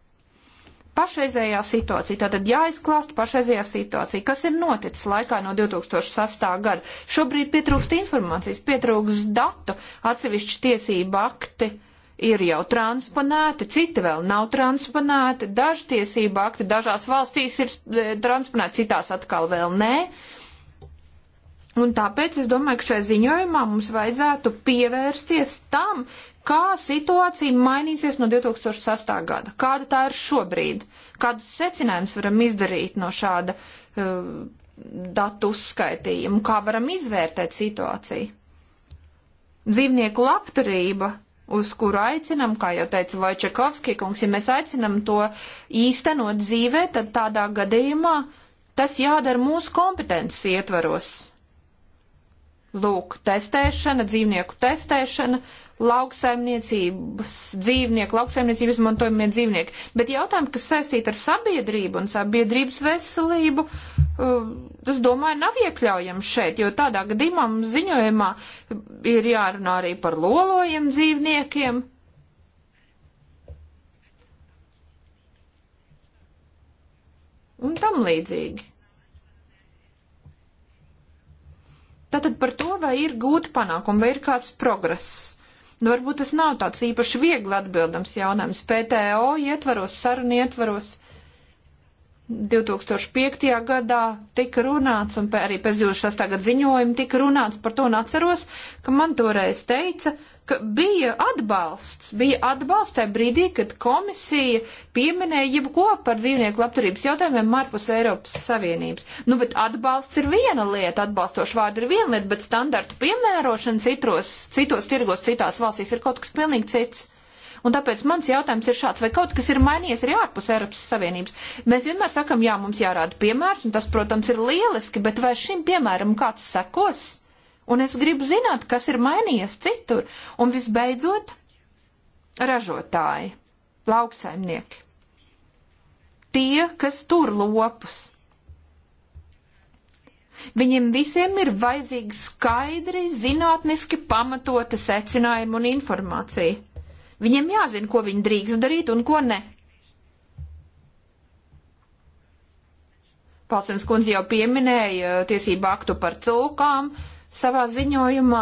pašreizējā situācija, tātad jāizklāst pašreizējā situācija, kas ir noticis laikā no 2008. gada. Šobrīd pietrūkst informācijas, pietrūkst datu, atsevišķi tiesība akti ir jau transponēti, citi vēl nav transponēti, daži tiesība akti dažās valstīs ir eh, transponēti, citās atkal vēl nē. Uh, Un tāpēc es domāju, ka šai ziņojumā mums vajadzētu pievērsties tam, kā situācija mainīsies no 2008. gada, kāda tā ir šobrīd, kādus secinājumus varam izdarīt no šāda uh, datu uzskaitījuma, kā varam izvērtēt situāciju. Dzīvnieku labturība, uz kuru aicinam, kā jau teica Vojčakovski kungs, ja mēs aicinam to īstenot dzīvē, tad tādā gadījumā tas jādara mūsu kompetences ietvaros Lūk, testēšana, dzīvnieku testēšana, lauksaimniecības dzīvnieki, lauksaimniecības izmantojumie dzīvnieki. Bet jautājumi, kas saistīti ar sabiedrību un sabiedrības veselību, uh, es domāju, nav iekļaujami šeit, jo tādā gadījumā mums ziņojumā ir jārunā arī par lolojiem dzīvniekiem. Un tam līdzīgi. Tātad par to, vai ir gūti panākumi, vai ir kāds progress. Nu, varbūt tas nav tāds īpaši viegli atbildams jautājums. PTO ietvaros, sarunu ietvaros 2005. gadā tika runāts, un arī pēc 2008. gada ziņojuma tika runāts par to, un atceros, ka man toreiz teica, uh, ka bija atbalsts, bija atbalsts tajā brīdī, kad komisija pieminēja jebko par dzīvnieku labturības jautājumiem Marpus Eiropas Savienības. Nu, bet atbalsts ir viena lieta, atbalstoši vārdi ir viena lieta, bet standartu piemērošana citros, citos tirgos, citās valstīs ir kaut kas pilnīgi cits. Un tāpēc mans jautājums ir šāds, vai kaut kas ir mainījies arī ārpus Eiropas Savienības? Mēs vienmēr sakam, jā, mums jārāda piemērs, un tas, protams, ir lieliski, bet vai šim piemēram kāds sekos? Un es gribu zināt, kas ir mainījies citur. Un visbeidzot, ražotāji, lauksaimnieki. Tie, kas tur lopus. Viņiem visiem ir vajadzīgi skaidri, zinātniski pamatota secinājuma un informācija. Viņiem jāzina, ko viņi drīkst darīt un ko ne. Palsens kundze jau pieminēja tiesību aktu par cūkām, uh, savā ziņojumā.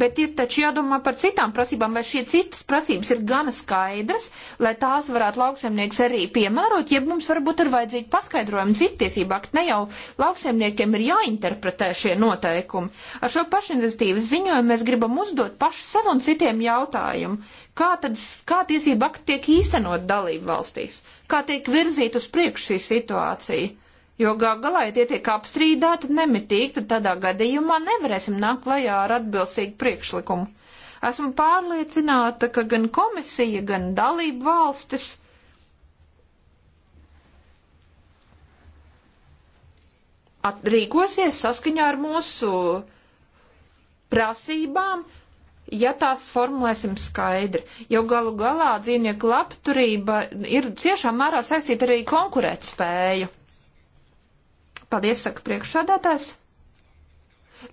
Bet ir taču jādomā par citām prasībām, vai šie citas prasības ir gana skaidras, lai tās varētu lauksaimnieks arī piemērot, ja mums varbūt ir vajadzīgi paskaidrojumi cittiesību akti, ne jau lauksaimniekiem ir jāinterpretē šie noteikumi. Ar šo pašinvestīvas ziņojumu mēs gribam uzdot pašu sev un citiem jautājumu, kā tad, kā tiesība akti tiek īstenot dalību valstīs, kā tiek virzīt uz priekšu šī situācija Jo gal galā, ja tie tiek apstrīdēti nemitīgi, tad tādā gadījumā nevarēsim nākt klajā ar atbilstīgu priekšlikumu. Esmu pārliecināta, ka gan komisija, gan dalību valstis rīkosies saskaņā ar mūsu prasībām, ja tās formulēsim skaidri. Jo galu galā dzīvnieku labturība ir ciešā mērā saistīta arī konkurētspēju. spēju. Paldies, saka priekšsādātājs.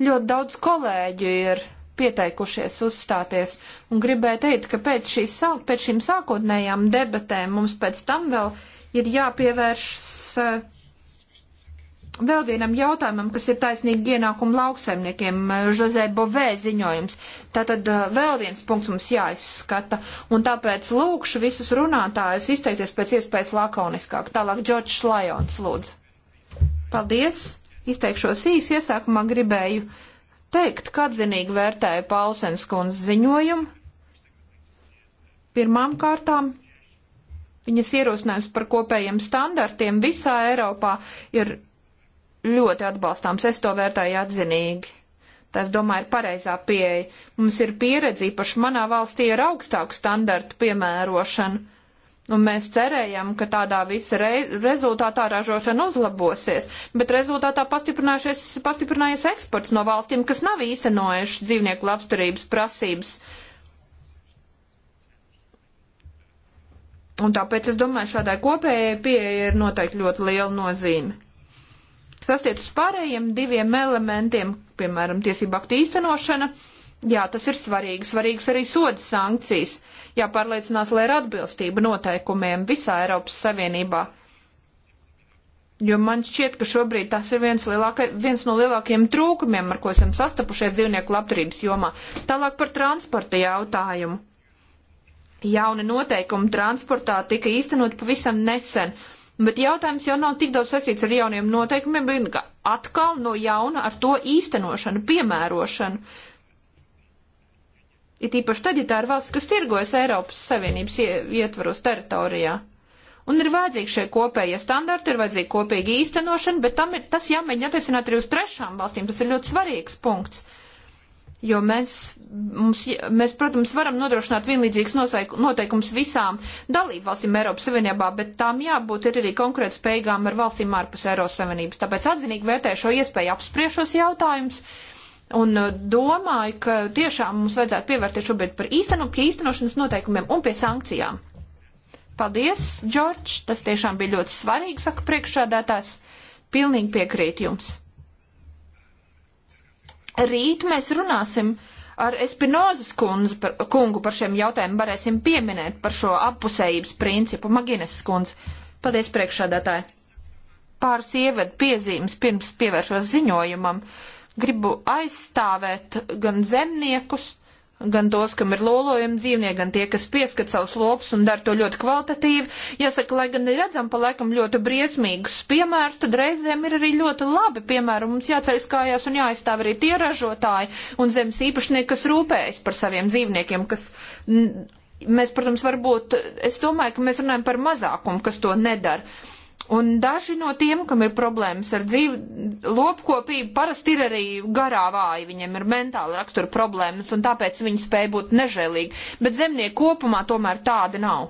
Ļoti daudz kolēģi ir pieteikušies uzstāties, un gribēju teikt, ka pēc, šīs, pēc šīm sākotnējām debatēm mums pēc tam vēl ir jāpievēršas vēl vienam jautājumam, kas ir taisnīgi ienākumu lauksaimniekiem, Žozē Bovē ziņojums. Tātad uh, vēl viens punkts mums jāizskata, un tāpēc lūkšu visus runātājus izteikties pēc iespējas lakoniskāk. Tālāk Džordžs Lajons, lūdzu. Paldies! Izteikšos īsi. Iesākumā gribēju teikt, ka atzinīgi vērtēju Paulsens kundzes ziņojumu. Pirmām kārtām viņas ierosinājums par kopējiem standartiem visā Eiropā ir ļoti atbalstāms. Es to vērtēju atzinīgi. Tas, domāju, ir pareizā pieeja. Mums ir pieredze, īpaši manā valstī, ar augstāku standartu piemērošanu. Un nu, mēs cerējām, ka tādā visa re rezultātā ražošana uzlabosies, bet rezultātā pastiprinājies eksports no valstīm, kas nav īstenojuši dzīvnieku labturības prasības. Un tāpēc es domāju, šādai kopējai pieeja ir noteikti ļoti liela nozīme. Sastiet uz pārējiem diviem elementiem, piemēram, tiesību aktu īstenošana. Uh, Jā, tas ir svarīgi. Svarīgs arī soda sankcijas. Jāpārliecinās, lai ir atbilstība noteikumiem visā Eiropas Savienībā. Jo man šķiet, ka šobrīd tas ir viens, lielākai, viens no lielākajiem trūkumiem, ar ko esam sastapušies dzīvnieku labturības jomā. Tālāk par transporta jautājumu. Jauni noteikumi transportā tika īstenot pavisam nesen, bet jautājums jau nav tik daudz saistīts ar jauniem noteikumiem, bet atkal no jauna ar to īstenošanu, piemērošanu It īpaši tad, ja tā ir valsts, kas tirgojas Eiropas Savienības ietvaros teritorijā. Un ir vajadzīgi šie kopējie standarti, ir vajadzīga kopīga īstenošana, bet tam ir, tas jāmēģina attiecināt arī uz trešām valstīm. Tas ir ļoti svarīgs punkts. Jo mēs, mums, mēs protams, varam nodrošināt vienlīdzīgas noteikums visām dalību valstīm Eiropas Savienībā, bet tām jābūt ir arī konkrēt spējīgām ar valstīm ārpus Eiropas Savienības. Tāpēc atzinīgi vērtēju šo iespēju apspriešos jautājumus. jautājumus Un uh, domāju, ka tiešām mums vajadzētu pievērties šobrīd par īsteno, pie īstenošanas noteikumiem un pie sankcijām. Paldies, Džordž, tas tiešām bija ļoti svarīgi, saka priekšādātājs. Pilnīgi piekrīt jums. Rīt mēs runāsim ar Espinozas par, kungu par šiem jautājumiem, varēsim pieminēt par šo appusējības principu. Magines skundze, paldies priekšādātāji. Pāris ieved piezīmes pirms pievēršos ziņojumam. Uh, gribu aizstāvēt gan zemniekus, gan tos, kam ir lolojumi dzīvnieki, gan tie, kas pieskat savus lopus un dara to ļoti kvalitatīvi. Jāsaka, lai gan redzam pa laikam ļoti briesmīgus piemērus, tad reizēm ir arī ļoti labi piemēri. Mums jāceļas kājās un jāaizstāv arī tie ražotāji un zemes īpašnieki, kas rūpējas par saviem dzīvniekiem, kas mēs, protams, varbūt, es domāju, ka mēs runājam par mazākumu, kas to nedara. Un daži no tiem, kam ir problēmas ar dzīvi, lopkopību parasti ir arī garā vāji, viņiem ir mentāla rakstura problēmas, un tāpēc viņi spēja būt nežēlīgi. Bet zemnieki kopumā tomēr tādi nav.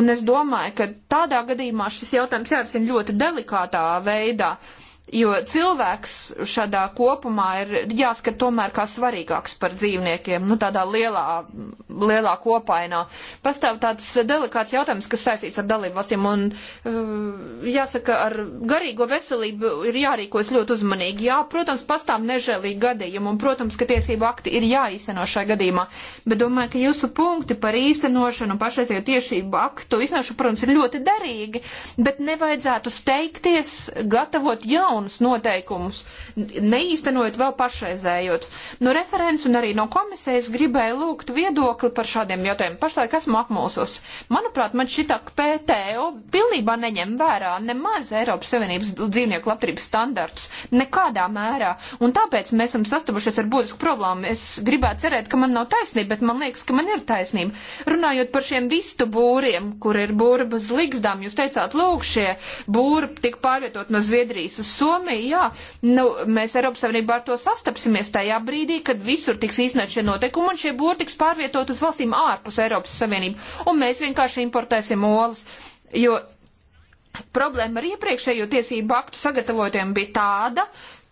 Un es domāju, ka tādā gadījumā šis jautājums jārisina ļoti delikātā veidā. Uh, Jo cilvēks šādā kopumā ir jāskat tomēr kā svarīgāks par dzīvniekiem, nu tādā lielā, lielā kopainā. Pastāv tāds delikāts jautājums, kas saistīts ar dalību valstīm, un uh, jāsaka, ar garīgo veselību ir jārīkojas ļoti uzmanīgi. Jā, protams, pastāv nežēlīgi gadījumi, un, protams, ka tiesību akti ir jāīsteno šajā gadījumā, bet domāju, ka jūsu punkti par īstenošanu pašreizējo tiesību aktu īstenošanu, protams, ir ļoti derīgi, bet nevajadzētu steigties gatavot jaunu jaunus noteikumus, neīstenojot vēl pašreizējot. No referents un arī no komisijas gribēju lūgt viedokli par šādiem jautājumiem. Pašlaik esmu apmulsus. Manuprāt, man šitā PTO pilnībā neņem vērā nemaz Eiropas Savienības dzīvnieku labturības standartus. Nekādā mērā. Un tāpēc mēs esam sastapušies ar būtisku problēmu. Es gribētu cerēt, ka man nav taisnība, bet man liekas, ka man ir taisnība. Runājot par šiem vistu būriem, kur ir būri bez ligzdām, jūs teicāt, lūk, šie būri tika pārvietot no Zviedrijas uz Somija, jā, nu, mēs Eiropas Savienībā ar to sastapsimies tajā brīdī, kad visur tiks iznākt šie noteikumi un šie būri tiks pārvietot uz valstīm ārpus Eiropas Savienību. Un mēs vienkārši importēsim olas, jo Problēma ar iepriekšējo tiesību aktu sagatavotiem bija tāda,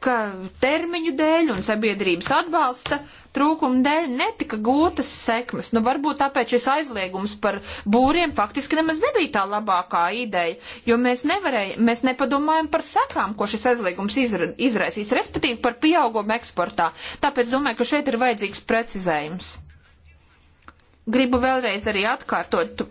ka termiņu dēļ un sabiedrības atbalsta trūkuma dēļ netika gūtas sekmes. Nu, varbūt tāpēc šis aizliegums par būriem faktiski nemaz nebija tā labākā ideja, jo mēs nevarējam, mēs nepadomājam par sekām, ko šis aizliegums izra, izraisīs, respektīvi par pieaugumu eksportā. Tāpēc domāju, ka šeit ir vajadzīgs precizējums gribu vēlreiz arī atkārtot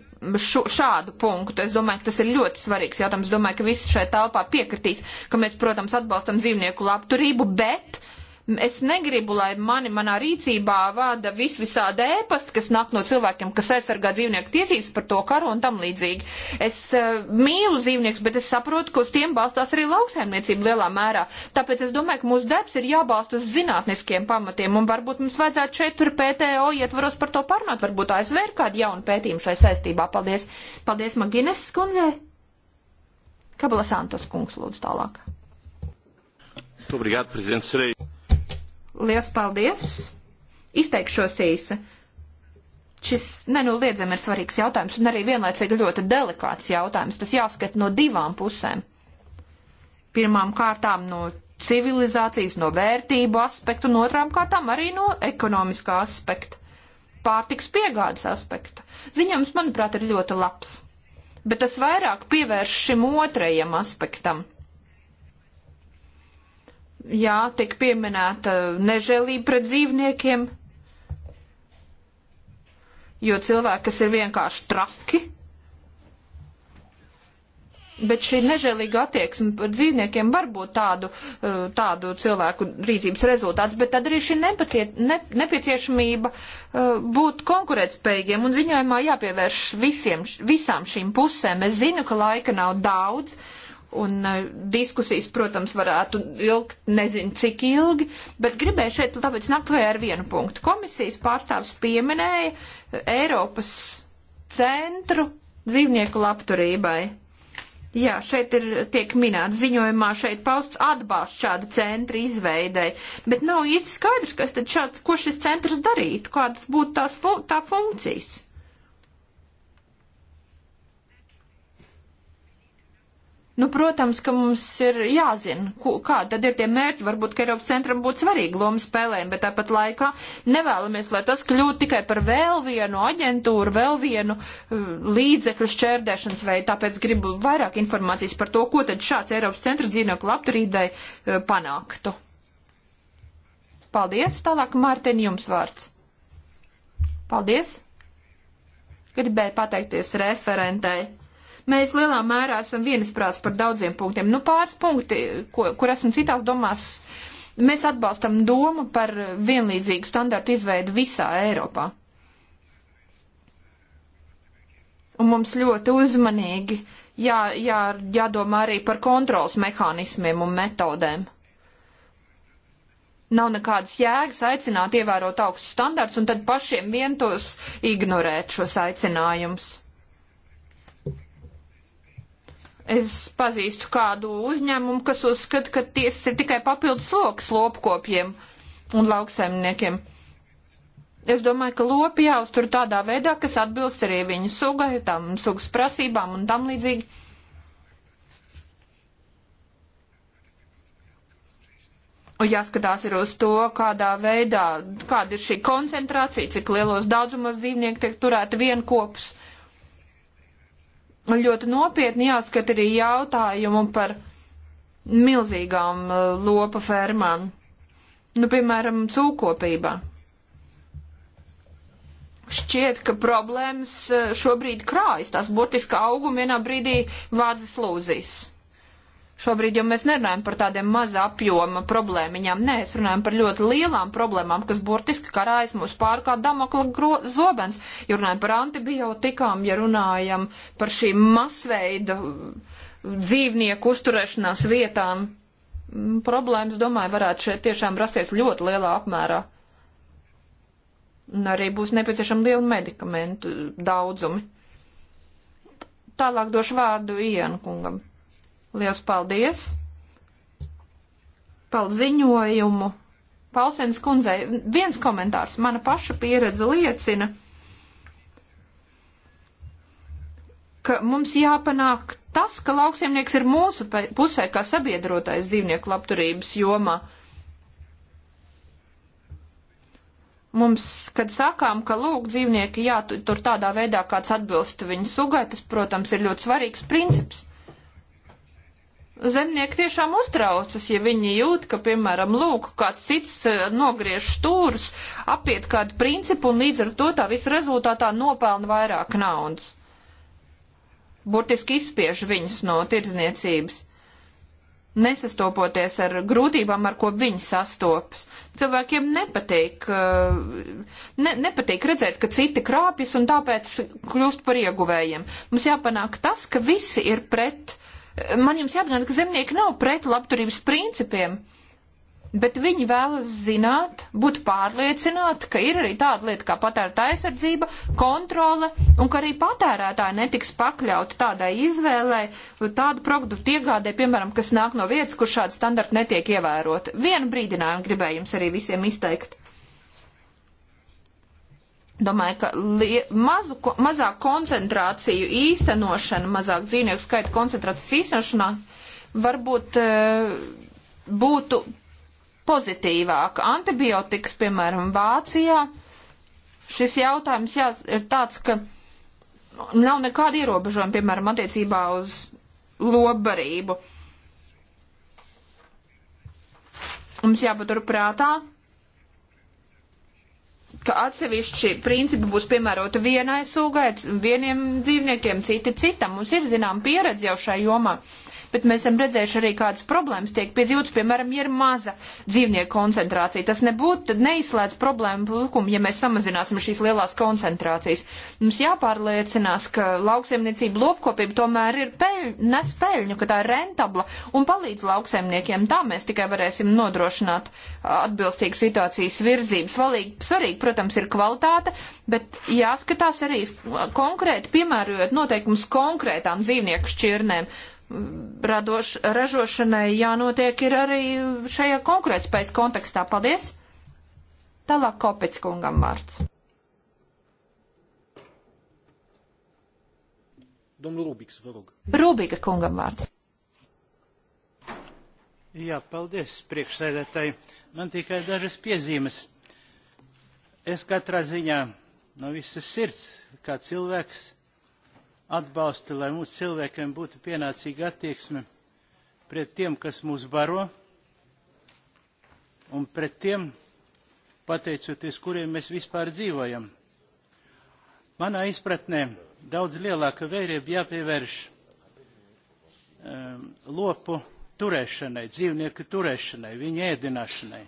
šo, šādu punktu. Es domāju, ka tas ir ļoti svarīgs jautājums. Domāju, ka visi šajā telpā piekritīs, ka mēs, protams, atbalstam dzīvnieku labturību, bet uh, Es negribu, lai mani manā rīcībā vada vis visādi ēpasti, kas nāk no cilvēkiem, kas aizsargā dzīvnieku tiesības par to karu un tam līdzīgi. Es uh, mīlu dzīvniekus, bet es saprotu, ka uz tiem balstās arī lauksaimniecība lielā mērā. Tāpēc es domāju, ka mūsu darbs ir jābalst uz zinātniskiem pamatiem, un varbūt mums vajadzētu šeit tur PTO ietvaros par to parunāt. Varbūt ASV ir kāda jauna pētījuma šai saistībā. Paldies, paldies Magines skundzei. Kabala Santos kungs lūdzu tālāk. Muito obrigado, Presidente. Serei Liels paldies! Izteikšos īsi. Šis nenoliedzami ir svarīgs jautājums un arī vienlaicīgi ļoti delikāts jautājums. Tas jāskat no divām pusēm. Pirmām kārtām no civilizācijas, no vērtību aspektu, un otrām kārtām arī no ekonomiskā aspekta, pārtiks piegādes aspekta. Ziņojums, manuprāt, ir ļoti labs, bet tas vairāk pievērš šim otrajam aspektam jā, tik pieminēta nežēlība pret dzīvniekiem, jo cilvēki, kas ir vienkārši traki, bet šī nežēlīga attieksme par dzīvniekiem var būt tādu, eh, tādu cilvēku rīzības rezultāts, bet tad arī šī nepaciet, ne, nepieciešamība eh, būt konkurētspējīgiem un ziņojumā jāpievērš visiem, visām šīm pusēm. Es zinu, ka laika nav daudz. Uh, Un uh, diskusijas, protams, varētu ilgt nezinu cik ilgi, bet gribēju šeit tāpēc nākt klajā ar vienu punktu. Komisijas pārstāvs pieminēja Eiropas centru dzīvnieku labturībai. Jā, šeit ir tiek minēts ziņojumā, šeit pausts atbalsts šāda centra izveidai, bet nav īsti skaidrs, kas tad šāds, ko šis centrs darītu, kādas būtu tās fu tā funkcijas. Nu, protams, ka mums ir jāzina, kādi tad ir tie mērķi. Varbūt, ka Eiropas centram būtu svarīga loma spēlēm, bet tāpat laikā nevēlamies, lai tas kļūtu tikai par vēl vienu aģentūru, vēl vienu uh, līdzekļu šķērdēšanas veidu. Tāpēc gribu vairāk informācijas par to, ko tad šāds Eiropas centra dzīvnieku labturībai uh, panāktu. Paldies, tālāk Mārtiņ, jums vārds. Paldies! Gribēju pateikties referentei Mēs lielā mērā esam vienisprāts par daudziem punktiem. Nu, pāris punkti, ko, kur esmu citās domās, mēs atbalstam domu par vienlīdzīgu standartu izveidu visā Eiropā. Un mums ļoti uzmanīgi jā, jā, jādomā arī par kontrols mehānismiem un metodēm. Nav nekādas jēgas aicināt ievērot augstus standarts un tad pašiem vien tos ignorēt šos aicinājumus. Es pazīstu kādu uzņēmumu, kas uzskata, ka tiesas ir tikai papildus lokas lopkopiem un lauksaimniekiem. Es domāju, ka lopi jāuztur tādā veidā, kas atbilst arī viņu sugai, tam sugas prasībām un tam līdzīgi. Un jāskatās ir uz to, kādā veidā, kāda ir šī koncentrācija, cik lielos daudzumos dzīvnieki tiek turēti vienkopus. kopus. Un ļoti nopietni jāskat arī jautājumu par milzīgām uh, lopa fermām. Nu, piemēram, cūkopībā. Šķiet, ka problēmas uh, šobrīd krājas, tās burtiski augumi vienā brīdī vādzes lūzīs. Šobrīd jau mēs nerunājam par tādiem maza apjoma problēmiņām, nē, es runājam par ļoti lielām problēmām, kas burtiski karājas mūsu pārkā damokla zobens, ja runājam par antibiotikām, ja runājam par šīm masveida mm, dzīvnieku uzturēšanās vietām. Mm, problēmas, domāju, varētu šeit tiešām rasties ļoti lielā apmērā. Un arī būs nepieciešama liela medikamentu daudzumi. Tālāk došu vārdu Ienu kungam. Liels paldies! Paldies ziņojumu! Pausens kundzei viens komentārs. Mana paša pieredze liecina, ka mums jāpanāk tas, ka lauksiemnieks ir mūsu pusē kā sabiedrotais dzīvnieku labturības jomā. Mums, kad sakām, ka lūk, dzīvnieki jātur tādā veidā, kāds atbilst viņu sugai, tas, protams, ir ļoti svarīgs princips zemnieki tiešām uztraucas, ja viņi jūt, ka, piemēram, lūk, kāds cits eh, nogriež stūrus, apiet kādu principu un līdz ar to tā visa rezultātā nopelna vairāk naudas. Burtiski izspiež viņus no tirdzniecības, nesastopoties ar grūtībām, ar ko viņi sastopas. Cilvēkiem nepatīk, eh, ne, nepatīk redzēt, ka citi krāpjas un tāpēc kļūst par ieguvējiem. Mums jāpanāk tas, ka visi ir pret uh, Man jums jāatgādina, ka zemnieki nav pret labturības principiem, bet viņi vēlas zināt, būt pārliecināti, ka ir arī tāda lieta kā patērētāja aizsardzība, kontrole, un ka arī patērētāji netiks pakļauti tādai izvēlē, tādu produktu iegādē, piemēram, kas nāk no vietas, kur šādi standarti netiek ievēroti. Vienu brīdinājumu gribēju jums arī visiem izteikt. Domāju, ka mazu, ko, mazāk koncentrāciju īstenošana, mazāk dzīvnieku skaita koncentrācijas īstenošanā varbūt e, būtu pozitīvāka. Antibiotikas, piemēram, Vācijā, šis jautājums jā, ir tāds, ka nav nekāda ierobežojuma, piemēram, attiecībā uz lobarību. Mums jāpatur prātā, ka atsevišķi principi būs piemēroti vienai sūgai, vieniem dzīvniekiem, citi citam. Mums ir zinām pieredze jau šai jomā. Uh, bet mēs esam redzējuši arī kādas problēmas tiek piedzīvotas, piemēram, ja ir maza dzīvnieku koncentrācija. Tas nebūtu, tad neizslēdz problēmu plukumu, ja mēs samazināsim šīs lielās koncentrācijas. Mums jāpārliecinās, ka lauksaimniecība lopkopība tomēr ir peļ, nes peļņu, ka tā ir rentabla un palīdz lauksaimniekiem. Tā mēs tikai varēsim nodrošināt atbilstīgu situācijas virzību. Svarīgi, svarīgi, protams, ir kvalitāte, bet jāskatās arī konkrēti, piemērojot noteikumus konkrētām dzīvnieku šķirnēm radoš, ražošanai jānotiek ir arī šajā konkurētspējas kontekstā. Paldies! Tālāk Kopec kungam vārds. Domnul Rubiks, vă rog. Rubika kungam vārds. Jā, paldies, priekšsēdētāji. Man tikai dažas piezīmes. Es katrā ziņā no visas sirds, kā cilvēks, atbalstu, lai mūsu cilvēkiem būtu pienācīga attieksme pret tiem, kas mūs baro, un pret tiem, pateicoties kuriem mēs vispār dzīvojam. Manā izpratnē daudz lielāka vērība jāpievērš um, lopu turēšanai, dzīvnieku turēšanai, viņa ēdināšanai.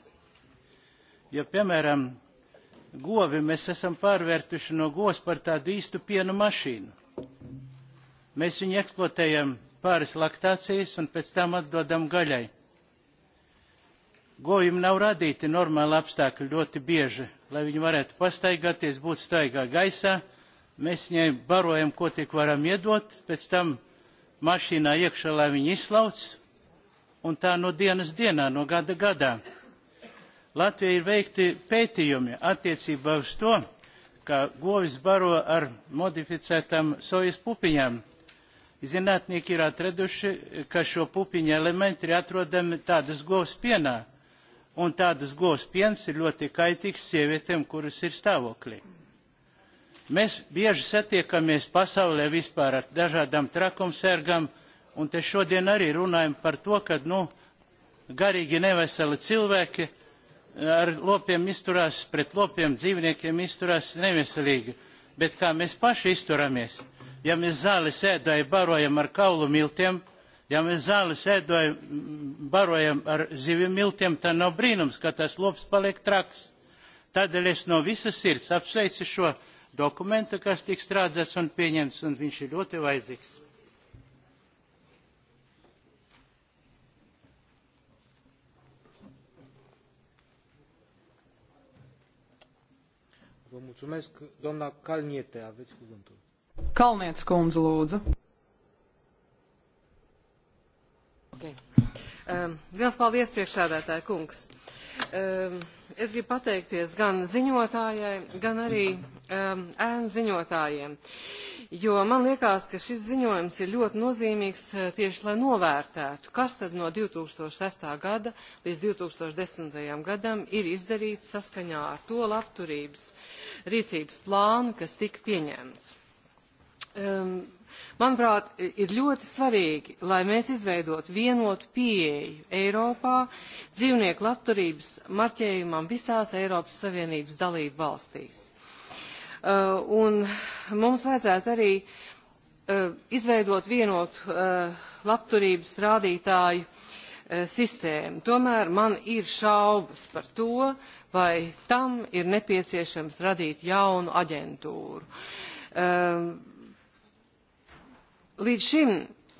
Ja, piemēram, govi mēs esam pārvērtuši no govs par tādu īstu pienu mašīnu. Mēs viņu eksploatējam pāris laktācijas un pēc tam atdodam gaļai. Govīm nav radīti normāli apstākļi ļoti bieži, lai viņi varētu pastaigāties, būt staigā gaisā. Mēs viņai barojam, ko tik varam iedot, pēc tam mašīnā iekšā, lai viņi izslauc, un tā no dienas dienā, no gada gadā. Latvijā ir veikti pētījumi attiecībā uz to, ka govis baro ar modificētām sojas pupiņām. Zinātnieki ir atraduši, ka šo pupiņu elementi ir atrodami tādas govs pienā, un tādas govs piens ir ļoti kaitīgs sievietēm, kuras ir stāvoklī. Mēs bieži satiekamies pasaulē vispār ar dažādām trakumsērgām, un te šodien arī runājam par to, ka, nu, garīgi neveseli cilvēki ar lopiem izturās, pret lopiem dzīvniekiem izturās neveselīgi, bet kā mēs paši izturamies. Ja mēs zāles ēdoju barojam ar kaulu miltiem, ja mēs zāles ēdoju barojam ar zivju miltiem, tad nav brīnums, ka tas lops paliek traks. Tādēļ es no visas sirds apsveicu šo dokumentu, kas tiks strādāts un pieņemts, un viņš ir ļoti vajadzīgs. Vă mulțumesc. Doamna Calniete, aveți cuvântul. Kalnietes kundze, lūdzu. Okay. Um, liels paldies, priekšsēdētāja kungs. Um, es gribu pateikties gan ziņotājai, gan arī um, ēnu ziņotājiem, jo man liekas, ka šis ziņojums ir ļoti nozīmīgs eh, tieši, lai novērtētu, kas tad no 2006. gada līdz 2010. gadam ir izdarīts saskaņā ar to labturības rīcības plānu, kas tika pieņemts. Um, Manuprāt, ir ļoti svarīgi, lai mēs izveidotu vienotu pieeju Eiropā dzīvnieku labturības marķējumam visās Eiropas Savienības dalību valstīs Uh, un mums vajadzētu arī uh, izveidot vienotu uh, labturības rādītāju sistēmu. Tomēr man ir šaubas par to, vai tam ir nepieciešams radīt jaunu aģentūru. Um, līdz šim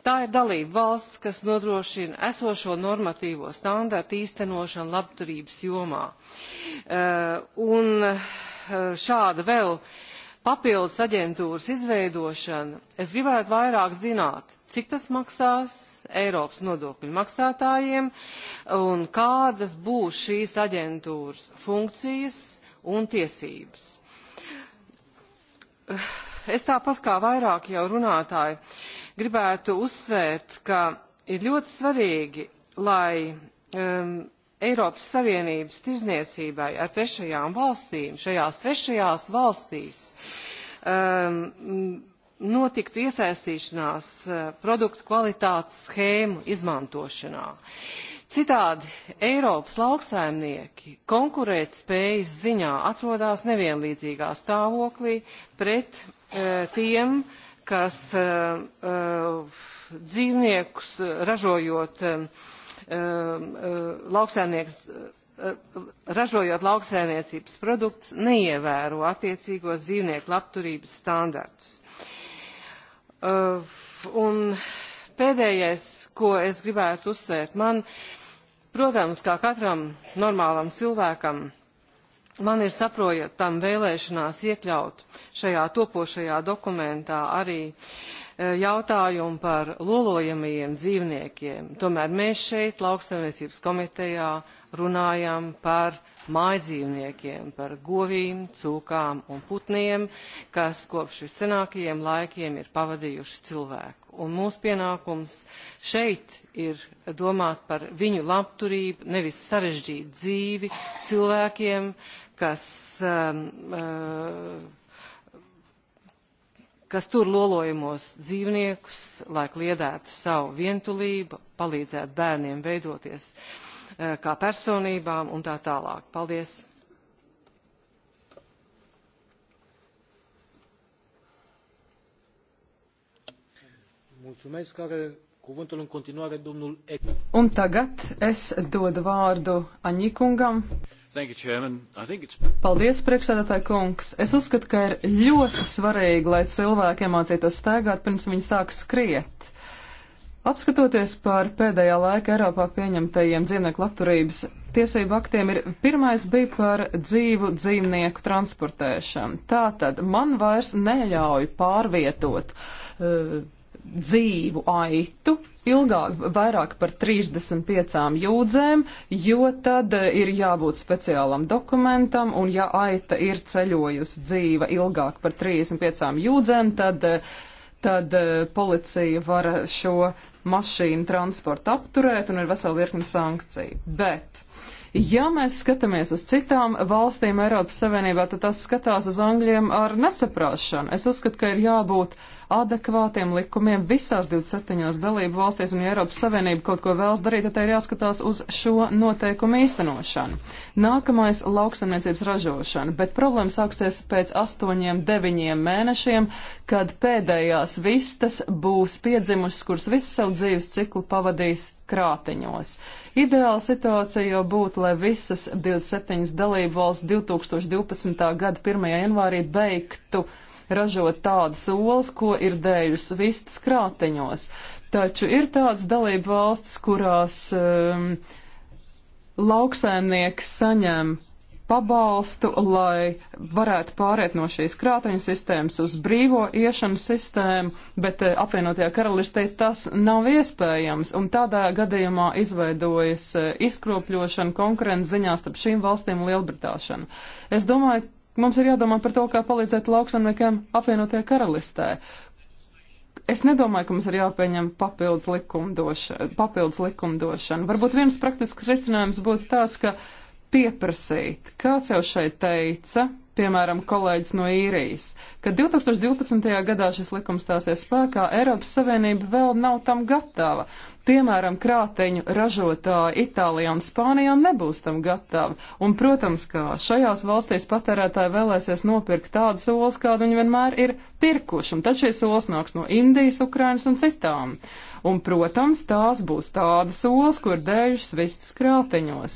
tā ir dalība valsts, kas nodrošina esošo normatīvo standartu īstenošanu labturības jomā. Un Eh, šāda vēl papildus aģentūras izveidošana, es gribētu vairāk zināt, cik tas maksās Eiropas nodokļu maksātājiem un kādas būs šīs aģentūras funkcijas un tiesības. Eh, es tāpat kā vairāk jau runātāji gribētu uzsvērt, ka ir ļoti svarīgi, lai um, Eiropas Savienības tirzniecībai ar trešajām valstīm, šajās trešajās valstīs, um, notiktu iesaistīšanās uh, produktu kvalitātes schēmu izmantošanā. Citādi Eiropas lauksaimnieki konkurētspējas ziņā atrodas nevienlīdzīgā stāvoklī pret e, tiem, kas e, e, dzīvniekus ražojot e, Um, uh, lauksaimnieks uh, uh, ražojot lauksaimniecības produktus, neievēro attiecīgos dzīvnieku labturības standartus. Un pēdējais, ko es gribētu uzsvērt, man, protams, kā katram normālam cilvēkam, man ir saprotama vēlēšanās iekļaut šajā topošajā dokumentā arī e, jautājumu par lolojamajiem dzīvniekiem. Tomēr mēs šeit, lauksaimniecības komitejā, runājam par mājdzīvniekiem, par govīm, cūkām un putniem, kas kopš viscenākajiem laikiem ir pavadījuši cilvēku. Un mūsu pienākums šeit ir domāt par viņu labturību, nevis sarežģīt dzīvi cilvēkiem, uh, kas, um, uh, kas tur lolojumos dzīvniekus, lai kliedētu savu vientulību, palīdzētu bērniem veidoties uh, kā personībām un tā tālāk. Paldies! Mulțumesc. Are cuvântul în continuare domnul Ek. Un tagad es dodu vārdu Aņikungam. kungam. Paldies, priekšsēdētāji kungs. Es uzskatu, ka ir ļoti svarīgi, lai cilvēki iemācītos staigāt, pirms viņi sāk skriet. Apskatoties par pēdējā laika Eiropā pieņemtajiem dzīvnieku labturības tiesību aktiem, ir pirmais bija par dzīvu dzīvnieku transportēšanu. Tātad man vairs neļauj pārvietot uh, dzīvu aitu ilgāk, vairāk par 35 jūdzēm, jo tad eh, ir jābūt speciālam dokumentam, un ja aita ir ceļojusi dzīva ilgāk par 35 jūdzēm, tad, eh, tad eh, policija var šo mašīnu transportu apturēt un ir vesela virkni sankciju. Bet Ja mēs skatāmies uz citām valstīm Eiropas Savienībā, tad tas skatās uz Angļiem ar nesaprāšanu. Es uzskatu, ka ir jābūt adekvātiem likumiem visās 27 dalību valstīs, un ja Eiropas Savienība kaut ko vēlas darīt, tad tai ir jāskatās uz šo noteikumu īstenošanu. Nākamais - lauksaimniecības ražošana, bet problēma sāksies pēc 8-9 mēnešiem, kad pēdējās vistas būs piedzimušas, kuras visu savu dzīves ciklu pavadīs krāteņos. Ideāla situācija jau būtu, lai visas 27 dalību valsts 2012. gada 1. janvārī beigtu ražot tādas olas, ko ir dēļus vistas krāteņos. Taču ir tādas dalību valstis, kurās um, lauksēmnieki saņem pabalstu, lai varētu pāriet no šīs krāteņa sistēmas uz brīvo iešanu sistēmu, bet eh, apvienotajā karalistē tas nav iespējams, un tādā gadījumā izveidojas eh, izkropļošana konkurences ziņā starp šīm valstīm un Lielbritāšanu. Es domāju, Mums ir jādomā par to, kā palīdzēt lauksaimniekiem apvienotajā karalistē. Es nedomāju, ka mums ir jāpieņem papildus likumdošana. Papildus likumdošana. Varbūt viens praktisks risinājums būtu tāds, ka uh, pieprasīt. Kāds jau šeit teica, piemēram, kolēģis no īrijas, ka 2012. gadā šis likums stāsies spēkā, Eiropas Savienība vēl nav tam gatava. Piemēram, krāteņu ražotāji Itālijā un Spānijā nebūs tam gatavi. Un, protams, kā šajās valstīs patērētāji vēlēsies nopirkt tādas olas, kādu viņi vienmēr ir pirkuši, un tad šīs olas nāks no Indijas, Ukrainas un citām un, protams, tās būs tādas olas, kur dēļas vistas krāteņos.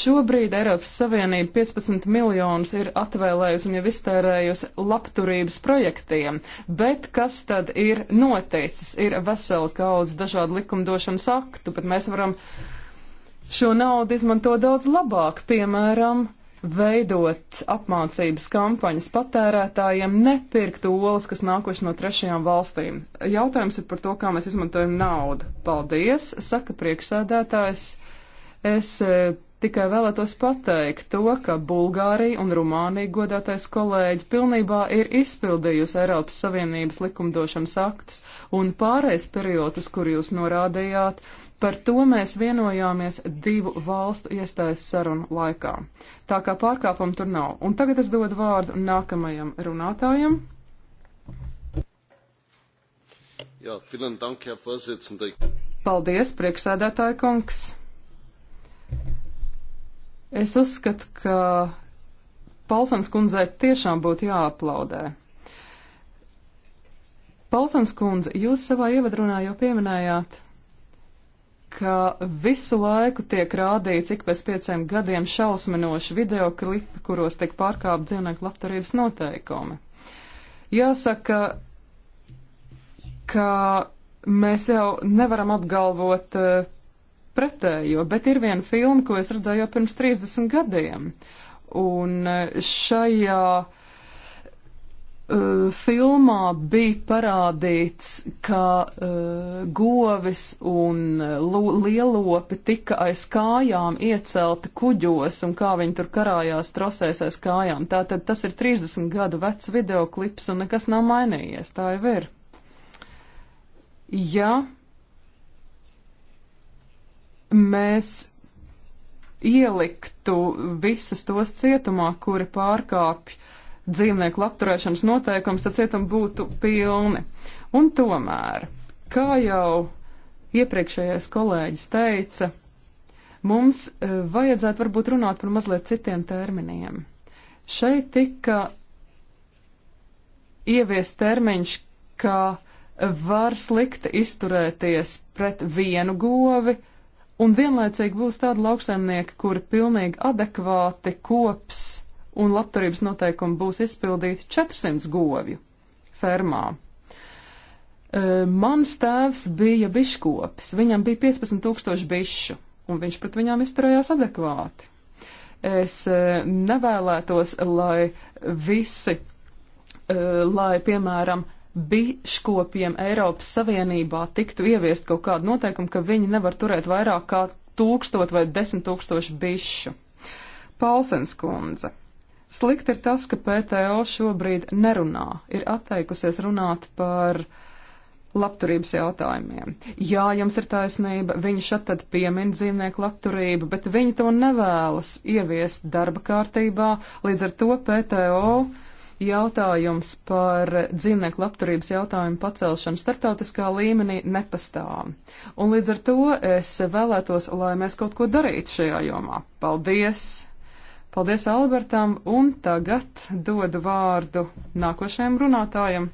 Šobrīd Eiropas Savienība 15 miljonus ir atvēlējusi un jau iztērējusi labturības projektiem, bet kas tad ir noticis? Ir vesela kaudz dažādu likumdošanas aktu, bet mēs varam šo naudu izmantot daudz labāk, piemēram, veidot apmācības kampaņas patērētājiem nepirkt olas, kas nākuši no trešajām valstīm. Jautājums ir par to, kā mēs izmantojam naudu. Paldies, saka priekšsēdētājs. Es e, tikai vēlētos pateikt to, ka Bulgārija un Rumānija godātais kolēģi pilnībā ir izpildījusi Eiropas Savienības likumdošanas aktus un pārējais periods, uz kuru jūs norādījāt, Par to mēs vienojāmies divu valstu iestājas sarunu laikā. Tā kā pārkāpuma tur nav. Un tagad es dodu vārdu nākamajam runātājam. Jā, dank, Paldies, priekšsēdētāja kungs. Es uzskatu, ka Palsons kundzei tiešām būtu jāaplaudē. Palsons kundze, jūs savā ievadrunā jau pieminējāt ka visu laiku tiek rādīts ik pēc pieciem gadiem šausminoši video klipi, kuros tiek pārkāpt dzīvnieku labturības noteikumi. Jāsaka, ka mēs jau nevaram apgalvot eh, pretējo, bet ir viena filma, ko es redzēju jau pirms 30 gadiem. Un eh, šajā uh, Uh, filmā bija parādīts, ka uh, govis un eh, lielopi tika aiz kājām iecelti kuģos un kā viņi tur karājās trosēs aiz kājām. Tātad tas ir 30 gadu vecs videoklips un nekas nav mainījies. Tā jau ir. Ja mēs ieliktu visus tos cietumā, kuri pārkāpj uh, dzīvnieku labturēšanas noteikums, tad cietumi būtu pilni. Un tomēr, kā jau iepriekšējais kolēģis teica, mums e, vajadzētu varbūt runāt par mazliet citiem terminiem. Šeit tika ievies termiņš, ka var slikti izturēties pret vienu govi, un vienlaicīgi būs tādi lauksaimnieki, kuri pilnīgi adekvāti kops un labturības noteikumi būs izpildīti 400 govju fermā. E, mans tēvs bija biškopis, viņam bija 15 tūkstoši bišu, un viņš pret viņām izturējās adekvāti. Es e, nevēlētos, lai visi, e, lai, piemēram, biškopiem Eiropas Savienībā tiktu ieviest kaut kādu noteikumu, ka viņi nevar turēt vairāk kā tūkstot vai desmit tūkstoši bišu. Paulsens kundze. Slikti ir tas, ka PTO šobrīd nerunā, ir atteikusies runāt par labturības jautājumiem. Jā, jums ir taisnība, viņi šat tad piemin dzīvnieku labturību, bet viņi to nevēlas ieviest darba kārtībā, līdz ar to PTO jautājums par dzīvnieku labturības jautājumu pacelšanu starptautiskā līmenī nepastāv. Un līdz ar to es vēlētos, lai mēs kaut ko darītu šajā jomā. Paldies! Paldies Albertam, un tagad dodu vārdu nākošajam runātājam.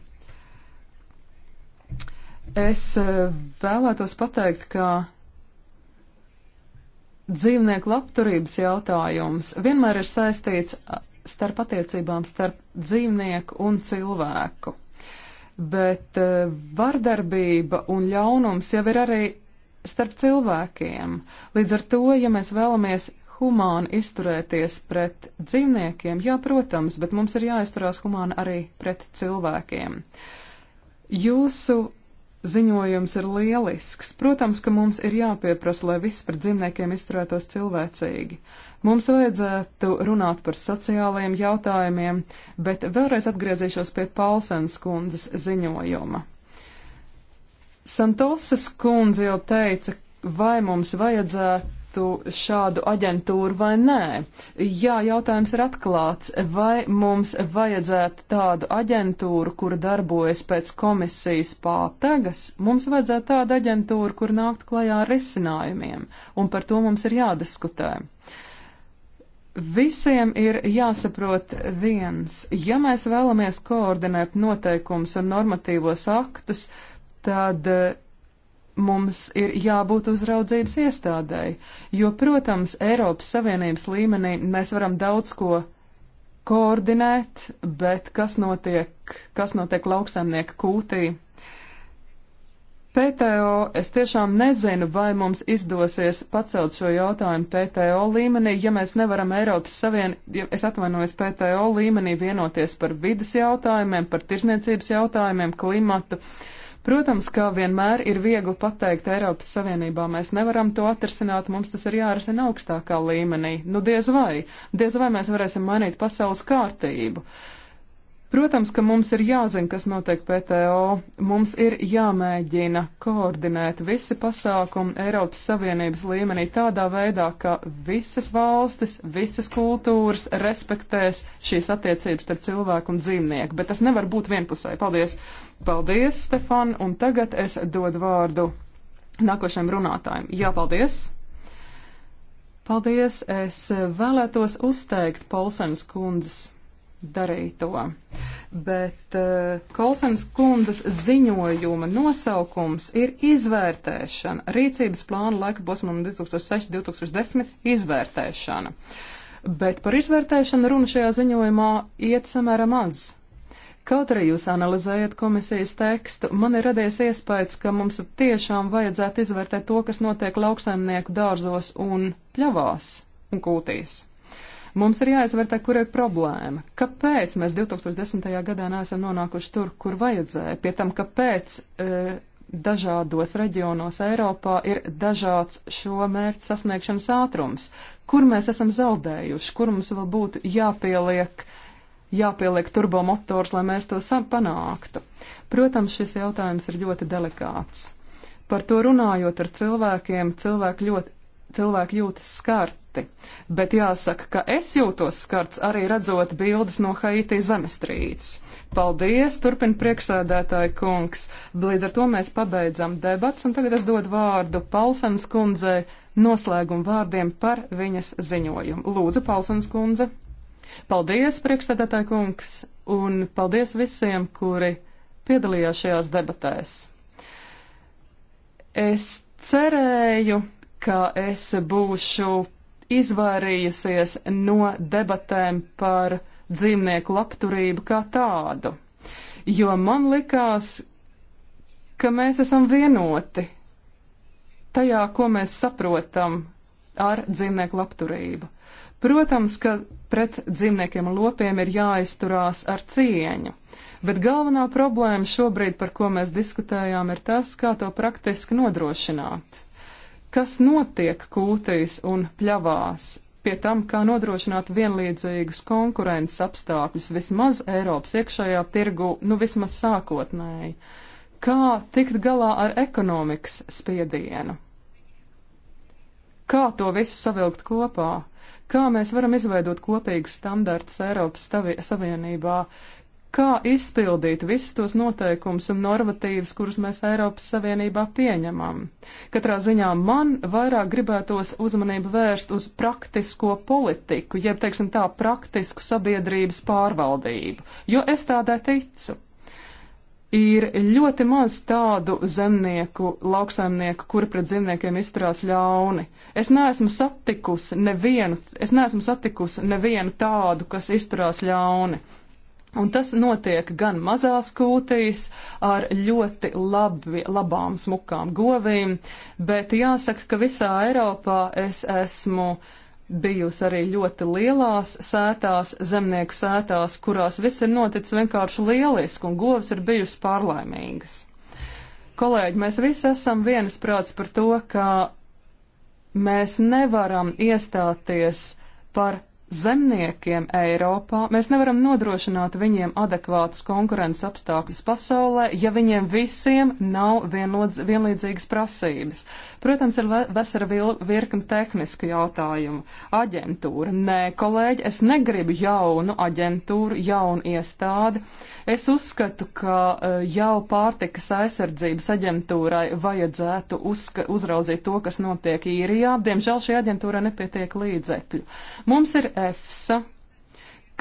Es eh, vēlētos pateikt, ka dzīvnieku labturības jautājums vienmēr ir saistīts eh, starp attiecībām starp dzīvnieku un cilvēku. Bet eh, vardarbība un ļaunums jau ir arī starp cilvēkiem. Līdz ar to, ja mēs vēlamies humāni izturēties pret dzīvniekiem, jā, protams, bet mums ir jāizturās humāni arī pret cilvēkiem. Jūsu ziņojums ir lielisks. Protams, ka mums ir jāpieprasa, lai viss pret dzīvniekiem izturētos cilvēcīgi. Mums vajadzētu runāt par sociālajiem jautājumiem, bet vēlreiz atgriezīšos pie Paulsens kundzes ziņojuma. Santosas kundze jau teica, vai mums vajadzētu gribētu šādu aģentūru vai nē. Jā, jautājums ir atklāts, vai mums vajadzētu tādu aģentūru, kur darbojas pēc komisijas pātagas, mums vajadzētu tādu aģentūru, kur nākt klajā ar risinājumiem, un par to mums ir jādiskutē. Visiem ir jāsaprot viens, ja mēs vēlamies koordinēt noteikumus un normatīvos aktus, tad mums ir jābūt uzraudzības iestādēji, jo, protams, Eiropas Savienības līmenī mēs varam daudz ko koordinēt, bet kas notiek, kas notiek lauksaimnieku kūtī? PTO, es tiešām nezinu, vai mums izdosies pacelt šo jautājumu PTO līmenī, ja mēs nevaram Eiropas Savienību, ja es atvainojos PTO līmenī vienoties par vidas jautājumiem, par tirzniecības jautājumiem, klimatu. Uh, Protams, kā vienmēr ir viegli pateikt Eiropas Savienībā, mēs nevaram to atrisināt, mums tas ir jārisina augstākā līmenī. Nu, diez vai, diez vai mēs varēsim mainīt pasaules kārtību. Uh, Protams, ka mums ir jāzina, kas notiek PTO. Mums ir jāmēģina koordinēt visi pasākumi Eiropas Savienības līmenī tādā veidā, ka visas valstis, visas kultūras respektēs šīs attiecības starp cilvēku un dzīvnieku, bet tas nevar būt vienpusēji. Paldies! Paldies, Stefan! Un tagad es dodu vārdu nākošajam runātājiem. Jā, paldies! Paldies! Es vēlētos uzteikt Polsenas kundzes darīto. Bet uh, Kolsens kundzes ziņojuma nosaukums ir izvērtēšana, rīcības plāna laika posmam 2006-2010 izvērtēšana. Bet par izvērtēšanu runa šajā ziņojumā iet samērā maz. Kaut arī jūs analizējat komisijas tekstu, man ir radies iespējas, ka mums tiešām vajadzētu izvērtēt to, kas notiek lauksaimnieku dārzos un pļavās un kūtīs. Mums ir jāizvērtē, kur ir problēma. Kāpēc mēs 2010. gadā neesam nonākuši tur, kur vajadzēja? Pie tam, kāpēc e, dažādos reģionos Eiropā ir dažāds šo mērķu sasniegšanas ātrums? Kur mēs esam zaudējuši? Kur mums vēl būtu jāpieliek? Jāpieliek turbomotors, lai mēs to panāktu. Protams, šis jautājums ir ļoti delikāts. Par to runājot ar cilvēkiem, cilvēki ļoti cilvēki jūtas skarti. Bet jāsaka, ka es jūtos skarts arī redzot bildes no Haiti zemestrīces. Paldies, turpina priekšsēdētāja kungs. Līdz ar to mēs pabeidzam debats, un tagad es dodu vārdu Palsens kundzei noslēgumu vārdiem par viņas ziņojumu. Lūdzu, Palsens kundze. Paldies, priekšsēdētāja kungs, un paldies visiem, kuri piedalījās šajās debatēs. Es cerēju, ka es būšu izvairījusies no debatēm par dzīvnieku labturību kā tādu, jo man likās, ka mēs esam vienoti tajā, ko mēs saprotam ar dzīvnieku labturību. Protams, ka pret dzīvniekiem un lopiem ir jāizturās ar cieņu, bet galvenā problēma šobrīd, par ko mēs diskutējām, ir tas, kā to praktiski nodrošināt kas notiek kūtīs un pļavās, pie tam, kā nodrošināt vienlīdzīgus konkurences apstākļus vismaz Eiropas iekšējā tirgu, nu vismaz sākotnēji, kā tikt galā ar ekonomikas spiedienu, kā to visu savilkt kopā, kā mēs varam izveidot kopīgus standartus Eiropas Savienībā, kā izpildīt visus tos noteikumus un normatīvas, kurus mēs Eiropas Savienībā pieņemam. Katrā ziņā man vairāk gribētos uzmanību vērst uz praktisko politiku, jeb, teiksim tā, praktisku sabiedrības pārvaldību, jo es tādai ticu. Ir ļoti maz tādu zemnieku, lauksaimnieku, kuri pret dzīvniekiem izturās ļauni. Es neesmu satikusi nevienu, es neesmu satikusi nevienu tādu, kas izturās ļauni. Un tas notiek gan mazās kūtīs ar ļoti labi, labām, smukām govīm, bet jāsaka, ka visā Eiropā es esmu bijusi arī ļoti lielās sētās, zemnieku sētās, kurās viss ir noticis vienkārši lieliski un govs ir bijusi pārlaimīgas. Kolēģi, mēs visi esam vienisprāts par to, ka mēs nevaram iestāties par zemniekiem Eiropā, mēs nevaram nodrošināt viņiem adekvātus konkurences apstākļus pasaulē, ja viņiem visiem nav vienlodz, vienlīdzīgas prasības. Protams, ir vesela virkni tehnisku jautājumu. Aģentūra. Nē, kolēģi, es negribu jaunu aģentūru, jaunu iestādi. Es uzskatu, ka eh, jau pārtikas aizsardzības aģentūrai vajadzētu uzraudzīt to, kas notiek īrijā. Diemžēl šī aģentūra nepietiek līdzekļu. Mums ir EFSA,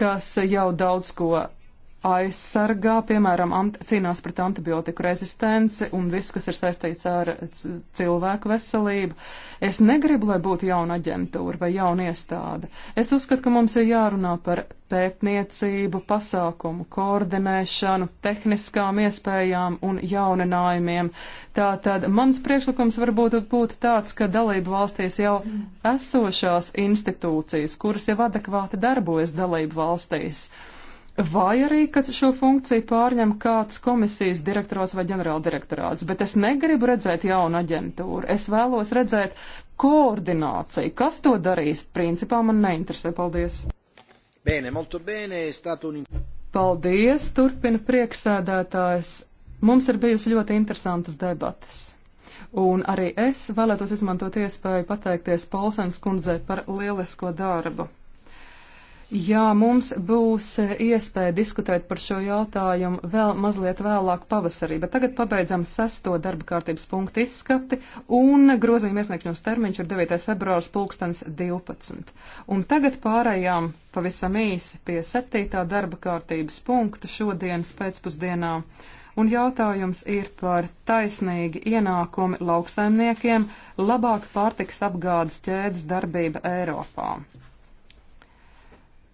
kas jau daudz ko aizsargā, piemēram, cīnās pret antibiotiku rezistenci un viss, kas ir saistīts ar cilvēku veselību. Es negribu, lai būtu jauna aģentūra vai jauna iestāde. Es uzskatu, ka mums ir jārunā par pētniecību, pasākumu koordinēšanu, tehniskām iespējām un jauninājumiem. Tātad mans priekšlikums varbūt būtu tāds, ka dalību valstīs jau esošās institūcijas, kuras jau adekvāti darbojas dalību valstīs, uh, Vai arī, ka šo funkciju pārņem kāds komisijas direktorāts vai ģenerāldirektorāts, bet es negribu redzēt jaunu aģentūru. Es vēlos redzēt koordināciju. Kas to darīs? Principā man neinteresē. Paldies! Bene, molto bene, stato un... Paldies, turpina prieksēdētājs. Mums ir bijusi ļoti interesantas debatas. Un arī es vēlētos izmantot iespēju pateikties Polsens kundzei par lielisko darbu. Jā, mums būs eh, iespēja diskutēt par šo jautājumu vēl mazliet vēlāk pavasarī, bet tagad pabeidzam sesto darba kārtības punktu izskati un grozījuma iesniegšanas termiņš ir 9. februārs pulkstens 12. Un tagad pārējām pavisam īsi pie septītā darba kārtības punkta šodienas pēcpusdienā. Un jautājums ir par taisnīgi ienākumi lauksaimniekiem, labāk pārtiks apgādes ķēdes darbība Eiropā.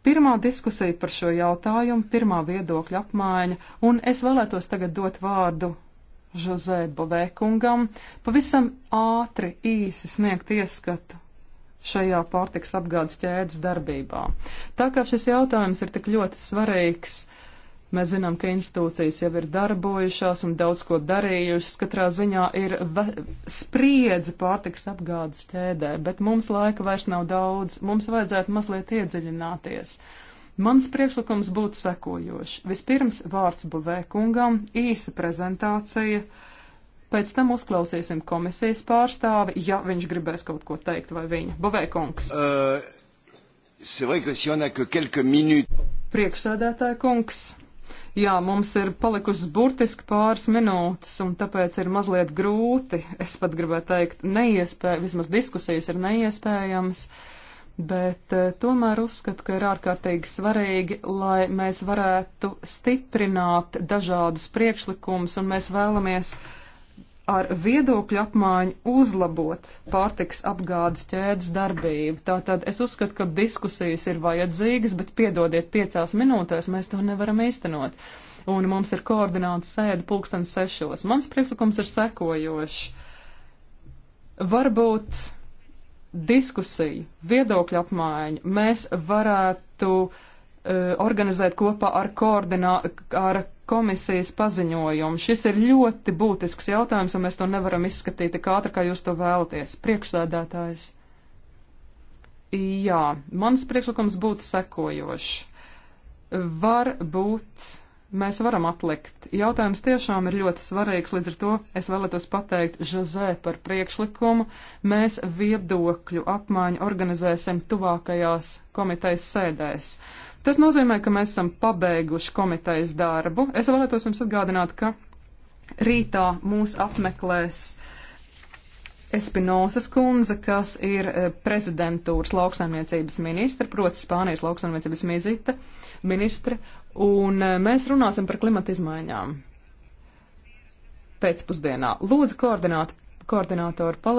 Pirmā diskusija par šo jautājumu, pirmā viedokļa apmaiņa, un es vēlētos tagad dot vārdu Žozē Bovēkungam pavisam ātri, īsi sniegt ieskatu šajā pārtiks apgādes ķēdes darbībā. Tā kā šis jautājums ir tik ļoti svarīgs, Mēs zinām, ka institūcijas jau ir darbojušās un daudz ko darījušas. Katrā ziņā ir spriedzi pārtiks apgādes ķēdē, bet mums laika vairs nav daudz. Mums vajadzētu mazliet iedziļināties. Mans priekšlikums būtu sekojošs. Vispirms vārds buvē kungam, īsa prezentācija. Pēc tam uzklausīsim komisijas pārstāvi, ja viņš gribēs kaut ko teikt vai viņa. Buvē kungs. Uh, Priekšsēdētāja kungs, Jā, mums ir palikusi burtiski pāris minūtes, un tāpēc ir mazliet grūti, es pat gribētu teikt, neiespēj, vismaz diskusijas ir neiespējams, bet eh, tomēr uzskatu, ka ir ārkārtīgi svarīgi, lai mēs varētu stiprināt dažādus priekšlikumus, un mēs vēlamies uh, ar viedokļu apmaiņu uzlabot pārtiks apgādes ķēdes darbību. Tātad es uzskatu, ka diskusijas ir vajadzīgas, bet piedodiet, piecās minūtēs mēs to nevaram īstenot. Un mums ir koordināta sēde pulksten sešos. Mans priekšlikums ir sekojošs. Varbūt diskusiju, viedokļu apmaiņu mēs varētu uh, E, organizēt kopā ar, koordinā, ar komisijas paziņojumu. Šis ir ļoti būtisks jautājums, un mēs to nevaram izskatīt tik ātri, kā jūs to vēlaties. Priekšsēdētājs. Jā, mans priekšlikums būtu sekojošs. Varbūt mēs varam atlikt. Jautājums tiešām ir ļoti svarīgs, līdz ar to es vēlētos pateikt Žozē par priekšlikumu. Mēs viedokļu apmaiņu organizēsim tuvākajās komitejas sēdēs. Uh, Tas nozīmē, ka mēs esam pabeiguši komitejas darbu. Es vēlētos jums atgādināt, ka rītā mūs apmeklēs Espinosas kundze, kas ir eh, prezidentūras lauksaimniecības ministra, proti Spānijas lauksaimniecības mizīte, ministra, un eh, mēs runāsim par klimata izmaiņām pēcpusdienā. Lūdzu, koordinātori, palīdzi.